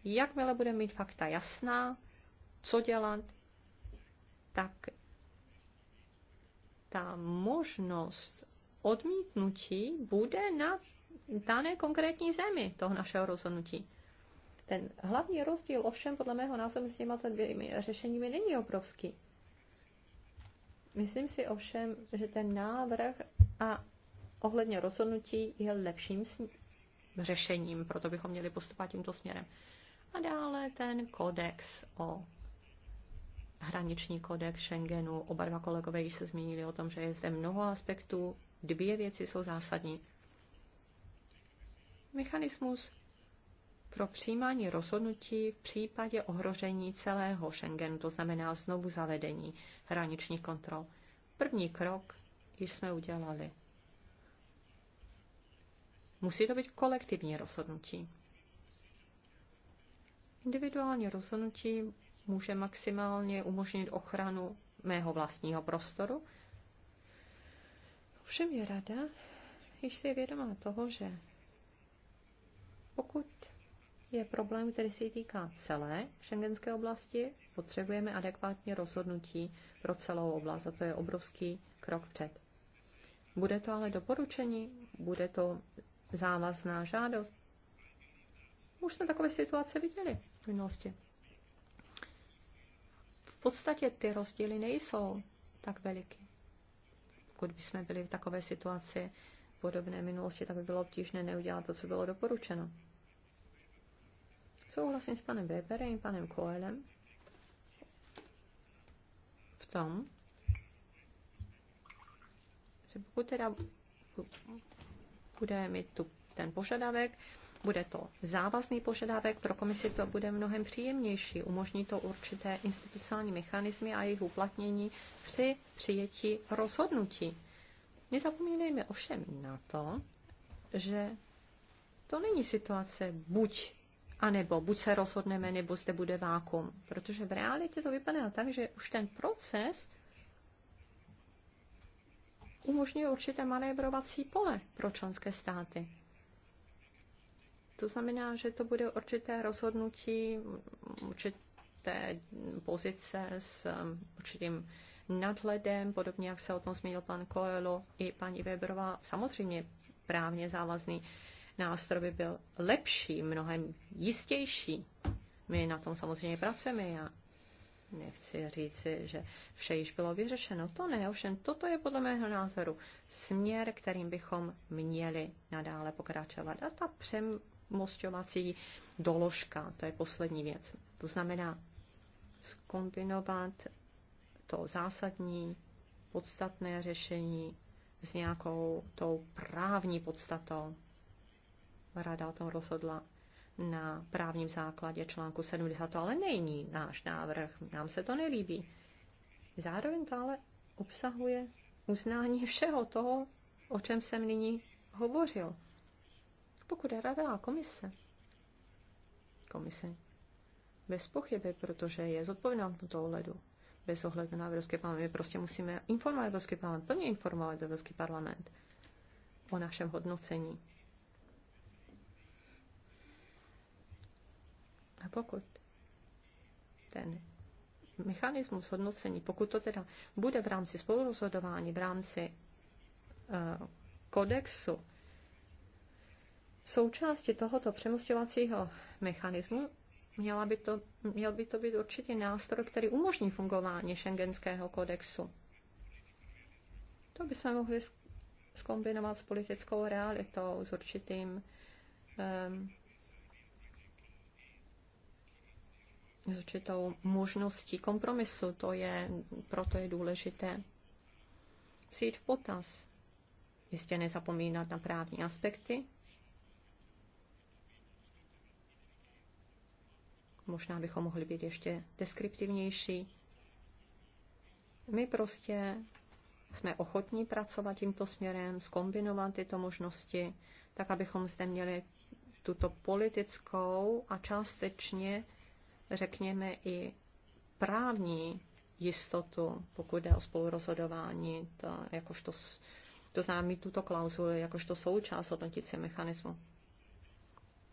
Jakmile bude mít fakta jasná, co dělat, tak ta možnost odmítnutí bude na dané konkrétní zemi toho našeho rozhodnutí. Ten hlavní rozdíl ovšem podle mého názoru s těma dvěmi řešeními není obrovský. Myslím si ovšem, že ten návrh a ohledně rozhodnutí je lepším řešením, proto bychom měli postupovat tímto směrem. A dále ten kodex o hraniční kodex Schengenu. Oba dva kolegové již se zmínili o tom, že je zde mnoho aspektů. Dvě věci jsou zásadní. Mechanismus pro přijímání rozhodnutí v případě ohrožení celého Schengenu, to znamená znovu zavedení hraničních kontrol. První krok již jsme udělali. Musí to být kolektivní rozhodnutí. Individuální rozhodnutí může maximálně umožnit ochranu mého vlastního prostoru. Ovšem je rada, když si je vědomá toho, že pokud je problém, který se týká celé šengenské oblasti. Potřebujeme adekvátní rozhodnutí pro celou oblast a to je obrovský krok před. Bude to ale doporučení? Bude to závazná žádost? Už jsme takové situace viděli v minulosti. V podstatě ty rozdíly nejsou tak veliké. Pokud bychom byli v takové situaci podobné minulosti, tak by bylo obtížné neudělat to, co bylo doporučeno. Souhlasím s panem Weberem panem Koelem v tom, že pokud teda bude mít tu, ten požadavek, bude to závazný požadavek, pro komisi to bude mnohem příjemnější. Umožní to určité institucionální mechanismy a jejich uplatnění při přijetí rozhodnutí. Nezapomínejme ovšem na to, že to není situace buď anebo buď se rozhodneme, nebo zde bude vákum. Protože v realitě to vypadá tak, že už ten proces umožňuje určité manévrovací pole pro členské státy. To znamená, že to bude určité rozhodnutí, určité pozice s um, určitým nadhledem, podobně jak se o tom zmínil pan Coelho i paní Weberová, samozřejmě právně závazný nástroj by byl lepší, mnohem jistější. My na tom samozřejmě pracujeme. Já nechci říci, že vše již bylo vyřešeno. To ne, ovšem toto je podle mého názoru směr, kterým bychom měli nadále pokračovat. A ta přemostovací doložka, to je poslední věc. To znamená skombinovat to zásadní, podstatné řešení s nějakou tou právní podstatou rada o tom rozhodla na právním základě článku 70, to ale není náš návrh, nám se to nelíbí. Zároveň to ale obsahuje uznání všeho toho, o čem jsem nyní hovořil. Pokud je rada a komise, komise bez pochyby, protože je zodpovědná v tomto ohledu, bez ohledu na Evropský parlament, my prostě musíme informovat Evropský parlament, plně informovat Evropský parlament o našem hodnocení A pokud ten mechanismus hodnocení, pokud to teda bude v rámci spolurozhodování, v rámci uh, kodexu, součástí tohoto přemostěvacího mechanismu měla by to, měl by to být určitě nástroj, který umožní fungování šengenského kodexu. To by se mohli skombinovat s politickou realitou, s určitým um, s určitou možností kompromisu. To je, proto je důležité přijít v potaz. Jistě nezapomínat na právní aspekty. Možná bychom mohli být ještě deskriptivnější. My prostě jsme ochotní pracovat tímto směrem, skombinovat tyto možnosti, tak abychom zde měli tuto politickou a částečně řekněme, i právní jistotu, pokud jde o spolurozhodování, to, jakožto, to známí mít tuto klauzuli jakožto součást hodnotící mechanismu.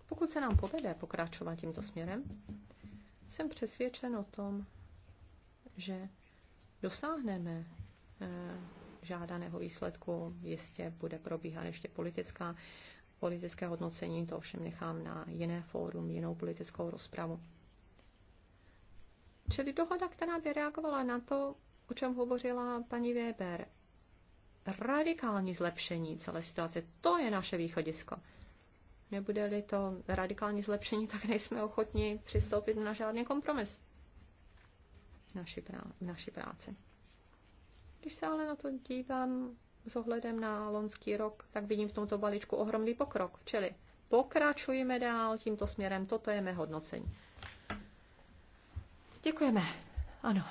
Pokud se nám povede pokračovat tímto směrem, jsem přesvědčen o tom, že dosáhneme eh, žádaného výsledku. Jistě bude probíhat ještě politická, politické hodnocení, to ovšem nechám na jiné fórum, jinou politickou rozpravu. Čili dohoda, která by reagovala na to, o čem hovořila paní Weber. Radikální zlepšení celé situace, to je naše východisko. Nebude-li to radikální zlepšení, tak nejsme ochotni přistoupit na žádný kompromis naší, prá- naší práci. Když se ale na to dívám s ohledem na lonský rok, tak vidím v tomto balíčku ohromný pokrok. Čili pokračujeme dál tímto směrem, toto je mé hodnocení. Děkujeme. Ano.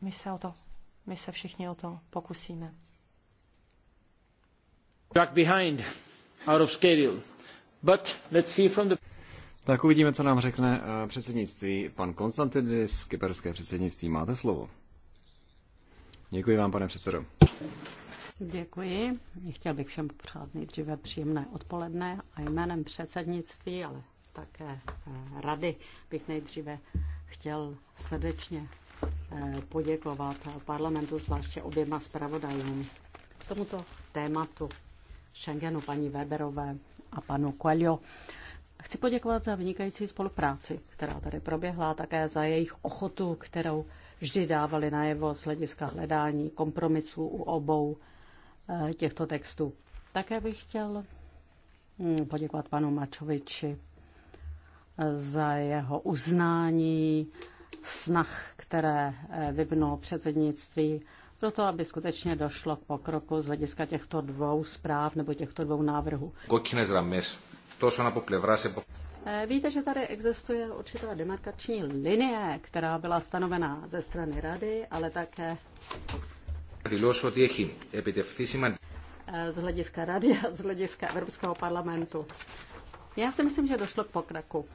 My se o to, my se všichni o to pokusíme. Back behind, out of schedule. But let's see from the... Tak uvidíme, co nám řekne eh, předsednictví. Pan Konstantinidis, kyperské předsednictví, máte slovo. Děkuji vám, pane předsedo. Děkuji. Chtěl bych všem popřát nejdříve příjemné odpoledne a jménem předsednictví, ale také eh, rady, bych nejdříve chtěl srdečně eh, poděkovat parlamentu, zvláště oběma zpravodajům k tomuto tématu Schengenu paní Weberové a panu Coelho. Chci poděkovat za vynikající spolupráci, která tady proběhla, a také za jejich ochotu, kterou vždy dávali najevo z hlediska hledání kompromisů u obou eh, těchto textů. Také bych chtěl hm, poděkovat panu Mačoviči za jeho uznání snah, které eh, vyvinulo předsednictví proto, aby skutečně došlo k pokroku z hlediska těchto dvou zpráv nebo těchto dvou návrhů. Eh, víte, že tady existuje určitá demarkační linie, která byla stanovená ze strany rady, ale také eh, z hlediska rady a z hlediska Evropského parlamentu. Já si myslím, že došlo k pokraku.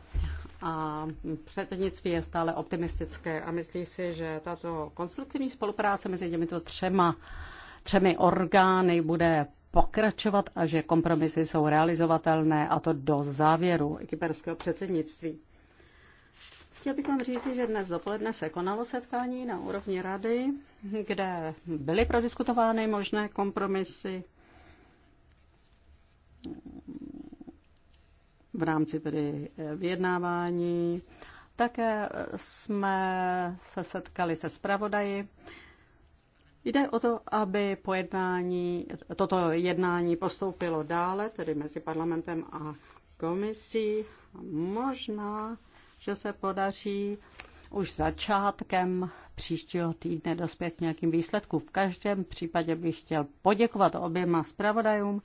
A předsednictví je stále optimistické a myslí si, že tato konstruktivní spolupráce mezi těmito třema, třemi orgány bude pokračovat a že kompromisy jsou realizovatelné a to do závěru kyperského předsednictví. Chtěl bych vám říct, že dnes dopoledne se konalo setkání na úrovni rady, kde byly prodiskutovány možné kompromisy v rámci tedy eh, vyjednávání. Také eh, jsme se setkali se zpravodaji. Jde o to, aby pojednání, toto jednání postoupilo dále, tedy mezi parlamentem a komisí. Možná, že se podaří už začátkem příštího týdne dospět nějakým výsledkům. V každém případě bych chtěl poděkovat oběma zpravodajům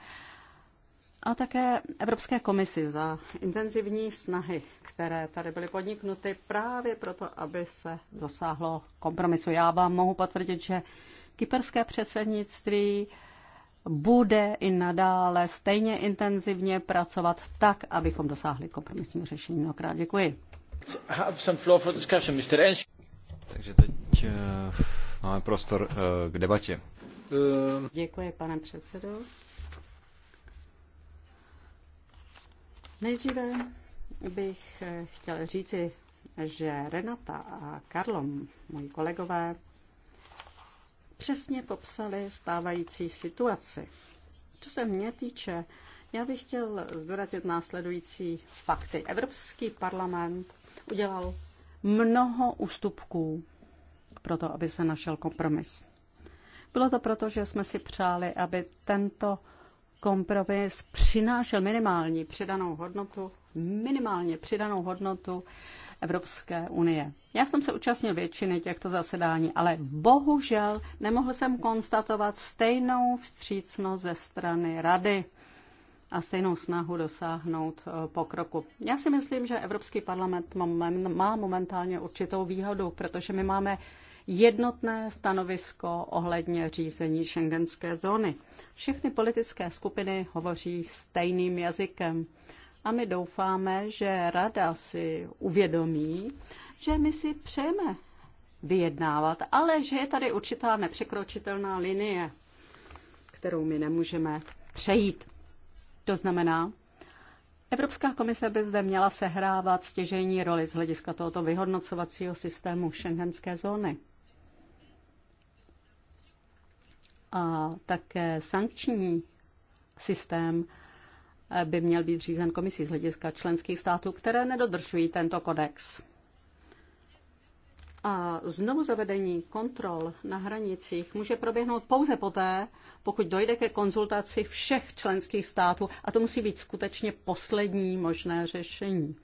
a také Evropské komisi za intenzivní snahy, které tady byly podniknuty právě proto, aby se dosáhlo kompromisu. Já vám mohu potvrdit, že kyperské předsednictví bude i nadále stejně intenzivně pracovat tak, abychom dosáhli kompromisního řešení. Mnohokrát děkuji. Takže teď eh, máme prostor eh, k debatě. Děkuji, pane předsedo. Nejdříve bych chtěl říci, že Renata a Karlo, moji kolegové, přesně popsali stávající situaci. Co se mě týče, já bych chtěl zdůraznit následující fakty. Evropský parlament udělal mnoho ústupků pro to, aby se našel kompromis. Bylo to proto, že jsme si přáli, aby tento kompromis přinášel minimální přidanou hodnotu, minimálně přidanou hodnotu Evropské unie. Já jsem se účastnil většiny těchto zasedání, ale bohužel nemohl jsem konstatovat stejnou vstřícnost ze strany Rady a stejnou snahu dosáhnout eh, pokroku. Já si myslím, že Evropský parlament má momentálně určitou výhodu, protože my máme jednotné stanovisko ohledně řízení šengenské zóny. Všechny politické skupiny hovoří stejným jazykem a my doufáme, že Rada si uvědomí, že my si přejeme vyjednávat, ale že je tady určitá nepřekročitelná linie, kterou my nemůžeme přejít. To znamená, Evropská komise by zde měla sehrávat stěžejní roli z hlediska tohoto vyhodnocovacího systému šengenské zóny. a také sankční systém eh, by měl být řízen komisí z hlediska členských států, které nedodržují tento kodex. A znovu zavedení kontrol na hranicích může proběhnout pouze poté, pokud dojde ke konzultaci všech členských států a to musí být skutečně poslední možné řešení.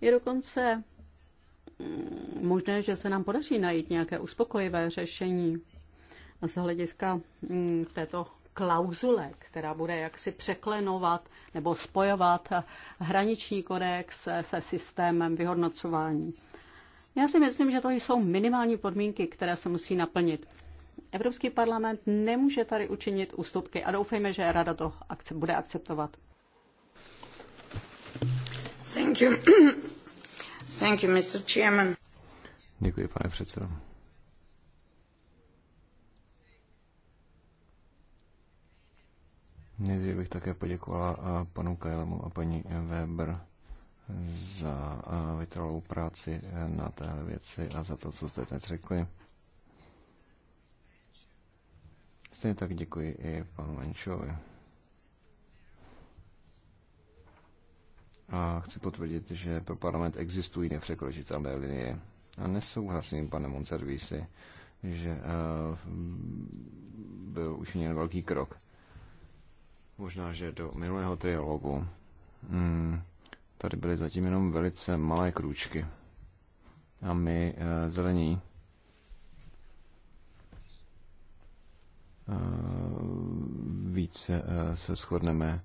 Je dokonce mm, možné, že se nám podaří najít nějaké uspokojivé řešení z hlediska mm, této klauzule, která bude jaksi překlenovat nebo spojovat hraniční kodex se systémem vyhodnocování. Já si myslím, že to jsou minimální podmínky, které se musí naplnit. Evropský parlament nemůže tady učinit ústupky a doufejme, že Rada to akce, bude akceptovat. Thank you. Thank you, Mr. Chairman. Děkuji, pane předsedo. Nejdřív bych také poděkovala eh, panu Kajlemu a paní Weber za eh, vytrvalou práci eh, na téhle věci a za to, co jste dnes řekli. Stejně tak děkuji i panu Enčovi. A chci potvrdit, že pro parlament existují nepřekročitelné linie. A nesouhlasím, pane Monservisi, že uh, byl učiněn velký krok Možná, že do minulého trialogu hmm, tady byly zatím jenom velice malé krůčky. A my e, zelení e, více e, se shodneme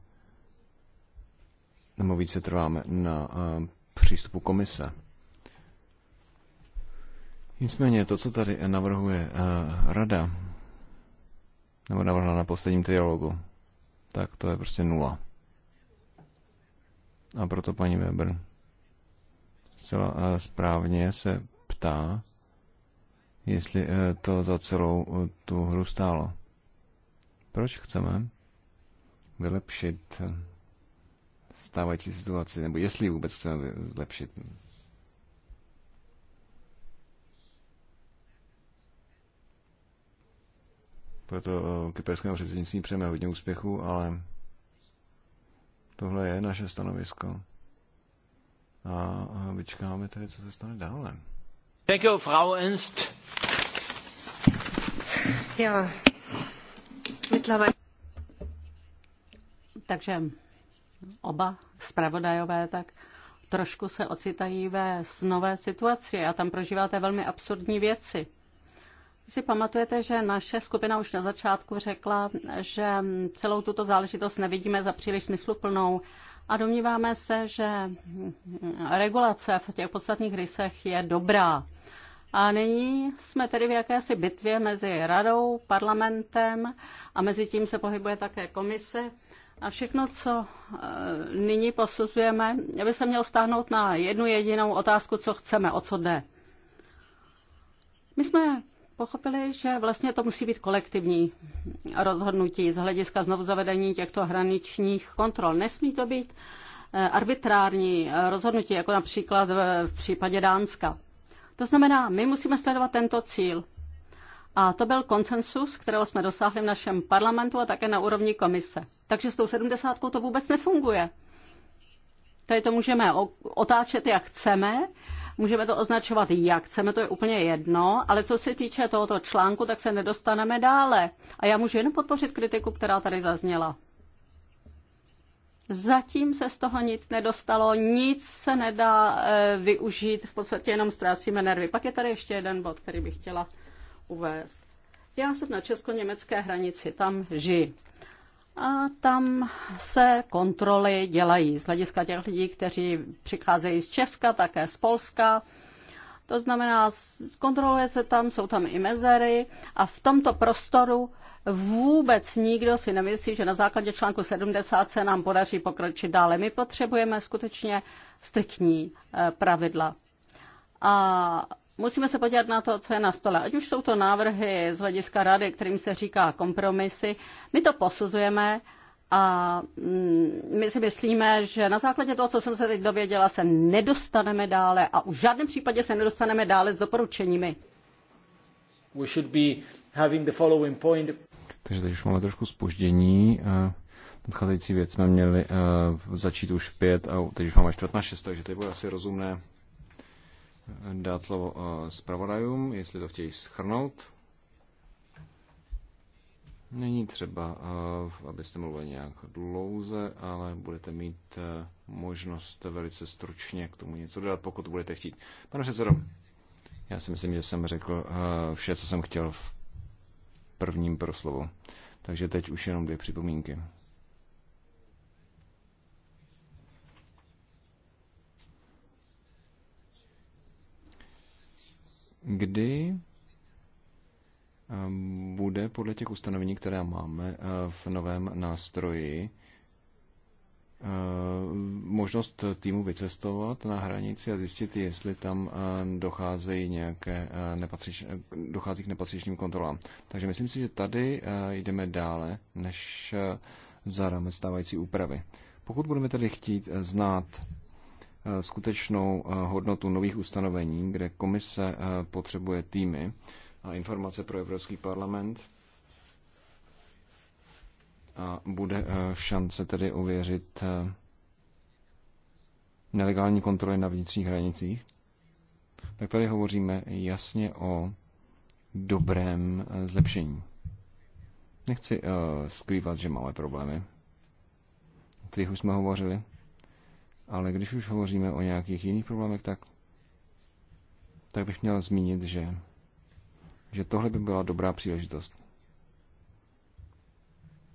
nebo více trváme na e, přístupu komise. Nicméně to, co tady navrhuje e, rada, nebo navrhla na posledním trialogu, tak to je prostě nula. A proto paní Weber zcela eh, správně se ptá, jestli eh, to za celou eh, tu hru stálo. Proč chceme vylepšit stávající situaci, nebo jestli vůbec chceme zlepšit Proto eh, kyperskému předsednictví přejeme hodně úspěchu, ale tohle je naše stanovisko. A vyčkáme tady, co se stane dále. Děkuji, Frau Ernst. Já. Takže oba zpravodajové tak trošku se ocitají ve snové situaci a tam prožíváte velmi absurdní věci si pamatujete, že naše skupina už na začátku řekla, že celou tuto záležitost nevidíme za příliš smysluplnou a domníváme se, že regulace v těch podstatných rysech je dobrá. A nyní jsme tedy v jakési bitvě mezi radou, parlamentem a mezi tím se pohybuje také komise. A všechno, co e, nyní posuzujeme, já bych se měl stáhnout na jednu jedinou otázku, co chceme, o co jde. My jsme pochopili, že vlastně to musí být kolektivní rozhodnutí z hlediska znovu zavedení těchto hraničních kontrol. Nesmí to být eh, arbitrární eh, rozhodnutí, jako například v případě Dánska. To znamená, my musíme sledovat tento cíl. A to byl konsensus, kterého jsme dosáhli v našem parlamentu a také na úrovni komise. Takže s tou sedmdesátkou to vůbec nefunguje. Tady to můžeme otáčet, jak chceme, Můžeme to označovat jak chceme, to je úplně jedno, ale co se týče tohoto článku, tak se nedostaneme dále. A já můžu jen podpořit kritiku, která tady zazněla. Zatím se z toho nic nedostalo, nic se nedá e, využít, v podstatě jenom ztrácíme nervy. Pak je tady ještě jeden bod, který bych chtěla uvést. Já jsem na česko-německé hranici, tam žiji a tam se kontroly dělají z hlediska těch lidí, kteří přicházejí z Česka, také z Polska. To znamená, kontroluje se tam, jsou tam i mezery a v tomto prostoru vůbec nikdo si nemyslí, že na základě článku 70 se nám podaří pokročit dále. My potřebujeme skutečně striktní eh, pravidla. A Musíme se podívat na to, co je na stole. Ať už jsou to návrhy z hlediska rady, kterým se říká kompromisy, my to posuzujeme a mm, my si myslíme, že na základě toho, co jsem se teď dověděla, se nedostaneme dále a už v žádném případě se nedostaneme dále s doporučeními. We should be having the following point. Takže teď už máme trošku spoždění. Podcházející eh, věc jsme měli eh, začít už v pět a teď už máme čtvrt na šest, takže to bude asi rozumné dát slovo eh, zpravodajům, jestli to chtějí schrnout. Není třeba, eh, abyste mluvili nějak dlouze, ale budete mít eh, možnost velice stručně k tomu něco dodat, pokud budete chtít. Pane předsedo, já si myslím, že jsem řekl vše, co jsem chtěl v prvním proslovu. Takže teď už jenom dvě připomínky. kdy eh, bude podle těch ustanovení, která máme eh, v novém nástroji, eh, možnost týmu vycestovat na hranici a zjistit, jestli tam docházejí nějaké nepatřič, dochází k nepatřičným kontrolám. Takže myslím si, že tady jdeme dále než za rámec stávající úpravy. Pokud budeme tedy chtít znát Eh, skutečnou eh, hodnotu nových ustanovení, kde komise eh, potřebuje týmy a informace pro Evropský parlament a bude šance tedy ověřit nelegální kontroly na vnitřních hranicích, tak tady hovoříme jasně o dobrém zlepšení. Nechci uh, skrývat, že máme problémy, o kterých už jsme hovořili. Ale když už hovoříme o nějakých jiných problémech, tak, tak bych měl zmínit, že, že tohle by byla dobrá příležitost,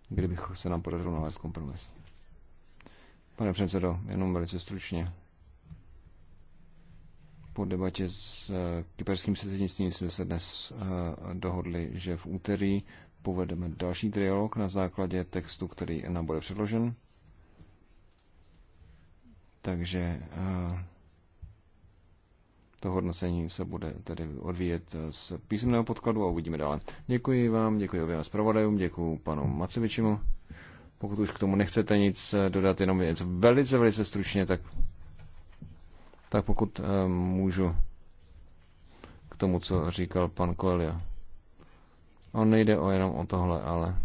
kdybych se nám podařilo nalézt kompromis. Pane předsedo, jenom velice stručně. Po debatě s eh, kyperským předsednictvím jsme se dnes eh, dohodli, že v úterý povedeme další trialog na základě textu, který nám bude předložen. Takže eh, to hodnocení se bude tedy odvíjet eh, z písemného podkladu a uvidíme dále. Děkuji vám, děkuji oběma zpravodajům, děkuji panu Macevičimu. Pokud už k tomu nechcete nic eh, dodat, jenom věc velice, velice stručně, tak, tak pokud můžu k tomu, co říkal pan Koelia. On nejde o jenom o tohle, ale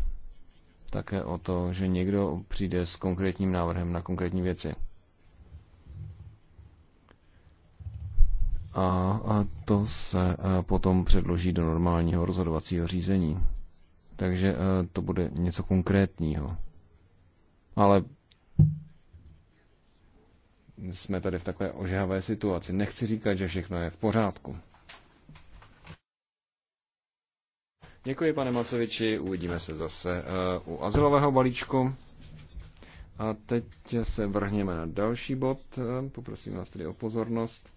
také o to, že někdo přijde s konkrétním návrhem na konkrétní věci. a to se e, potom předloží do normálního rozhodovacího řízení. Takže e, to bude něco konkrétního. Ale jsme tady v takové ožehavé situaci. Nechci říkat, že všechno je v pořádku. Děkuji, pane Macoviči. Uvidíme se zase e, u azylového balíčku. A teď se vrhněme na další bod. Poprosím vás tedy o pozornost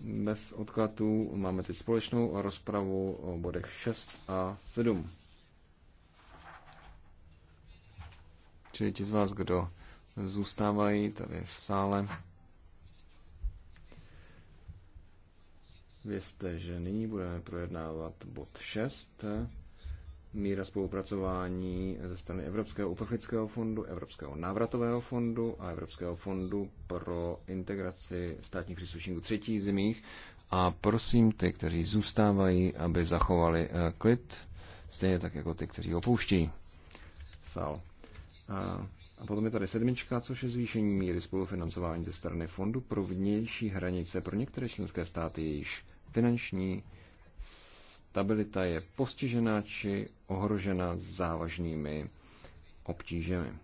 bez odkladů máme teď společnou rozpravu o bodech 6 a 7. Čili ti z vás, kdo zůstávají tady v sále, vězte, že nyní budeme projednávat bod 6 míra spolupracování ze strany Evropského uprchlického fondu, Evropského návratového fondu a Evropského fondu pro integraci státních příslušníků třetích zemích. A prosím ty, kteří zůstávají, aby zachovali eh, klid, stejně tak jako ty, kteří opouštějí. Sal. A, a potom je tady sedmička, což je zvýšení míry spolufinancování ze strany Fondu pro vnější hranice pro některé členské státy, jejichž finanční stabilita je postižená či ohrožena závažnými obtížemi. Eh,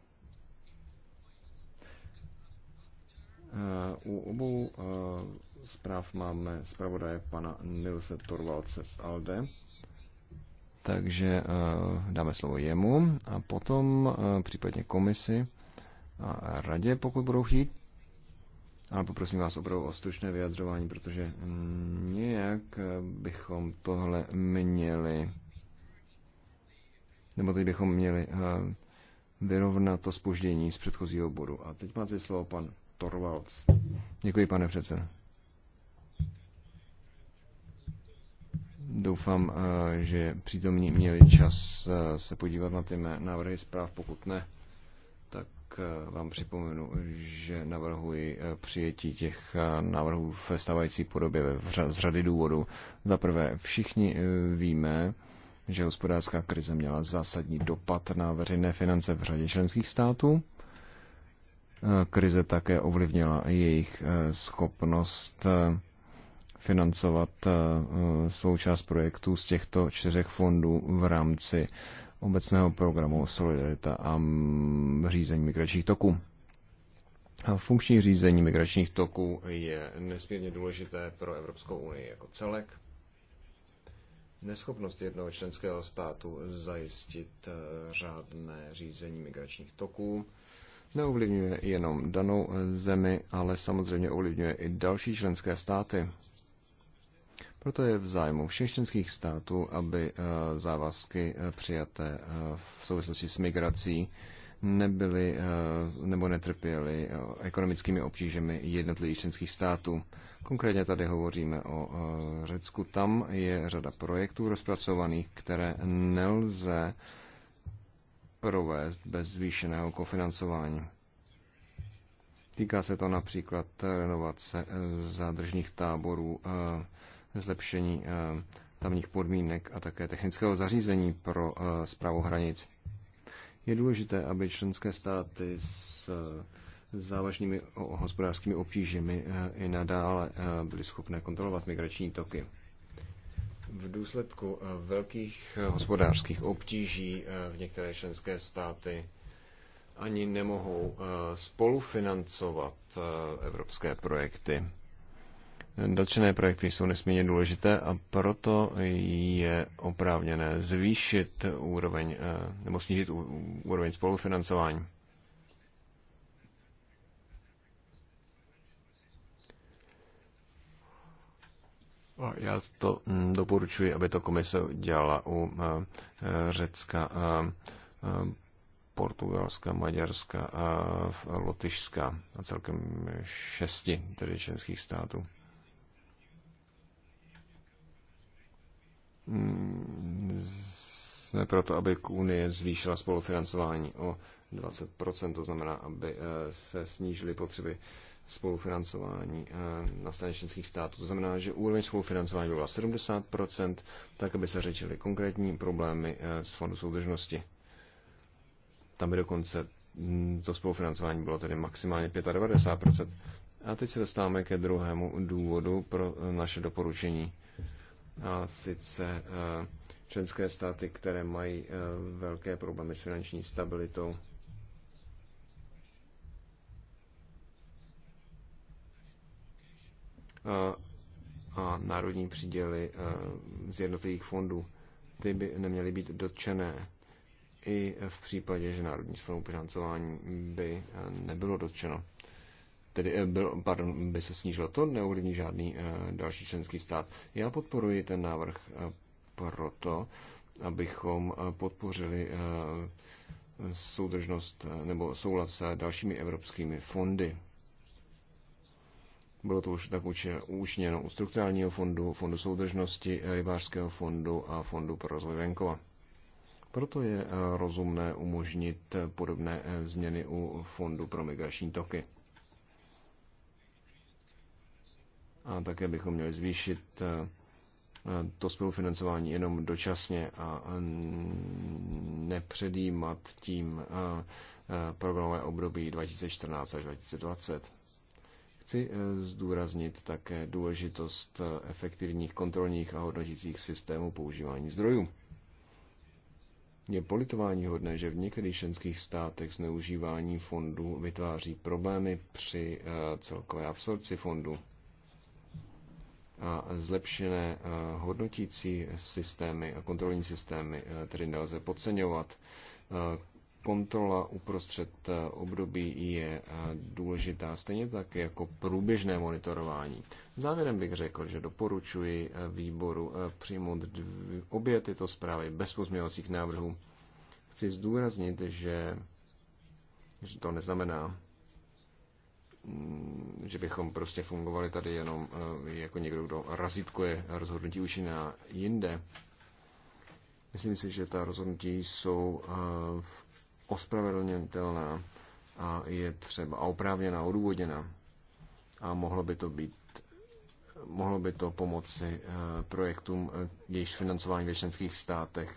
u obou eh, zpráv máme zpravodaje pana Nilse Torvalce z ALDE, takže eh, dáme slovo jemu a potom případně komisi a radě, pokud budou chtít. Ale poprosím vás opravdu o stručné vyjadřování, protože nějak bychom tohle měli, nebo teď bychom měli eh, vyrovnat to spoždění z předchozího bodu. A teď máte slovo pan Torvalds. Děkuji, pane předsedo. Doufám, eh, že přítomní měli čas eh, se podívat na ty mé návrhy zpráv, pokud ne, Eh, vám připomenu, že navrhuji eh, přijetí těch eh, návrhů v stávající podobě z řady důvodů. Za prvé, všichni víme, že hospodářská krize měla zásadní dopad na veřejné finance v řadě členských států. Krize také ovlivnila jejich schopnost financovat součást projektů z těchto čtyřech fondů v rámci obecného programu Solidarita a řízení migračních toků. Funkční řízení migračních toků je nesmírně důležité pro Evropskou unii jako celek. Neschopnost jednoho členského státu zajistit eh, řádné řízení migračních toků neovlivňuje jenom danou eh, zemi, ale samozřejmě ovlivňuje i další členské státy. Proto je v zájmu všech členských států, aby eh, závazky eh, přijaté eh, v souvislosti s migrací nebyly nebo netrpěly ekonomickými obtížemi jednotlivých členských států. Konkrétně tady hovoříme o Řecku. Tam je řada projektů rozpracovaných, které nelze provést bez zvýšeného kofinancování. Týká se to například renovace zádržních táborů zlepšení eh, tamních podmínek a také technického zařízení pro zprávu eh, hranic. Je důležité, aby členské státy s eh, závažnými hospodářskými obtížemi i nadále byly schopné kontrolovat migrační toky. V důsledku velkých hospodářských obtíží v některé členské státy ani nemohou spolufinancovat evropské projekty. Dotčené projekty jsou nesmírně důležité a proto je oprávněné zvýšit úroveň eh, nebo snížit úroveň spolufinancování. Já to hm, doporučuji, aby to komise dělala u eh, Řecka, eh, Portugalska, Maďarska, Lotyšska a celkem šesti tedy členských států. Mm, jsme proto, aby Unie zvýšila spolufinancování o 20%, to znamená, aby eh, se snížily potřeby spolufinancování eh, na straně členských států. To znamená, že úroveň spolufinancování byla 70%, tak aby se řečily konkrétní problémy eh, z Fondu soudržnosti. Tam by dokonce mm, to spolufinancování bylo tedy maximálně 95%. A teď se dostáváme ke druhému důvodu pro naše doporučení a sice e, členské státy, které mají e, velké problémy s finanční stabilitou. a národní příděly e, z jednotlivých fondů, ty by neměly být dotčené i v případě, že národní sféru financování by nebylo dotčeno tedy, eh, byl, pardon, by se snížilo. To neovlivní žádný eh, další členský stát. Já podporuji ten návrh eh, proto, abychom podpořili soudržnost nebo soulad s dalšími evropskými fondy. Bylo to už tak učiněno u strukturálního fondu, fondu soudržnosti, rybářského fondu a fondu pro rozvoj venkova. Proto je rozumné umožnit podobné změny u fondu pro migrační toky. A také bychom měli zvýšit eh, eh, to spolufinancování jenom dočasně a eh, nepředjímat tím programové období 2014 až 2020. Chci zdůraznit také důležitost efektivních kontrolních a hodnotících systémů používání zdrojů. Je politování hodné, že v některých členských státech zneužívání fondů vytváří problémy při celkové absorpci fondů a zlepšené eh, hodnotící systémy a kontrolní systémy eh, tedy nelze podceňovat. Eh, kontrola uprostřed období je důležitá, stejně tak jako průběžné monitorování. Závěrem bych řekl, že doporučuji výboru přijmout obě tyto zprávy bez pozměňovacích návrhů. Chci zdůraznit, že, že to neznamená, Mm, že bychom prostě fungovali tady jenom eh, jako někdo, kdo razítkuje rozhodnutí na jinde. Myslím si, že ta rozhodnutí jsou eh, ospravedlnitelná a je třeba a oprávněná, odůvodněná. A mohlo by to být mohlo by to pomoci eh, projektům, jejichž financování ve členských státech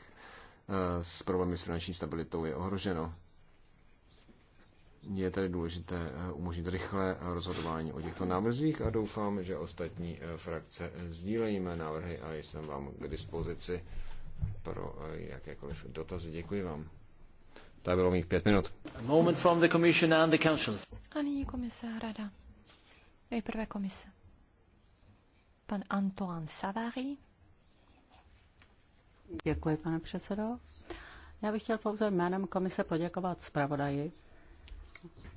s problémy s finanční stabilitou je ohroženo je tedy důležité eh, umožnit rychlé rozhodování o těchto návrzích a doufám, že ostatní eh, frakce eh, sdílejí mé návrhy a jsem vám k dispozici pro jakékoliv dotazy. Děkuji vám. To bylo mých pět minut. A moment from the commission and the council. A nyní komise a rada. Nejprve komise. Pan Antoine Savary. Děkuji, pane předsedo. Já bych chtěl pouze jménem komise poděkovat zpravodaji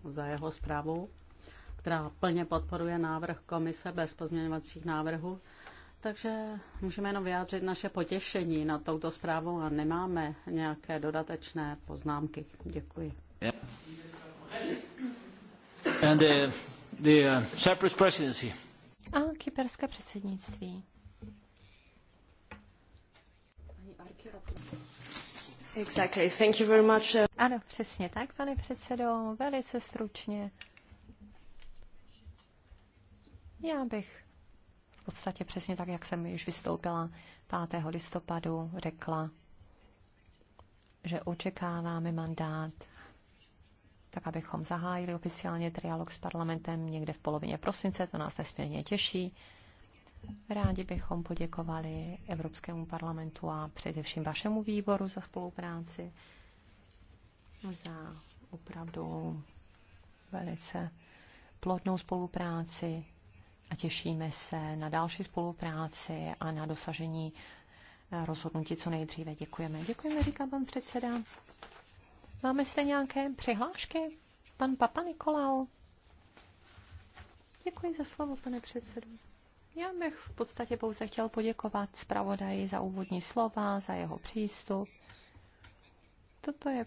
za jeho zprávu, která plně podporuje návrh komise bez pozměňovacích návrhů. Takže můžeme jenom vyjádřit naše potěšení na touto zprávou a nemáme nějaké dodatečné poznámky. Děkuji. And the, uh, the, uh, Cyprus presidency. A kyperské předsednictví. Exactly. Thank you very much. Uh, ano, přesně tak, pane předsedo, velice stručně. Já bych v podstatě přesně tak, jak jsem již vystoupila 5. listopadu, řekla, že očekáváme mandát, tak abychom zahájili oficiálně trialog s parlamentem někde v polovině prosince, to nás nesmírně těší. Rádi bychom poděkovali Evropskému parlamentu a především vašemu výboru za spolupráci, za opravdu velice plodnou spolupráci a těšíme se na další spolupráci a na dosažení eh, rozhodnutí co nejdříve. Děkujeme. Děkujeme, říká pan předseda. Máme zde nějaké přihlášky? Pan Papa Nikolau. Děkuji za slovo, pane předsedu. Já bych v podstatě pouze chtěl poděkovat zpravodaji za úvodní slova, za jeho přístup. Toto je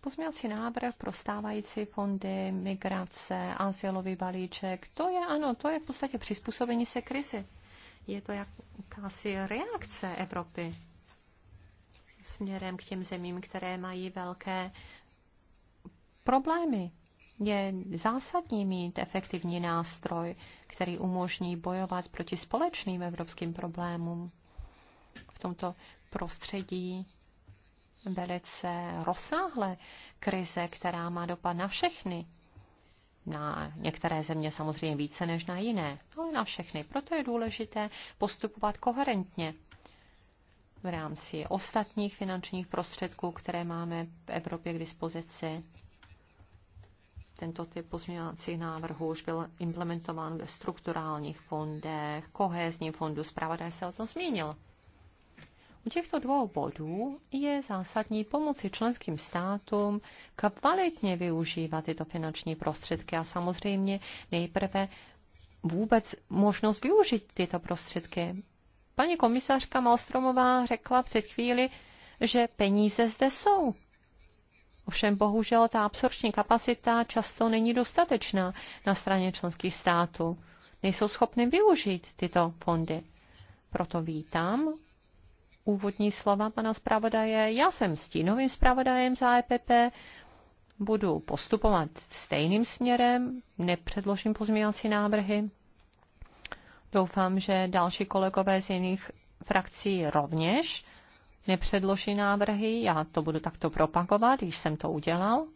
pozměňovací návrh pro stávající fondy, migrace, asilový balíček. To je, ano, to je v podstatě přizpůsobení se krizi. Je to jakási reakce Evropy směrem k těm zemím, které mají velké problémy je zásadní mít efektivní nástroj, který umožní bojovat proti společným evropským problémům. V tomto prostředí velice rozsáhlé krize, která má dopad na všechny. Na některé země samozřejmě více než na jiné, ale na všechny. Proto je důležité postupovat koherentně v rámci ostatních finančních prostředků, které máme v Evropě k dispozici tento typ pozměňovacích návrhů už byl implementován ve strukturálních fondech, kohezním fondu, zpravodaj se o tom zmínil. U těchto dvou bodů je zásadní pomoci členským státům kvalitně využívat tyto finanční prostředky a samozřejmě nejprve vůbec možnost využít tyto prostředky. Paní komisařka Malstromová řekla před chvíli, že peníze zde jsou. Ovšem bohužel ta absorpční kapacita často není dostatečná na straně členských států. Nejsou schopny využít tyto fondy. Proto vítám úvodní slova pana zpravodaje. Já jsem stínovým zpravodajem za EPP, budu postupovat stejným směrem, nepředložím pozměňovací návrhy. Doufám, že další kolegové z jiných frakcí rovněž nepředloží návrhy, já to budu takto propagovat, když jsem to udělal.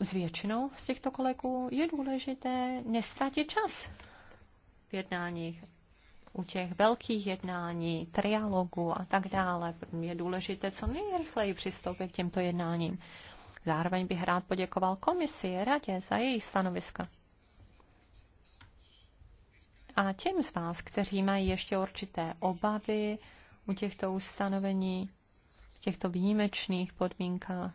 S většinou z těchto kolegů je důležité nestratit čas v jednáních u těch velkých jednání, trialogu a tak dále. Je důležité co nejrychleji přistoupit k těmto jednáním. Zároveň bych rád poděkoval komisi, radě za jejich stanoviska. A těm z vás, kteří mají ještě určité obavy u těchto ustanovení, v těchto výjimečných podmínkách,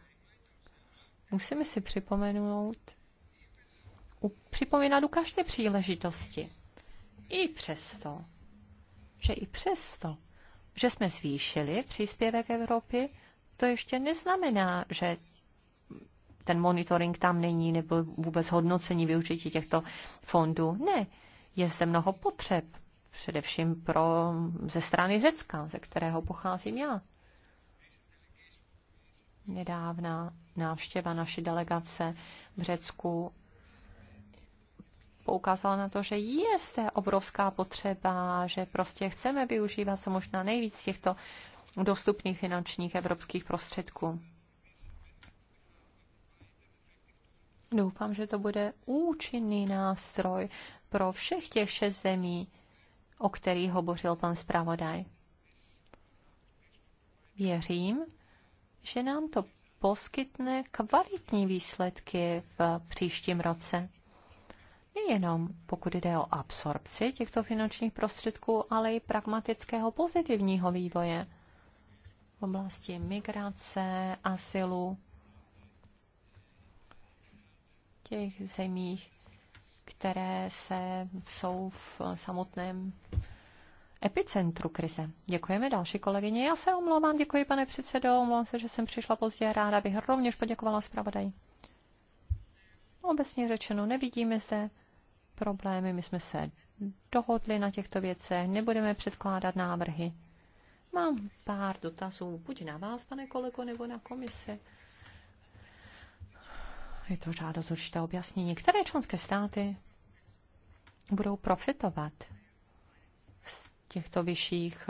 musíme si připomenout, u, připomínat u každé příležitosti. I přesto, že i přesto, že jsme zvýšili příspěvek Evropy, to ještě neznamená, že ten monitoring tam není nebo vůbec hodnocení využití těchto fondů. Ne, je zde mnoho potřeb, především pro, ze strany Řecka, ze kterého pocházím já. Nedávná návštěva naší delegace v Řecku poukázala na to, že je zde obrovská potřeba, že prostě chceme využívat co možná nejvíc těchto dostupných finančních evropských prostředků. Doufám, že to bude účinný nástroj pro všech těch šest zemí, o kterých hovořil pan zpravodaj. Věřím, že nám to poskytne kvalitní výsledky v příštím roce. Nejenom pokud jde o absorpci těchto finančních prostředků, ale i pragmatického pozitivního vývoje v oblasti migrace, asilu, těch zemích, které se jsou v samotném epicentru krize. Děkujeme další kolegyně. Já se omlouvám, děkuji pane předsedo, omlouvám se, že jsem přišla pozdě. Ráda bych rovněž poděkovala zpravodaji. Obecně řečeno, nevidíme zde problémy, my jsme se dohodli na těchto věcech, nebudeme předkládat návrhy. Mám pár dotazů, buď na vás, pane kolego, nebo na komisi je to žádost určité objasnění. Které členské státy budou profitovat z těchto vyšších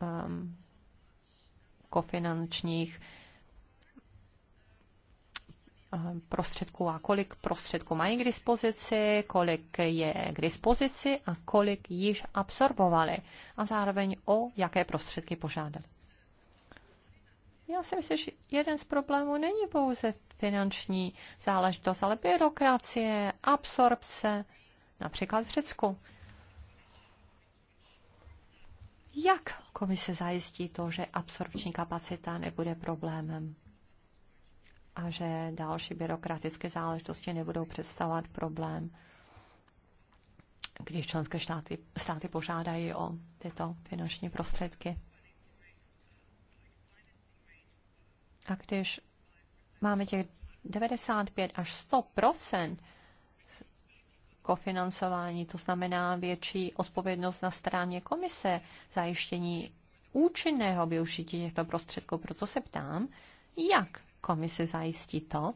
um, kofinančních eh, prostředků a kolik prostředků mají k dispozici, kolik je k dispozici a kolik již absorbovali a zároveň o jaké prostředky požádali. Já si myslím, že jeden z problémů není pouze finanční záležitost, ale byrokracie, absorpce, například v Řecku. Jak komise zajistí to, že absorpční kapacita nebude problémem a že další byrokratické záležitosti nebudou představovat problém, když členské státy, státy požádají o tyto finanční prostředky? A když máme těch 95 až 100 kofinancování, to znamená větší odpovědnost na straně komise zajištění účinného využití těchto prostředků. Proto se ptám, jak komise zajistí to,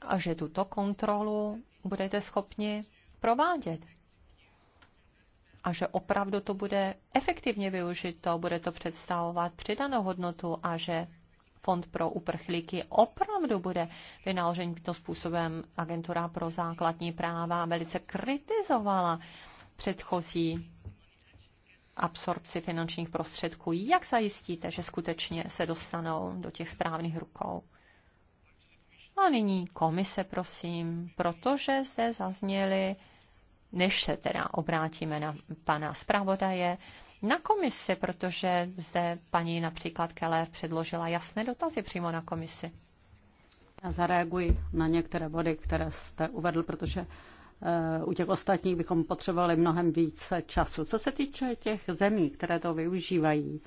a že tuto kontrolu budete schopni provádět. A že opravdu to bude efektivně využito, bude to představovat přidanou hodnotu a že fond pro uprchlíky opravdu bude vynaložen tímto způsobem. Agentura pro základní práva velice kritizovala předchozí absorpci finančních prostředků. Jak zajistíte, že skutečně se dostanou do těch správných rukou? A nyní komise, prosím, protože zde zazněly, než se teda obrátíme na pana zpravodaje, na komisi, protože zde paní například Keller předložila jasné dotazy přímo na komisi. Já zareaguji na některé body, které jste uvedl, protože eh, u těch ostatních bychom potřebovali mnohem více času. Co se týče těch zemí, které to využívají,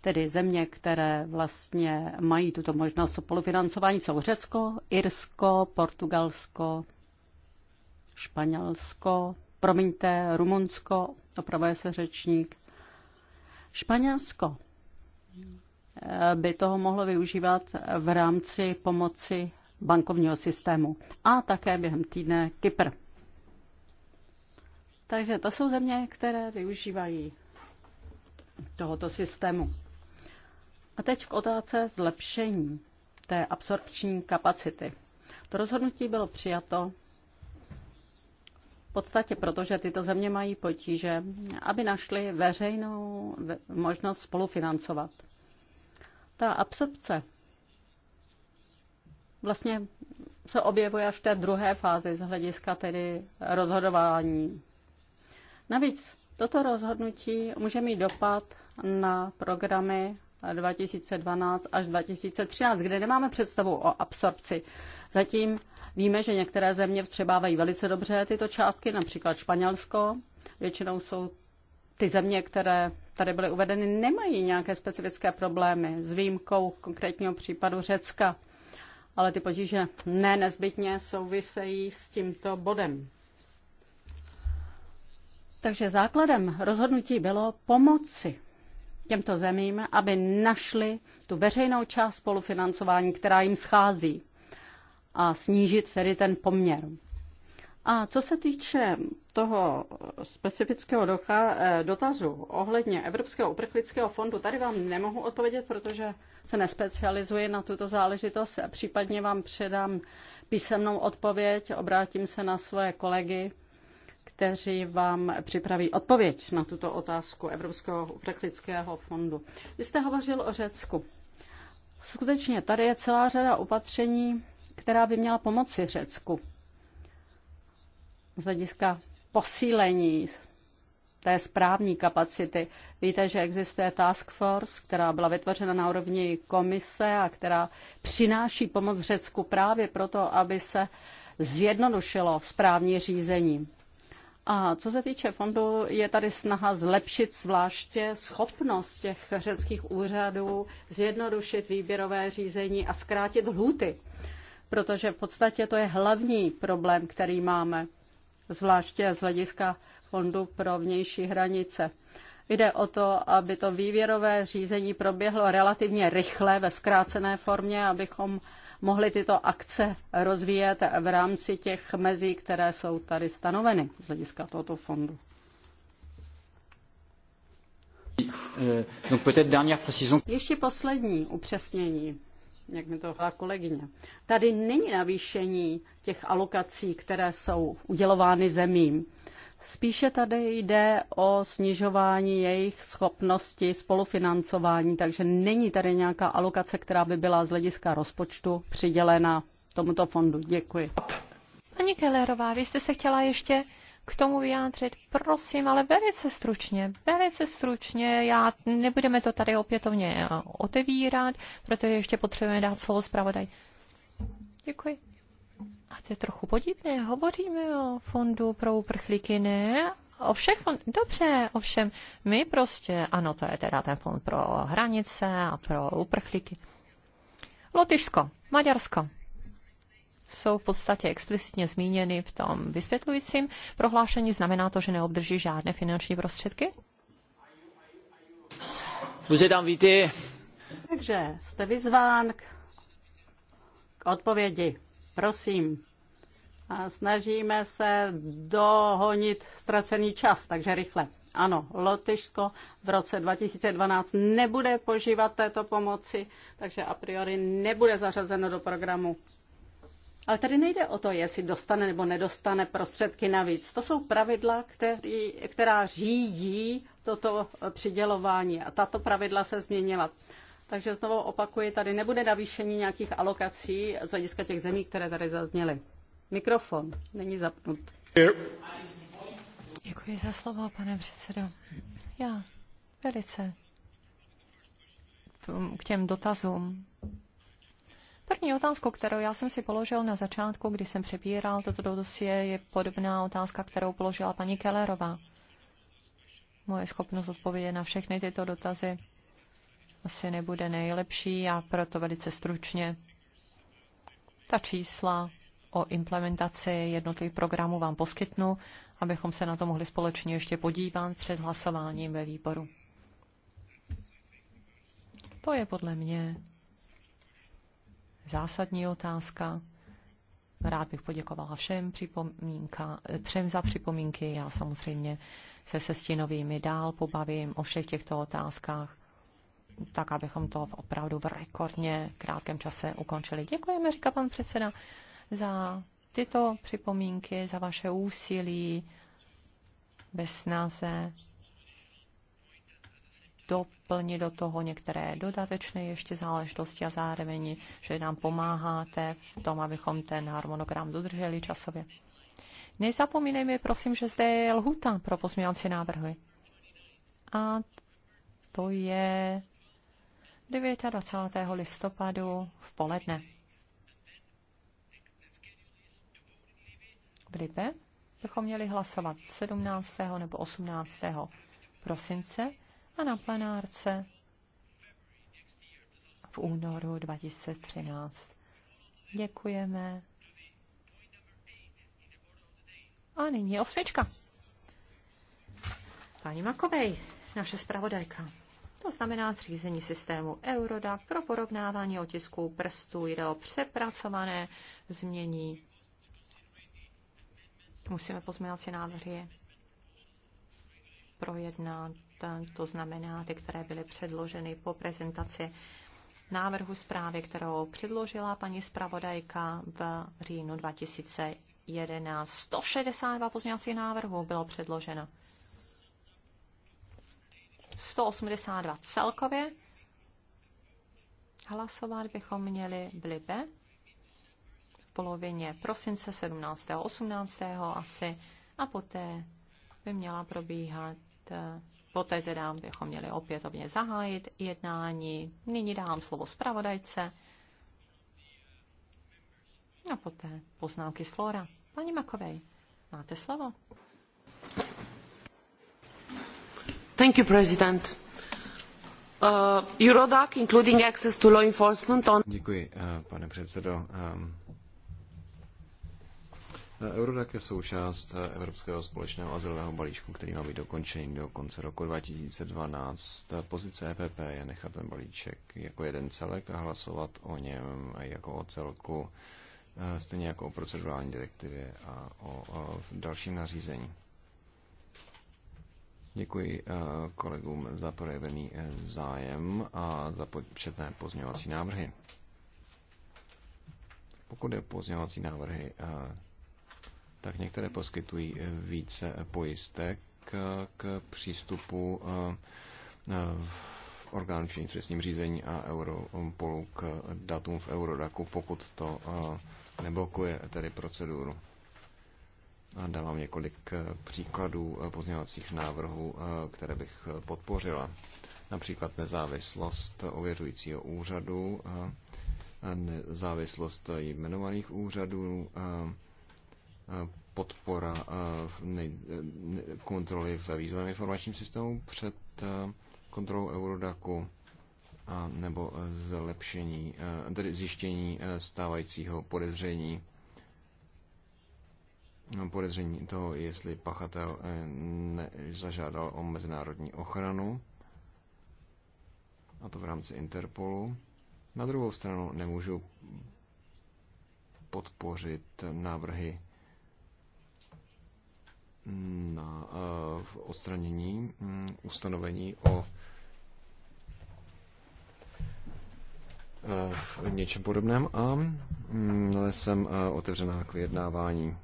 tedy země, které vlastně mají tuto možnost spolufinancování, jsou Řecko, Irsko, Portugalsko, Španělsko, promiňte, Rumunsko, opravuje se řečník, Španělsko eh, by toho mohlo využívat v rámci pomoci bankovního systému a také během týdne Kypr. Takže to jsou země, které využívají tohoto systému. A teď k otázce zlepšení té absorpční kapacity. To rozhodnutí bylo přijato v podstatě proto, že tyto země mají potíže, aby našly veřejnou možnost spolufinancovat. Ta absorpce vlastně se objevuje až v té druhé fázi z hlediska tedy rozhodování. Navíc toto rozhodnutí může mít dopad na programy 2012 až 2013, kde nemáme představu o absorpci. Zatím Víme, že některé země vstřebávají velice dobře tyto částky, například Španělsko. Většinou jsou ty země, které tady byly uvedeny, nemají nějaké specifické problémy, s výjimkou konkrétního případu Řecka. Ale ty potíže ne nezbytně souvisejí s tímto bodem. Takže základem rozhodnutí bylo pomoci těmto zemím, aby našli tu veřejnou část spolufinancování, která jim schází a snížit tedy ten poměr. A co se týče toho specifického docha, eh, dotazu ohledně Evropského uprchlického fondu, tady vám nemohu odpovědět, protože se nespecializuji na tuto záležitost. Případně vám předám písemnou odpověď, obrátím se na svoje kolegy, kteří vám připraví odpověď na tuto otázku Evropského uprchlického fondu. Vy jste hovořil o Řecku. Skutečně, tady je celá řada opatření, která by měla pomoci Řecku z hlediska posílení té správní kapacity. Víte, že existuje task force, která byla vytvořena na úrovni komise a která přináší pomoc Řecku právě proto, aby se zjednodušilo správní řízení. A co se týče fondu, je tady snaha zlepšit zvláště schopnost těch řeckých úřadů zjednodušit výběrové řízení a zkrátit lhuty protože v podstatě to je hlavní problém, který máme, zvláště z hlediska Fondu pro vnější hranice. Jde o to, aby to vývěrové řízení proběhlo relativně rychle ve zkrácené formě, abychom mohli tyto akce rozvíjet v rámci těch mezí, které jsou tady stanoveny z hlediska tohoto fondu. Euh, Ještě poslední upřesnění jak mi to řekla kolegyně. Tady není navýšení těch alokací, které jsou udělovány zemím. Spíše tady jde o snižování jejich schopnosti spolufinancování, takže není tady nějaká alokace, která by byla z hlediska rozpočtu přidělena tomuto fondu. Děkuji. Pani Kellerová, vy jste se chtěla ještě k tomu vyjádřit? Prosím, ale velice stručně, velice stručně. Já, nebudeme to tady opětovně eh, otevírat, protože ještě potřebujeme dát slovo zpravodaj. Děkuji. A to je trochu podivné. Hovoříme o fondu pro uprchlíky, ne? O všech fond... Dobře, ovšem, my prostě, ano, to je teda ten fond pro hranice a pro uprchlíky. Lotyšsko, Maďarsko, jsou v podstatě explicitně zmíněny v tom vysvětlujícím prohlášení. Znamená to, že neobdrží žádné finanční prostředky? Takže jste vyzván k, k odpovědi. Prosím. A snažíme se dohonit ztracený čas, takže rychle. Ano, Lotyšsko v roce 2012 nebude požívat této pomoci, takže a priori nebude zařazeno do programu ale tady nejde o to, jestli dostane nebo nedostane prostředky navíc. To jsou pravidla, který, která řídí toto přidělování a tato pravidla se změnila. Takže znovu opakuji, tady nebude navýšení nějakých alokací z hlediska těch zemí, které tady zazněly. Mikrofon není zapnut. Děkuji za slovo, pane předsedo. Já velice k těm dotazům První otázku, kterou já jsem si položil na začátku, kdy jsem přebíral toto dosie, je podobná otázka, kterou položila paní Kellerová. Moje schopnost odpovědět na všechny tyto dotazy asi nebude nejlepší a proto velice stručně. Ta čísla o implementaci jednotlivých programů vám poskytnu, abychom se na to mohli společně ještě podívat před hlasováním ve výboru. To je podle mě zásadní otázka. Rád bych poděkovala všem, připomínka, všem za připomínky. Já samozřejmě se se Stinovými dál pobavím o všech těchto otázkách, tak abychom to opravdu v rekordně krátkém čase ukončili. Děkujeme, říká pan předseda, za tyto připomínky, za vaše úsilí ve snaze doplnit do toho některé dodatečné ještě záležitosti a zároveň, že nám pomáháte v tom, abychom ten harmonogram dodrželi časově. Nezapomínejme, prosím, že zde je lhuta pro pozměňovací návrhy. A to je 29. listopadu v poledne. V Libe bychom měli hlasovat 17. nebo 18. prosince a na plenárce v únoru 2013. Děkujeme. A nyní osmička. Paní Makovej, naše zpravodajka. To znamená zřízení systému Eurodac pro porovnávání otisků prstů. Jde o přepracované změní. Musíme pozměňovací návrhy projednat to znamená ty, které byly předloženy po prezentaci návrhu zprávy, kterou předložila paní zpravodajka v říjnu 2011. 162 pozměňovacích návrhů bylo předloženo. 182 celkově. Hlasovat bychom měli v Libe v polovině prosince 17. 18. asi a poté by měla probíhat eh, Poté teda bychom měli opětovně zahájit jednání. Nyní dám slovo zpravodajce a poté poznámky z Flora. Paní Makovej, máte slovo. Thank you, President. Uh, Eurodac, including access to law enforcement on... Děkuji, uh, pane předsedo. Um Eurodac je součást Evropského společného azylového balíčku, který má být dokončený do konce roku 2012. Pozice EPP je nechat ten balíček jako jeden celek a hlasovat o něm jako o celku, eh, stejně jako o procedurální direktivě a o, o dalším nařízení. Děkuji eh, kolegům za projevený eh, zájem a za početné pozměňovací návrhy. Pokud je pozměňovací návrhy, tak některé poskytují eh, více eh, pojistek eh, k přístupu orgánu činných trestním řízení a Europolu k datům v Eurodaku, pokud to neblokuje tedy proceduru. A dávám několik příkladů pozměňovacích návrhů, které bych podpořila. Například nezávislost ověřujícího úřadu, nezávislost jmenovaných úřadů, podpora eh, kontroly ve výzvém informačním systému před eh, kontrolou Eurodaku a nebo eh, zlepšení, tedy zjištění stávajícího podezření no, podezření toho, jestli pachatel zažádal o mezinárodní ochranu, a to v rámci Interpolu. Na druhou stranu nemůžu podpořit návrhy na eh, odstranění mm, ustanovení o uh, něčem podobném a mm, jsem eh, otevřená k vyjednávání.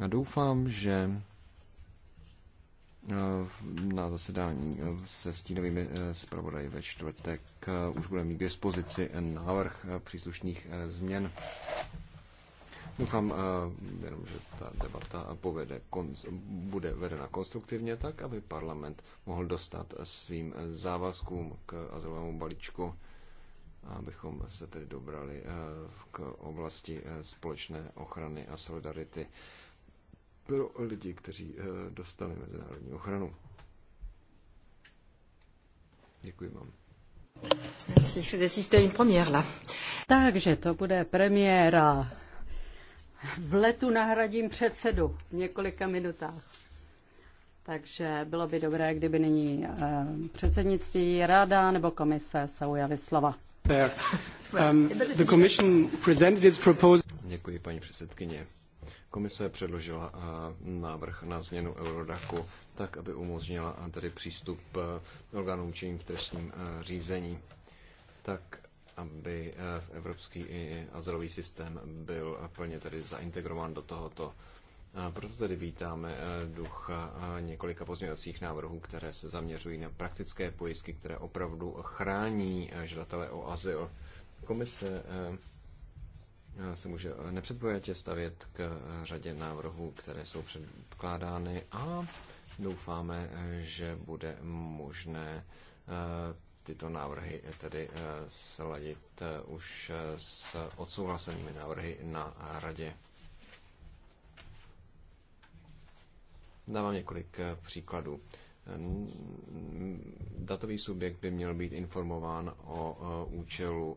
A doufám, že na zasedání se stínovými zpravodaji ve čtvrtek už bude mít k dispozici návrh příslušných změn. Doufám, eh, jenom, že ta debata povede, bude vedena konstruktivně tak, aby parlament mohl dostat svým závazkům k azylovému balíčku, abychom se tedy dobrali eh, k oblasti eh, společné ochrany a solidarity pro lidi, kteří dostali mezinárodní ochranu. Děkuji vám. Takže to bude premiéra v letu nahradím předsedu v několika minutách. Takže bylo by dobré, kdyby nyní eh, předsednictví ráda nebo komise se ujali slova. Um, Děkuji, paní předsedkyně. Komise předložila eh, návrh na změnu Eurodaku tak, aby umožnila eh, tedy přístup orgánům činným v trestním řízení. Tak, aby eh, evropský i azylový systém byl plně tedy zaintegrován do tohoto. Proto tedy vítáme eh, ducha eh, několika pozměňovacích návrhů, které se zaměřují na praktické pojistky, které opravdu chrání žadatele o azyl. Komise se může nepředpojatě stavět k řadě návrhů, které jsou předkládány a doufáme, že bude možné tyto návrhy eh, tedy eh, sladit eh, už s odsouhlasenými návrhy na radě. Dávám několik příkladů. Datový subjekt by měl být informován o účelu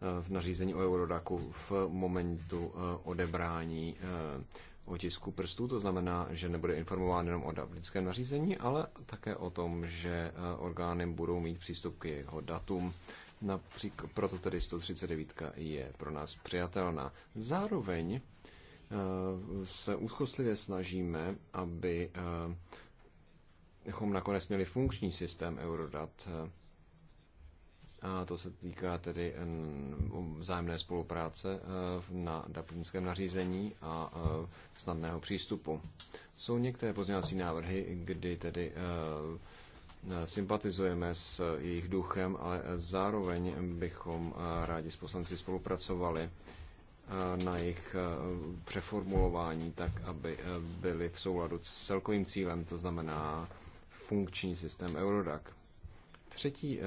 v nařízení o Eurodaku v momentu odebrání otisku prstů, to znamená, že nebude informován jenom o dublinském nařízení, ale také o tom, že eh, orgány budou mít přístup k jeho datům. Například, proto tedy 139 je pro nás přijatelná. Zároveň eh, se úzkostlivě snažíme, aby eh, abychom nakonec měli funkční systém Eurodat, a to se týká tedy vzájemné spolupráce eh, na dublinském nařízení a eh, snadného přístupu. Jsou některé pozměňovací návrhy, kdy tedy eh, sympatizujeme s jejich duchem, ale zároveň bychom rádi s poslanci spolupracovali na jejich přeformulování tak, aby byly v souladu s celkovým cílem, to znamená funkční systém Eurodac. Třetí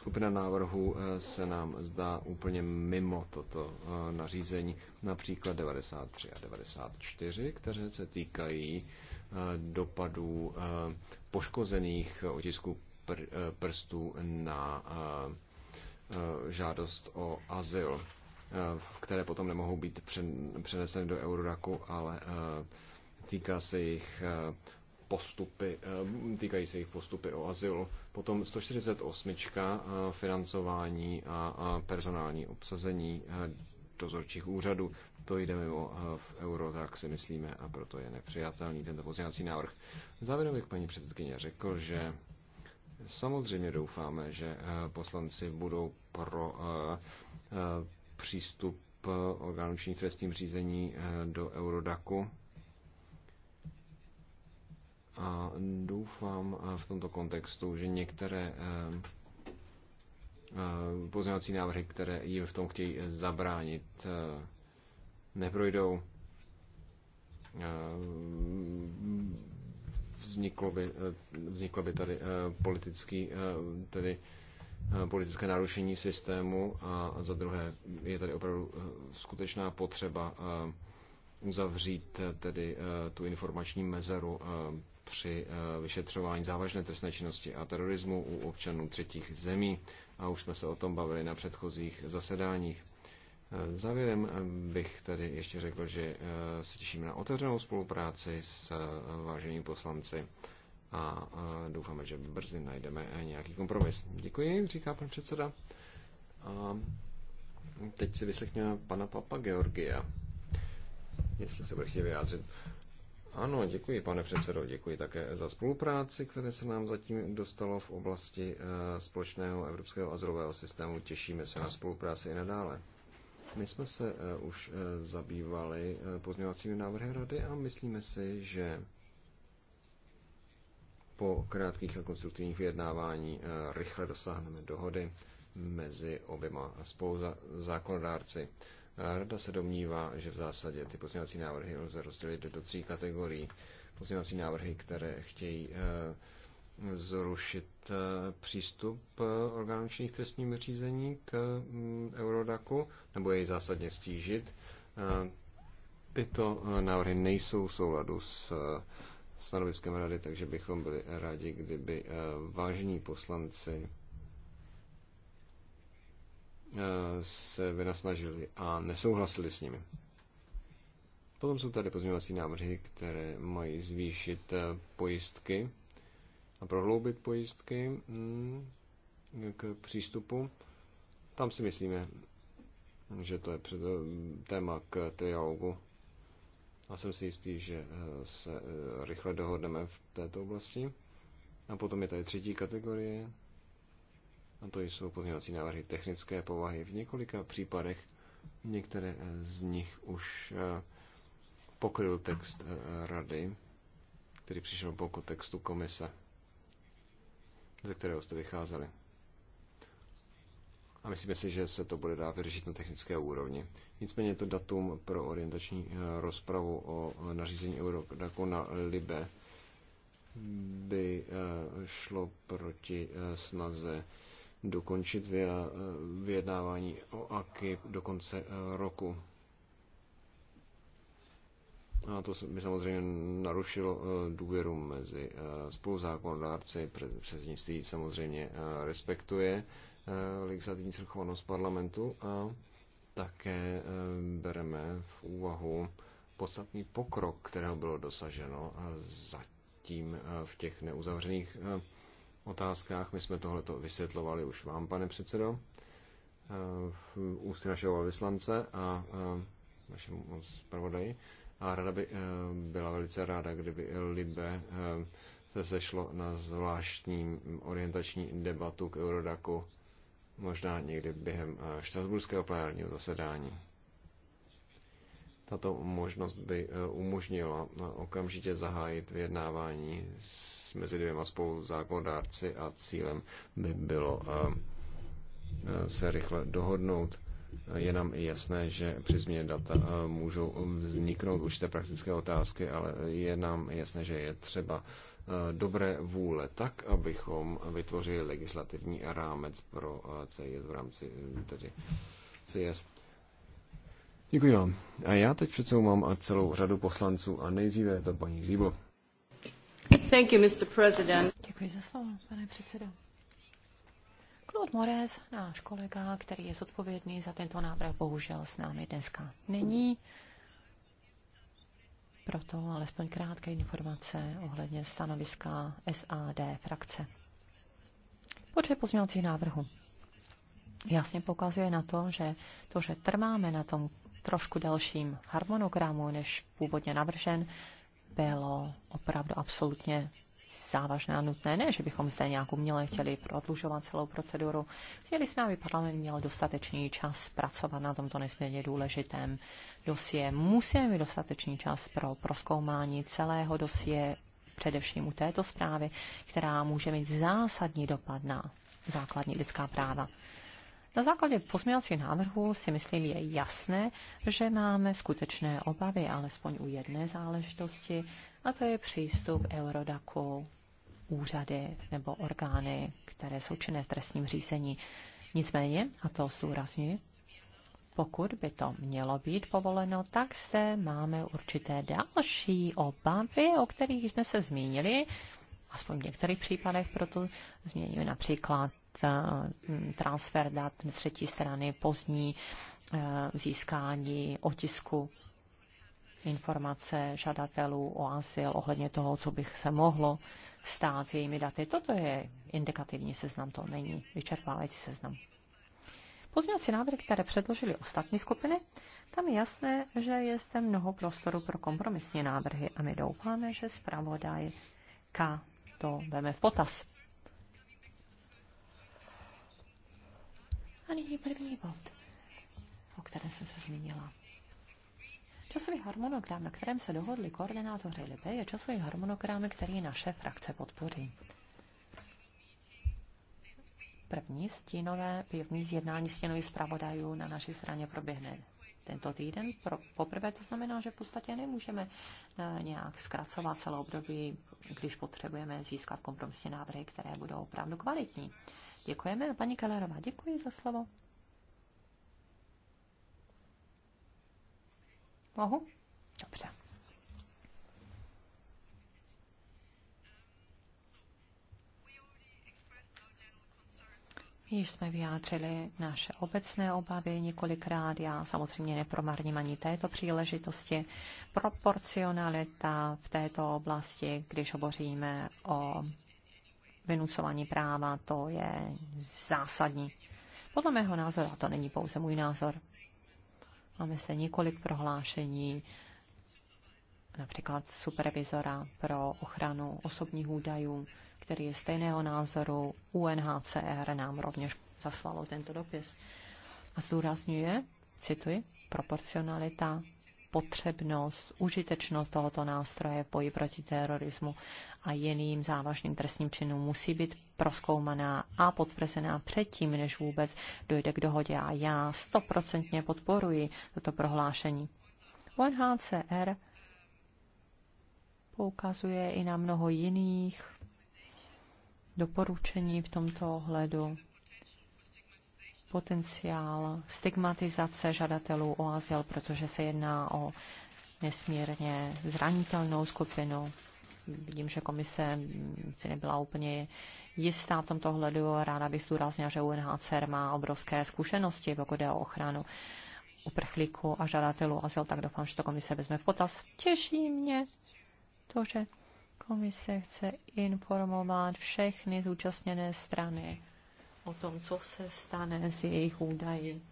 skupina návrhů eh, se nám zdá úplně mimo toto eh, nařízení, například 93 a 94, které se týkají eh, dopadů poškozených otisků pr- prstů na žádost o azyl, které potom nemohou být přeneseny do Euroraku, ale týká se jich postupy, eh, týkají se jich postupy o azyl. Potom 148. Eh, financování a personální obsazení eh, dozorčích úřadů. To jde mimo v euro, tak si myslíme, a proto je nepřijatelný tento pozměňovací návrh. Závěrem bych paní předsedkyně řekl, že samozřejmě doufáme, že poslanci budou pro přístup orgánu činných trestním řízení do Eurodaku a doufám eh, v tomto kontextu, že některé eh, eh, pozměňovací návrhy, které jim v tom chtějí zabránit, neprojdou. Vzniklo by, vzniklo by tady politický, tedy politické narušení systému a za druhé je tady opravdu skutečná potřeba uzavřít tedy tu informační mezeru při eh, vyšetřování závažné trestné činnosti a terorismu u občanů třetích zemí. A už jsme se o tom bavili na předchozích zasedáních. Eh, závěrem eh, bych tady ještě řekl, že se těšíme na otevřenou spolupráci s váženými poslanci a doufáme, že brzy najdeme nějaký kompromis. Děkuji, říká pan předseda. A teď si vyslechněme pana Papa Georgia, jestli se bude chtěl vyjádřit. Ano, děkuji, pane předsedo. Děkuji také za spolupráci, které se nám zatím dostalo v oblasti eh, společného evropského azylového systému. Těšíme se na spolupráci i nadále. My jsme se eh, už eh, zabývali pozměňovacími návrhy rady a myslíme si, že po krátkých a konstruktivních vyjednávání rychle dosáhneme dohody mezi oběma spoluzákonodárci. Za- Rada se domnívá, že v zásadě ty pozměňovací návrhy lze rozdělit do tří kategorií. Pozměňovací návrhy, které chtějí eh, zrušit eh, přístup eh, orgánů činných trestním řízení k mm, Eurodaku nebo jej zásadně stížit. Tyto návrhy nejsou v souladu s stanoviskem rady, takže bychom byli rádi, kdyby vážení poslanci Eh, se vynasnažili a nesouhlasili s nimi. Potom jsou tady pozměňovací návrhy, které mají zvýšit eh, pojistky a prohloubit pojistky mm, k přístupu. Tam si myslíme, že to je před, téma k trialogu. A jsem si jistý, že eh, se rychle dohodneme v této oblasti. A potom je tady třetí kategorie, a to jsou pozměňovací návrhy technické povahy. V několika případech některé eh, z nich už eh, pokryl text eh, rady, který přišel po textu komise, ze kterého jste vycházeli. A myslíme si, že se to bude dát vyřešit na technické úrovni. Nicméně to datum pro orientační rozpravu o nařízení Eurodaku na Libe by šlo proti snaze dokončit eh, vyjednávání o AKI do konce eh, roku. A to by samozřejmě narušilo eh, důvěru mezi spoluzákonodárci. Předsednictví samozřejmě respektuje legislativní svrchovanost parlamentu a také bereme v úvahu podstatný pokrok, kterého bylo dosaženo zatím v těch neuzavřených otázkách. My jsme tohleto vysvětlovali už vám, pane předsedo, eh, v ústy našeho vyslance a eh, našemu zpravodaji. A rada by eh, byla velice ráda, kdyby Libe se sešlo na zvláštní orientační debatu k Eurodaku možná někdy během štrasburského plenárního zasedání. Tato možnost by eh, umožnila eh, okamžitě zahájit vyjednávání mezi dvěma spolu zákonodárci a cílem by bylo eh, se rychle dohodnout. Je nám i jasné, že při změně data můžou vzniknout určité praktické otázky, ale je nám jasné, že je třeba dobré vůle tak, abychom vytvořili legislativní rámec pro CIS v rámci tedy CIS Děkuji vám. A já teď přece mám a celou řadu poslanců a nejdříve je to paní Zíbo. Thank you, Mr. President. Děkuji za slovo, pane předsedo. Claude Mores, náš kolega, který je zodpovědný za tento návrh, bohužel s námi dneska není. Proto alespoň krátké informace ohledně stanoviska SAD frakce. Počet pozměňovacích návrhů jasně pokazuje na to, že to, že trváme na tom trošku delším harmonogramu, než původně navržen, bylo opravdu absolutně závažné a nutné. Ne, že bychom zde nějak uměle chtěli prodlužovat celou proceduru. Chtěli jsme, aby parlament měl dostatečný čas pracovat na tomto nesmírně důležitém dosie. Musíme mít dostatečný čas pro proskoumání celého dosie, především u této zprávy, která může mít zásadní dopad na základní lidská práva. Na základě pozměňovacích návrhů si myslím je jasné, že máme skutečné obavy, alespoň u jedné záležitosti, a to je přístup Eurodaku, úřady nebo orgány, které jsou činné v trestním řízení. Nicméně, a to zdůrazňuji, pokud by to mělo být povoleno, tak se máme určité další obavy, o kterých jsme se zmínili, aspoň v některých případech proto změníme například Mm, transfer dat třetí strany, pozdní eh, získání otisku informace žadatelů o asil ohledně toho, co bych se mohlo stát s jejími daty. Toto je indikativní seznam, to není vyčerpávající seznam. Pozměňovací návrhy, které předložili ostatní skupiny, tam je jasné, že je zde mnoho prostoru pro kompromisní návrhy a my doufáme, že zpravodaj K to veme v potaz. A nyní první bod, o kterém jsem se zmínila. Časový harmonogram, na kterém se dohodli koordinátoři Libe, je časový harmonogram, který naše frakce podpoří. První stínové, první zjednání stínových zpravodajů na naší straně proběhne tento týden. Pro, poprvé to znamená, že v podstatě nemůžeme eh, nějak zkracovat celou období, když potřebujeme získat kompromisní návrhy, které budou opravdu kvalitní. Děkujeme. Paní Kalerová, děkuji za slovo. Mohu? Dobře. Již jsme vyjádřili naše obecné obavy několikrát. Já samozřejmě nepromarním ani této příležitosti. Proporcionalita v této oblasti, když hovoříme o vynucování práva, to je zásadní. Podle mého názoru, a to není pouze můj názor, máme zde několik prohlášení, například supervizora pro ochranu osobních údajů, který je stejného názoru. UNHCR nám rovněž zaslalo tento dopis a zdůrazňuje, cituji, proporcionalita potřebnost, užitečnost tohoto nástroje v boji proti terorismu a jiným závažným trestním činům musí být proskoumaná a potvrzená předtím, než vůbec dojde k dohodě. A já stoprocentně podporuji toto prohlášení. UNHCR poukazuje i na mnoho jiných doporučení v tomto ohledu potenciál stigmatizace žadatelů o azyl, protože se jedná o nesmírně zranitelnou skupinu. Vidím, že komise si nebyla úplně jistá v tomto hledu. Ráda bych zdůraznila, že UNHCR má obrovské zkušenosti, pokud jde o ochranu uprchlíků a žadatelů azyl, tak doufám, že to komise vezme v potaz. Těší mě to, že komise chce informovat všechny zúčastněné strany o tom, co se stane s jejich údaji.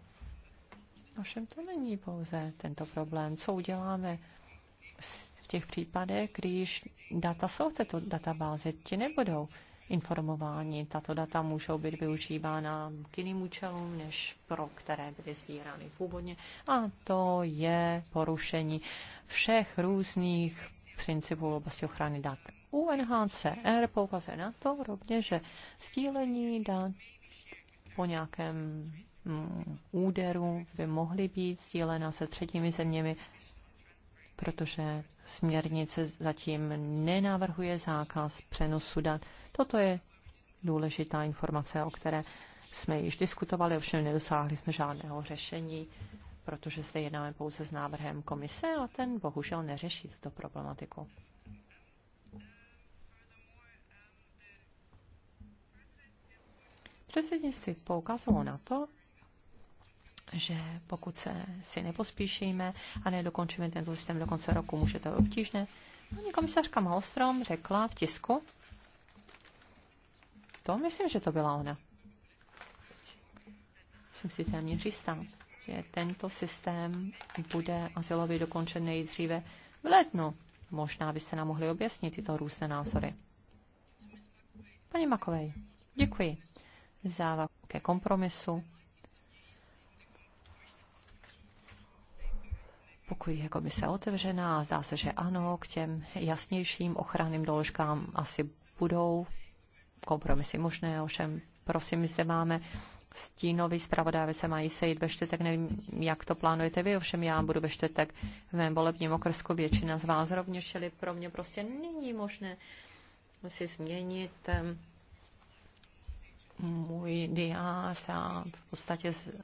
Ovšem to není pouze tento problém. Co uděláme v těch případech, když data jsou v této databázi, ti nebudou informováni. Tato data můžou být využívána k jiným účelům, než pro které byly sbírány původně. A to je porušení všech různých principů v oblasti ochrany dat. UNHCR poukazuje na to rovněž, že sdílení dat po nějakém mm, úderu by mohly být sdílena se třetími zeměmi, protože směrnice zatím nenavrhuje zákaz přenosu dat. Toto je důležitá informace, o které jsme již diskutovali, ovšem nedosáhli jsme žádného řešení, protože zde jednáme pouze s návrhem komise a ten bohužel neřeší tuto problematiku. Předsednictví poukázalo na to, že pokud se si nepospíšíme a nedokončíme tento systém do konce roku, může to být obtížné. Paní komisařka Malstrom řekla v tisku, to myslím, že to byla ona. Jsem si téměř jistá, že tento systém bude asilový dokončen nejdříve v lednu. Možná byste nám mohli objasnit tyto různé názory. Paní Makovej, děkuji vyzává ke kompromisu. Pokud je komise otevřená, zdá se, že ano, k těm jasnějším ochranným doložkám asi budou kompromisy možné, ovšem prosím, zde máme stínový zpravodajové se mají sejít ve štětek, nevím, jak to plánujete vy, ovšem já budu ve štětek v mém volebním okrsku, většina z vás rovněž, čili pro mě prostě není možné si změnit můj diář a v podstatě eh,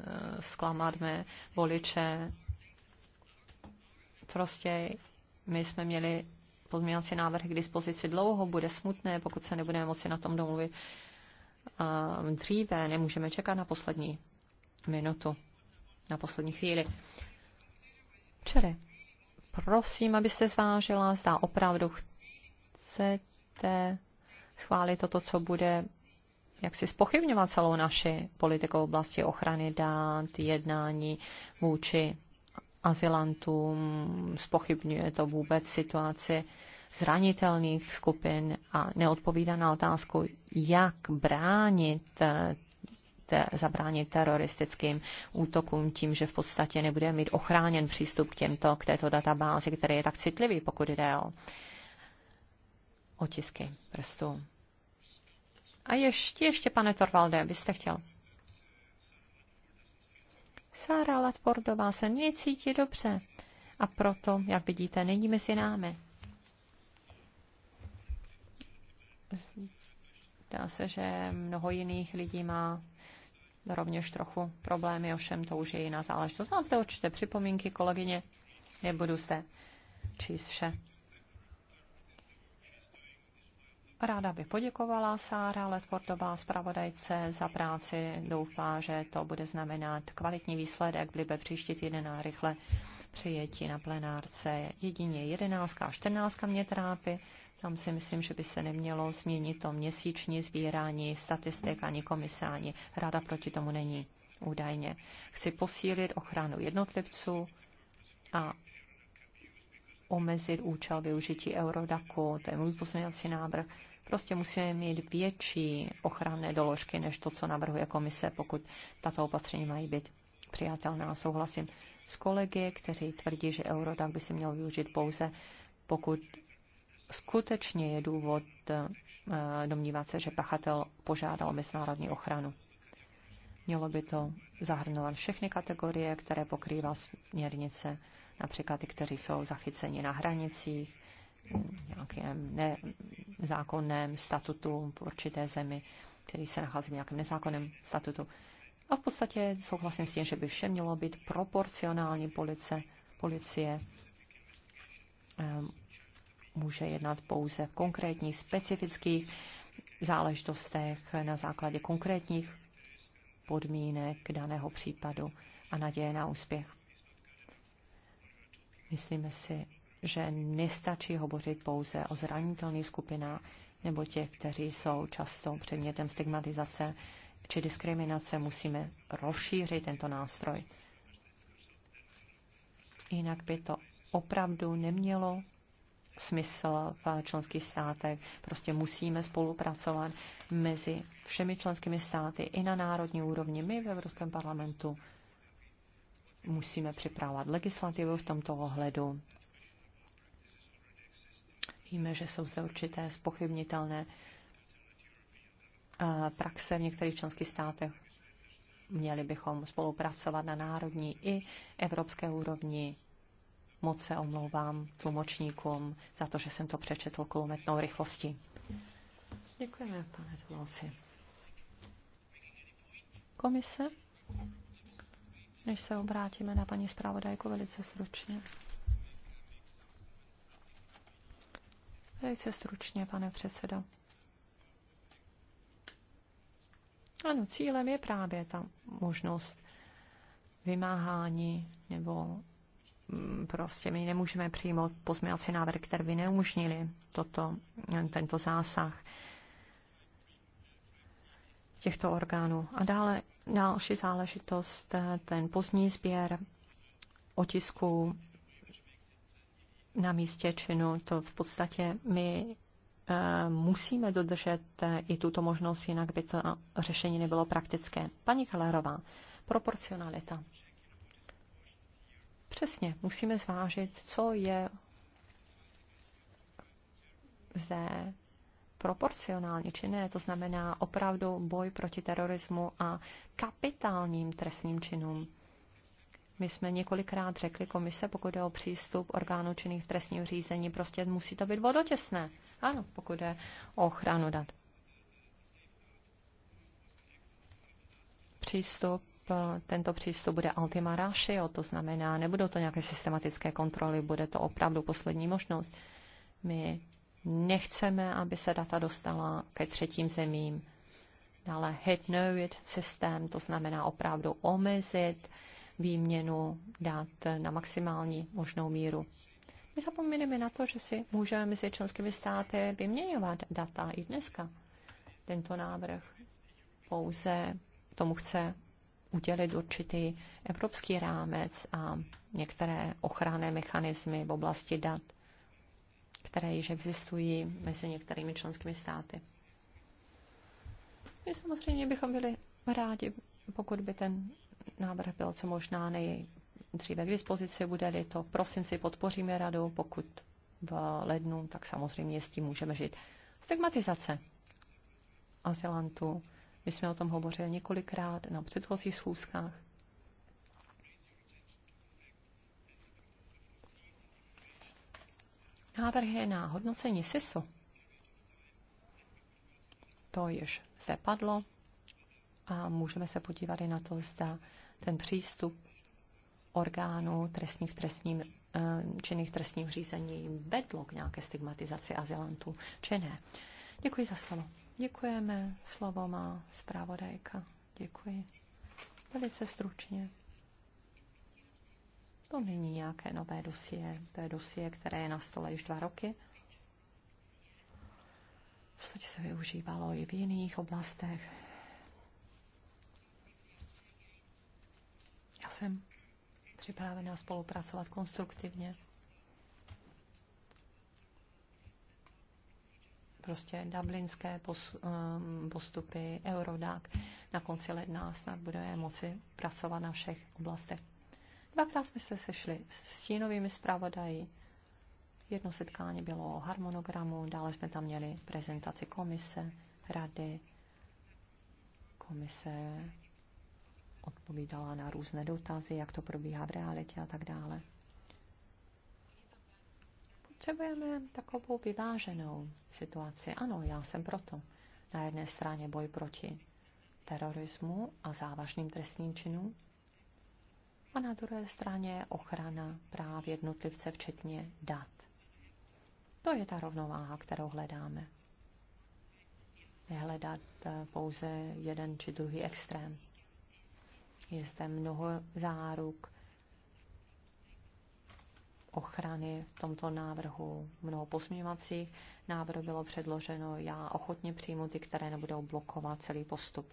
zklamat mé voliče. Prostě my jsme měli pozměňovací návrhy k dispozici dlouho, bude smutné, pokud se nebudeme moci na tom domluvit dříve, nemůžeme čekat na poslední minutu, na poslední chvíli. Čili prosím, abyste zvážila, zda opravdu chcete schválit toto, co bude jak si spochybňovat celou naši politiku v oblasti ochrany dát, jednání vůči azylantům, spochybňuje to vůbec situaci zranitelných skupin a neodpovídá na otázku, jak bránit te, zabránit teroristickým útokům tím, že v podstatě nebude mít ochráněn přístup k těmto, k této databázi, který je tak citlivý, pokud jde o otisky prstů. A ještě, ještě pane Torvalde, byste chtěl. Sára Latfordová se necítí dobře a proto, jak vidíte, není mezi námi. Zdá se, že mnoho jiných lidí má rovněž trochu problémy, ovšem to už je jiná záležitost. Mám zde určité připomínky, kolegyně, nebudu zde číst vše. Ráda bych poděkovala Sára Ledfordová zpravodajce za práci. Doufá, že to bude znamenat kvalitní výsledek v příští týden a rychle přijetí na plenárce. Jedině 11 a 14 mě trápí. Tam si myslím, že by se nemělo změnit to měsíční sbírání statistik ani komise, ani rada proti tomu není údajně. Chci posílit ochranu jednotlivců a omezit účel využití Eurodaku, to je můj pozměňovací návrh, Prostě musíme mít větší ochranné doložky, než to, co navrhuje komise, pokud tato opatření mají být přijatelná. Souhlasím s kolegy, kteří tvrdí, že Eurodac by se měl využít pouze, pokud skutečně je důvod eh, domnívat se, že pachatel požádal mezinárodní ochranu. Mělo by to zahrnovat všechny kategorie, které pokrývá směrnice, například ty, kteří jsou zachyceni na hranicích, nějaké ne, zákonném statutu v určité zemi, který se nachází v nějakém nezákonném statutu. A v podstatě souhlasím s tím, že by vše mělo být proporcionální police, policie. Eh, může jednat pouze v konkrétních, specifických záležitostech na základě konkrétních podmínek daného případu a naděje na úspěch. Myslíme si, že nestačí hovořit pouze o zranitelných skupinách nebo těch, kteří jsou často předmětem stigmatizace či diskriminace. Musíme rozšířit tento nástroj. Jinak by to opravdu nemělo smysl v členských státech. Prostě musíme spolupracovat mezi všemi členskými státy i na národní úrovni. My v Evropském parlamentu musíme připravovat legislativu v tomto ohledu Víme, že jsou zde určité spochybnitelné eh, praxe v některých členských státech. Měli bychom spolupracovat na národní i evropské úrovni. Moc se omlouvám tlumočníkům za to, že jsem to přečetl kulometnou rychlostí. Děkujeme, pane Tvolci. Komise? Než se obrátíme na paní zpravodajku, velice stručně. Velice stručně, pane předsedo. Ano, cílem je právě ta možnost vymáhání nebo mm, prostě my nemůžeme přijmout pozměňovací návrh, který by neumožnili toto, tento zásah těchto orgánů. A dále další záležitost, ten pozdní sběr otisků na místě činu. To v podstatě my eh, musíme dodržet eh, i tuto možnost, jinak by to řešení nebylo praktické. Paní Kalerová, proporcionalita. Přesně, musíme zvážit, co je zde proporcionální či ne, to znamená opravdu boj proti terorismu a kapitálním trestním činům. My jsme několikrát řekli komise, pokud je o přístup orgánů činných v trestním řízení, prostě musí to být vodotěsné. Ano, pokud je o ochranu dat. Přístup eh, tento přístup bude ultima ratio, to znamená, nebudou to nějaké systematické kontroly, bude to opravdu poslední možnost. My nechceme, aby se data dostala ke třetím zemím. Dále hit no it systém, to znamená opravdu omezit výměnu dát na maximální možnou míru. My na to, že si můžeme mezi členskými státy vyměňovat data i dneska. Tento návrh pouze tomu chce udělit určitý evropský rámec a některé ochranné mechanismy v oblasti dat, které již existují mezi některými členskými státy. My samozřejmě bychom byli rádi, pokud by ten návrh byl co možná nejdříve k dispozici, bude-li to prosinci podpoříme radu, pokud v lednu, tak samozřejmě s tím můžeme žít. Stigmatizace azylantů. My jsme o tom hovořili několikrát na předchozích schůzkách. Návrhy na hodnocení SISu. To již se padlo a můžeme se podívat i na to, zda ten přístup orgánů trestních trestním, eh, činných trestních řízení vedlo k nějaké stigmatizaci azylantů, či ne. Děkuji za slovo. Děkujeme. Slovo má zpravodajka. Děkuji. Velice stručně. To není nějaké nové dosie. To je dosie, které je na stole již dva roky. V podstatě se využívalo i v jiných oblastech Já jsem připravena spolupracovat konstruktivně. Prostě dublinské um, postupy, Eurodac. Na konci ledna snad budeme moci pracovat na všech oblastech. Dvakrát jsme se sešli s stínovými zpravodaji. Jedno setkání bylo o harmonogramu, dále jsme tam měli prezentaci komise, rady, komise odpovídala na různé dotazy, jak to probíhá v realitě a tak dále. Potřebujeme takovou vyváženou situaci. Ano, já jsem proto. Na jedné straně boj proti terorismu a závažným trestním činům a na druhé straně ochrana práv jednotlivce, včetně dat. To je ta rovnováha, kterou hledáme nehledat eh, pouze jeden či druhý extrém. Je zde mnoho záruk, ochrany v tomto návrhu. Mnoho posměvacích návrhů bylo předloženo. Já ochotně přijmu ty, které nebudou blokovat celý postup.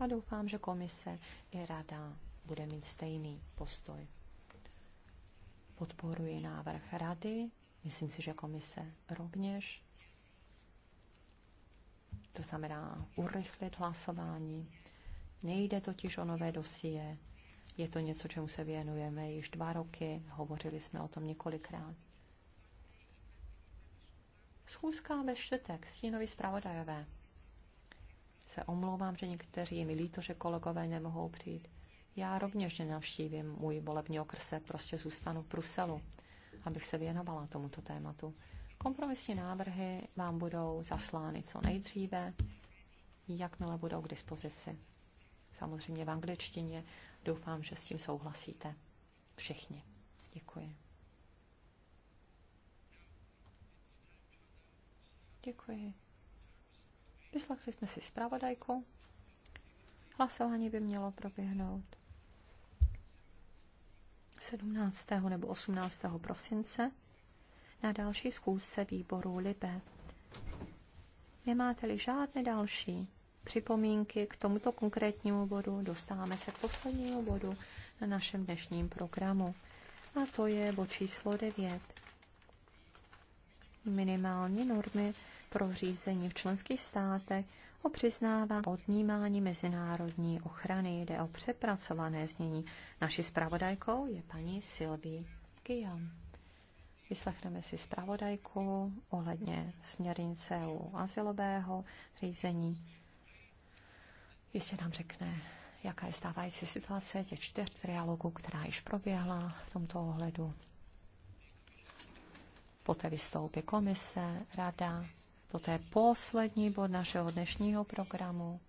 A doufám, že komise i rada bude mít stejný postoj. Podporuji návrh rady, myslím si, že komise rovněž. To znamená urychlit hlasování. Nejde totiž o nové dosie. Je to něco, čemu se věnujeme již dva roky. Hovořili jsme o tom několikrát. Schůzka ve čtvrtek, stínový zpravodajové. Se omlouvám, že někteří mi líto, že kolegové nemohou přijít. Já rovněž nenavštívím můj volební okrse, prostě zůstanu v Bruselu, abych se věnovala tomuto tématu. Kompromisní návrhy vám budou zaslány co nejdříve, jakmile budou k dispozici samozřejmě v angličtině. Doufám, že s tím souhlasíte všichni. Děkuji. Děkuji. Vyslechli jsme si zpravodajku. Hlasování by mělo proběhnout 17. nebo 18. prosince na další schůzce výboru Libe. Nemáte-li žádné další připomínky k tomuto konkrétnímu bodu, dostáváme se k poslednímu bodu na našem dnešním programu. A to je bod číslo 9. Minimální normy pro řízení v členských státech o přiznává odnímání mezinárodní ochrany. Jde o přepracované znění. Naší zpravodajkou je paní Silví Kijan. Vyslechneme si zpravodajku ohledně směrnice u asilového řízení jistě nám řekne, jaká je stávající situace těch čtyř trialogů, která již proběhla v tomto ohledu. Poté vystoupí komise, rada. Toto je poslední bod našeho dnešního programu.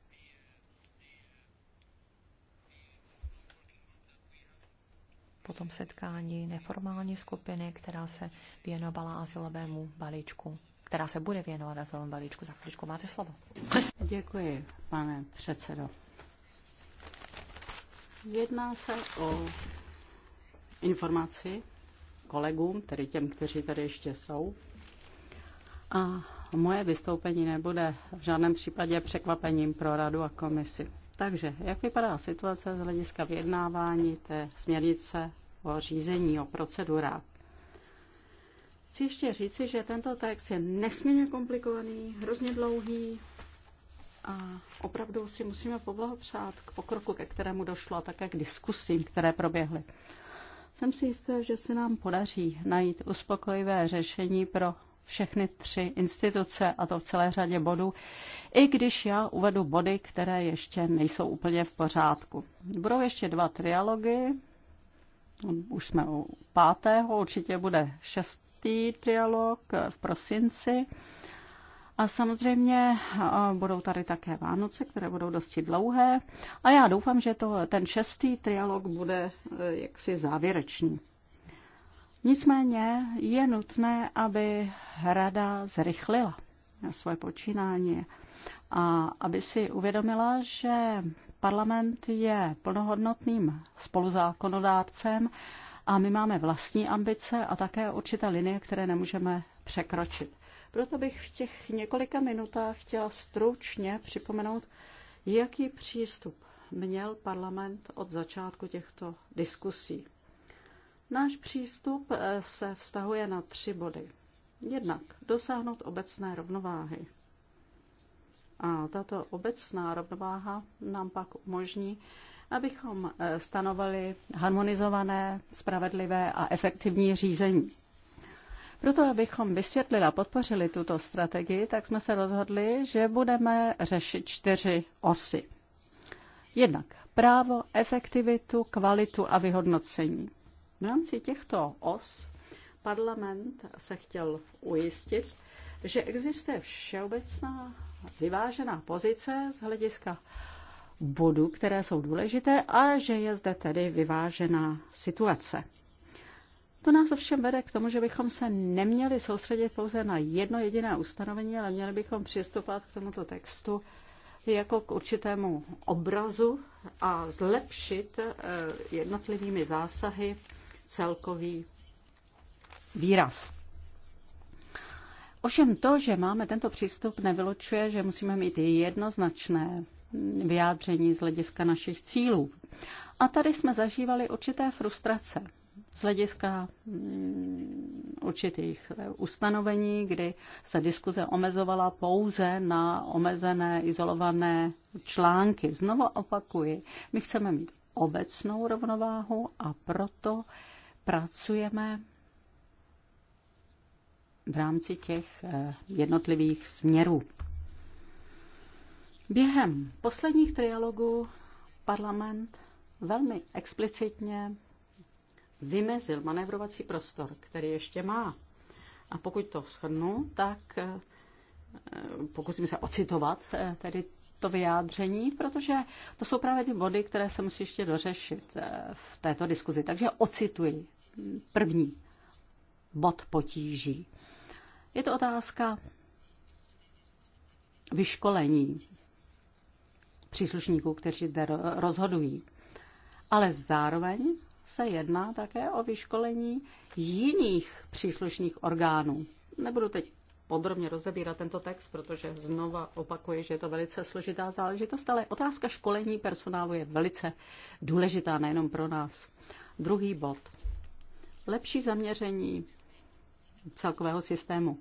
Potom setkání neformální skupiny, která se věnovala azylovému balíčku která se bude věnovat azylovému balíčku. Za chvíličku máte slovo. Děkuji, pane předsedo. Jedná se o informaci kolegům, tedy těm, kteří tady ještě jsou. A moje vystoupení nebude v žádném případě překvapením pro radu a komisi. Takže, jak vypadá situace z hlediska vyjednávání té směrnice o řízení, o procedurách? Chci ještě říci, že tento text je nesmírně komplikovaný, hrozně dlouhý a opravdu si musíme poblahopřát k pokroku, ke kterému došlo a také k diskusím, které proběhly. Jsem si jistá, že se nám podaří najít uspokojivé řešení pro všechny tři instituce, a to v celé řadě bodů, i když já uvedu body, které ještě nejsou úplně v pořádku. Budou ještě dva trialogy, už jsme u pátého, určitě bude šest, čtvrtý trialog v prosinci. A samozřejmě budou tady také Vánoce, které budou dosti dlouhé. A já doufám, že to, ten šestý trialog bude e, jaksi závěrečný. Nicméně je nutné, aby rada zrychlila svoje počínání a aby si uvědomila, že parlament je plnohodnotným spoluzákonodárcem a my máme vlastní ambice a také určité linie, které nemůžeme překročit. Proto bych v těch několika minutách chtěla stručně připomenout, jaký přístup měl parlament od začátku těchto diskusí. Náš přístup eh, se vztahuje na tři body. Jednak dosáhnout obecné rovnováhy. A tato obecná rovnováha nám pak umožní abychom eh, stanovili harmonizované, spravedlivé a efektivní řízení. Proto, abychom vysvětlili a podpořili tuto strategii, tak jsme se rozhodli, že budeme řešit čtyři osy. Jednak právo, efektivitu, kvalitu a vyhodnocení. V rámci těchto os parlament se chtěl ujistit, že existuje všeobecná vyvážená pozice z hlediska bodů, které jsou důležité a že je zde tedy vyvážená situace. To nás ovšem vede k tomu, že bychom se neměli soustředit pouze na jedno jediné ustanovení, ale měli bychom přistupovat k tomuto textu jako k určitému obrazu a zlepšit eh, jednotlivými zásahy celkový výraz. Ovšem to, že máme tento přístup, nevylučuje, že musíme mít jednoznačné vyjádření z hlediska našich cílů. A tady jsme zažívali určité frustrace z hlediska mm, určitých eh, ustanovení, kdy se diskuze omezovala pouze na omezené, izolované články. Znovu opakuji, my chceme mít obecnou rovnováhu a proto pracujeme v rámci těch eh, jednotlivých směrů. Během posledních trialogů parlament velmi explicitně vymezil manévrovací prostor, který ještě má. A pokud to shrnu, tak eh, pokusím se ocitovat eh, tedy to vyjádření, protože to jsou právě ty body, které se musí ještě dořešit eh, v této diskuzi. Takže ocituji první bod potíží. Je to otázka vyškolení příslušníků, kteří zde rozhodují. Ale zároveň se jedná také o vyškolení jiných příslušných orgánů. Nebudu teď podrobně rozebírat tento text, protože znova opakuji, že je to velice složitá záležitost, ale otázka školení personálu je velice důležitá nejenom pro nás. Druhý bod. Lepší zaměření celkového systému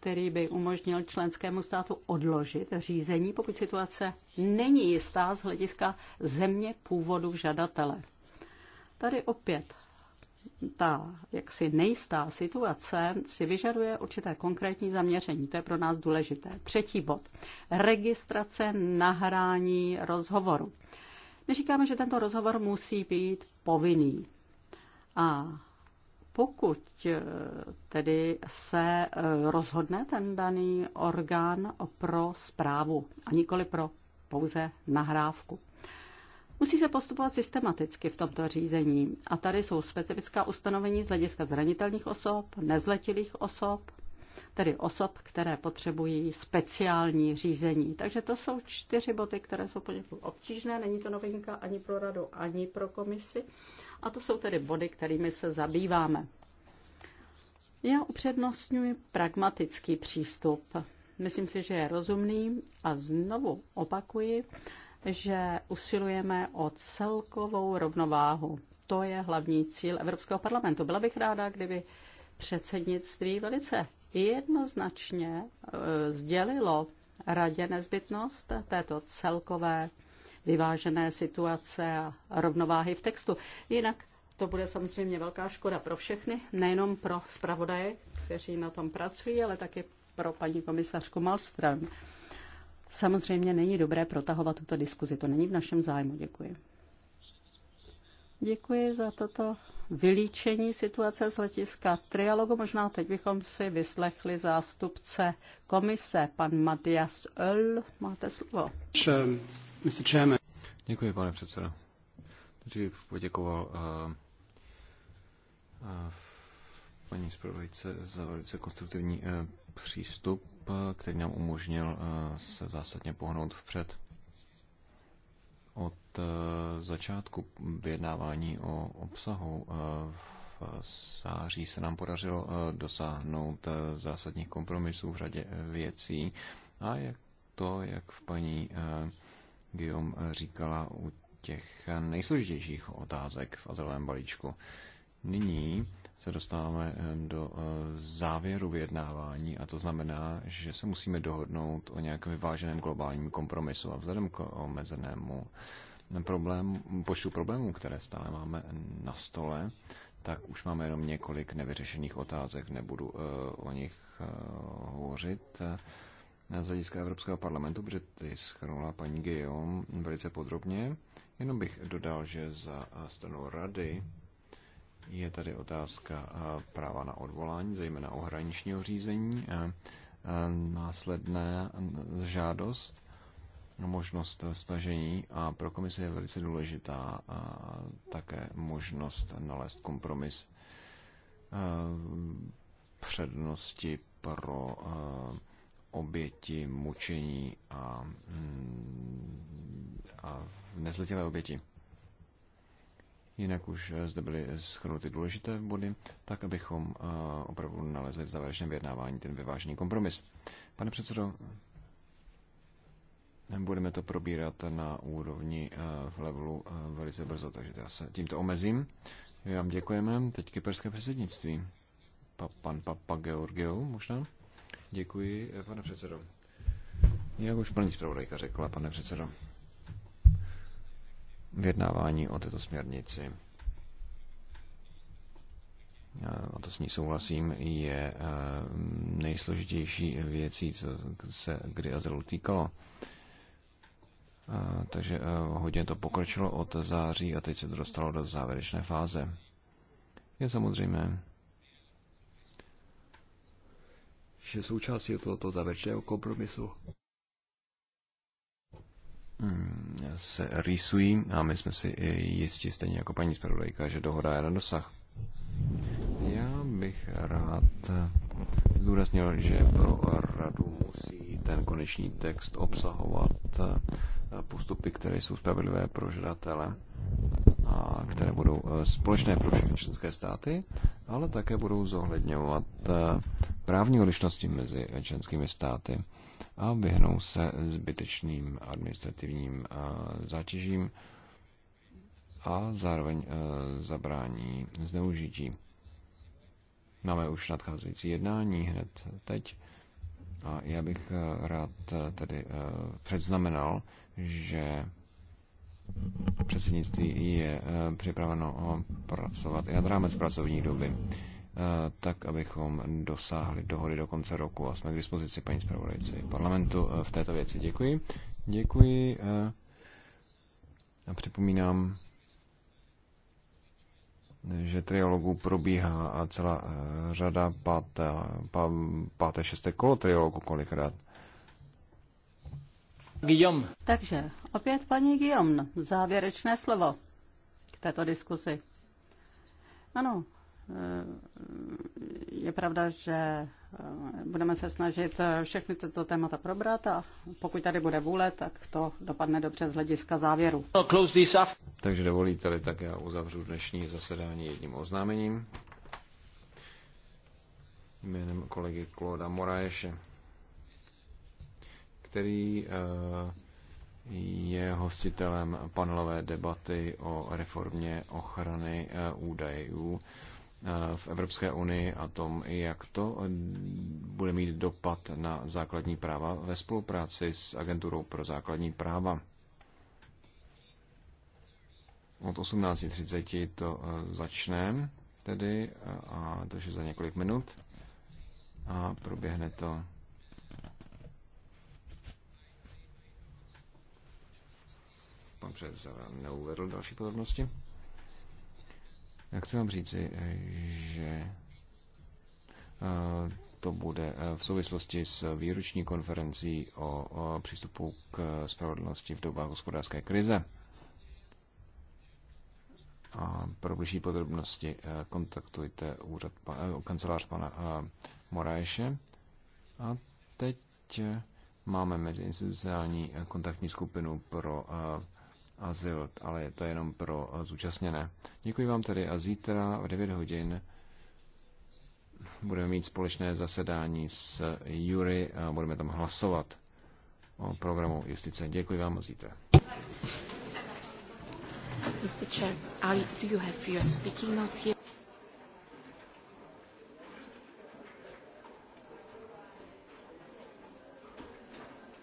který by umožnil členskému státu odložit řízení, pokud situace není jistá z hlediska země původu žadatele. Tady opět ta jaksi nejistá situace si vyžaduje určité konkrétní zaměření. To je pro nás důležité. Třetí bod. Registrace nahrání rozhovoru. My říkáme, že tento rozhovor musí být povinný. A pokud eh, tedy se eh, rozhodne ten daný orgán pro zprávu a nikoli pro pouze nahrávku. Musí se postupovat systematicky v tomto řízení a tady jsou specifická ustanovení z hlediska zranitelných osob, nezletilých osob, tedy osob, které potřebují speciální řízení. Takže to jsou čtyři body, které jsou poněkud obtížné, není to novinka ani pro radu, ani pro komisi. A to jsou tedy body, kterými se zabýváme. Já upřednostňuji pragmatický přístup. Myslím si, že je rozumný a znovu opakuji, že usilujeme o celkovou rovnováhu. To je hlavní cíl Evropského parlamentu. Byla bych ráda, kdyby předsednictví velice jednoznačně eh, sdělilo radě nezbytnost této celkové vyvážené situace a rovnováhy v textu. Jinak to bude samozřejmě velká škoda pro všechny, nejenom pro zpravodaje, kteří na tom pracují, ale taky pro paní komisařku Malström. Samozřejmě není dobré protahovat tuto diskuzi, to není v našem zájmu. Děkuji. Děkuji za toto vylíčení situace z letiska trialogu. Možná teď bychom si vyslechli zástupce komise, pan Matias Öl. Máte slovo. Mr. Chairman. Děkuji, pane předsedo. Dřív poděkoval uh, uh, paní zpravodajce za velice konstruktivní uh, přístup, uh, který nám umožnil uh, se zásadně pohnout vpřed. Od uh, začátku vyjednávání o obsahu uh, v září se nám podařilo uh, dosáhnout uh, zásadních kompromisů v řadě věcí a jak to, jak v paní uh, Guillaume říkala u těch nejsložitějších otázek v azylovém balíčku. Nyní se dostáváme eh, do eh, závěru vyjednávání a to znamená, že se musíme dohodnout o nějakém vyváženém globálním kompromisu a vzhledem k omezenému problém, počtu problémů, které stále máme na stole, tak už máme jenom několik nevyřešených otázek, nebudu eh, o nich hovořit z hlediska Evropského parlamentu, protože ty schrnula paní Guillaume velice podrobně. Jenom bych dodal, že za stranu rady je tady otázka práva na odvolání, zejména o hraničního řízení, následné žádost, možnost stažení a pro komisi je velice důležitá také možnost nalézt kompromis přednosti pro oběti mučení a, mm, a nezletilé oběti. Jinak už eh, zde byly schrnuty důležité body, tak abychom eh, opravdu nalezli v závěrečném vyjednávání ten vyvážený kompromis. Pane předsedo, budeme to probírat na úrovni eh, v levelu velice brzo, takže já se tímto omezím. Já vám děkujeme. Teď kyperské předsednictví. Pa, pan Papa Georgiou možná. Děkuji, eh, pane předsedo. Jak už paní zpravodajka řekla, pane předsedo, vyjednávání o této směrnici, eh, a to s ní souhlasím, je eh, nejsložitější věcí, co se kdy azylu týkalo. Takže hodně to pokročilo od září a teď se to dostalo do závěrečné fáze. Je samozřejmé, že součástí tohoto závěrečného kompromisu hmm, se rýsují a my jsme si jistí, stejně jako paní zpravodajka, že dohoda je na dosah. Já bych rád zdůraznil, že pro radu musí ten konečný text obsahovat Eh, postupy, které jsou spravedlivé pro žadatele a které budou eh, společné pro všechny členské státy, ale také budou zohledňovat eh, právní odlišnosti mezi členskými státy a vyhnou se zbytečným administrativním zátěžím a zároveň zabrání zneužití. Máme už nadcházející jednání hned teď a já bych rád tedy předznamenal, že předsednictví je eh, připraveno eh, pracovat i nad rámec pracovní doby, eh, tak abychom dosáhli dohody do konce roku a jsme k dispozici paní zpravodajci parlamentu v této věci. Děkuji. Děkuji a připomínám, že triologu probíhá a celá řada páté, páté šesté kolo triologu kolikrát. Guillaume. Takže opět paní Guillaume, závěrečné slovo k této diskusi. Ano, eh, je pravda, že eh, budeme se snažit eh, všechny tyto témata probrat a pokud tady bude vůle, tak to dopadne dobře z hlediska závěru. Takže dovolíte-li, tak já uzavřu dnešní zasedání jedním oznámením jménem kolegy Claude Moraješe který eh, je hostitelem panelové debaty o reformě ochrany eh, údajů eh, v Evropské unii a tom, jak to bude mít dopad na základní práva ve spolupráci s Agenturou pro základní práva. Od 18.30 to začne tedy, a to je za několik minut a proběhne to pan Březala neuvedl další podrobnosti. Já chci vám říci, že eh, to bude eh, v souvislosti s výroční konferencí o přístupu k spravedlnosti v dobách hospodářské krize. A pro blížší podrobnosti eh, kontaktujte úřad, kancelář pana Moraješe. A teď máme meziinstitucionální kontaktní skupinu pro azyl, ale je to jenom pro eh, zúčastněné. Děkuji vám tedy a zítra v 9 hodin budeme mít společné zasedání s Jury a budeme tam hlasovat o programu justice. Děkuji vám a zítra. Mr. Chair, are, do you have your speaking notes here?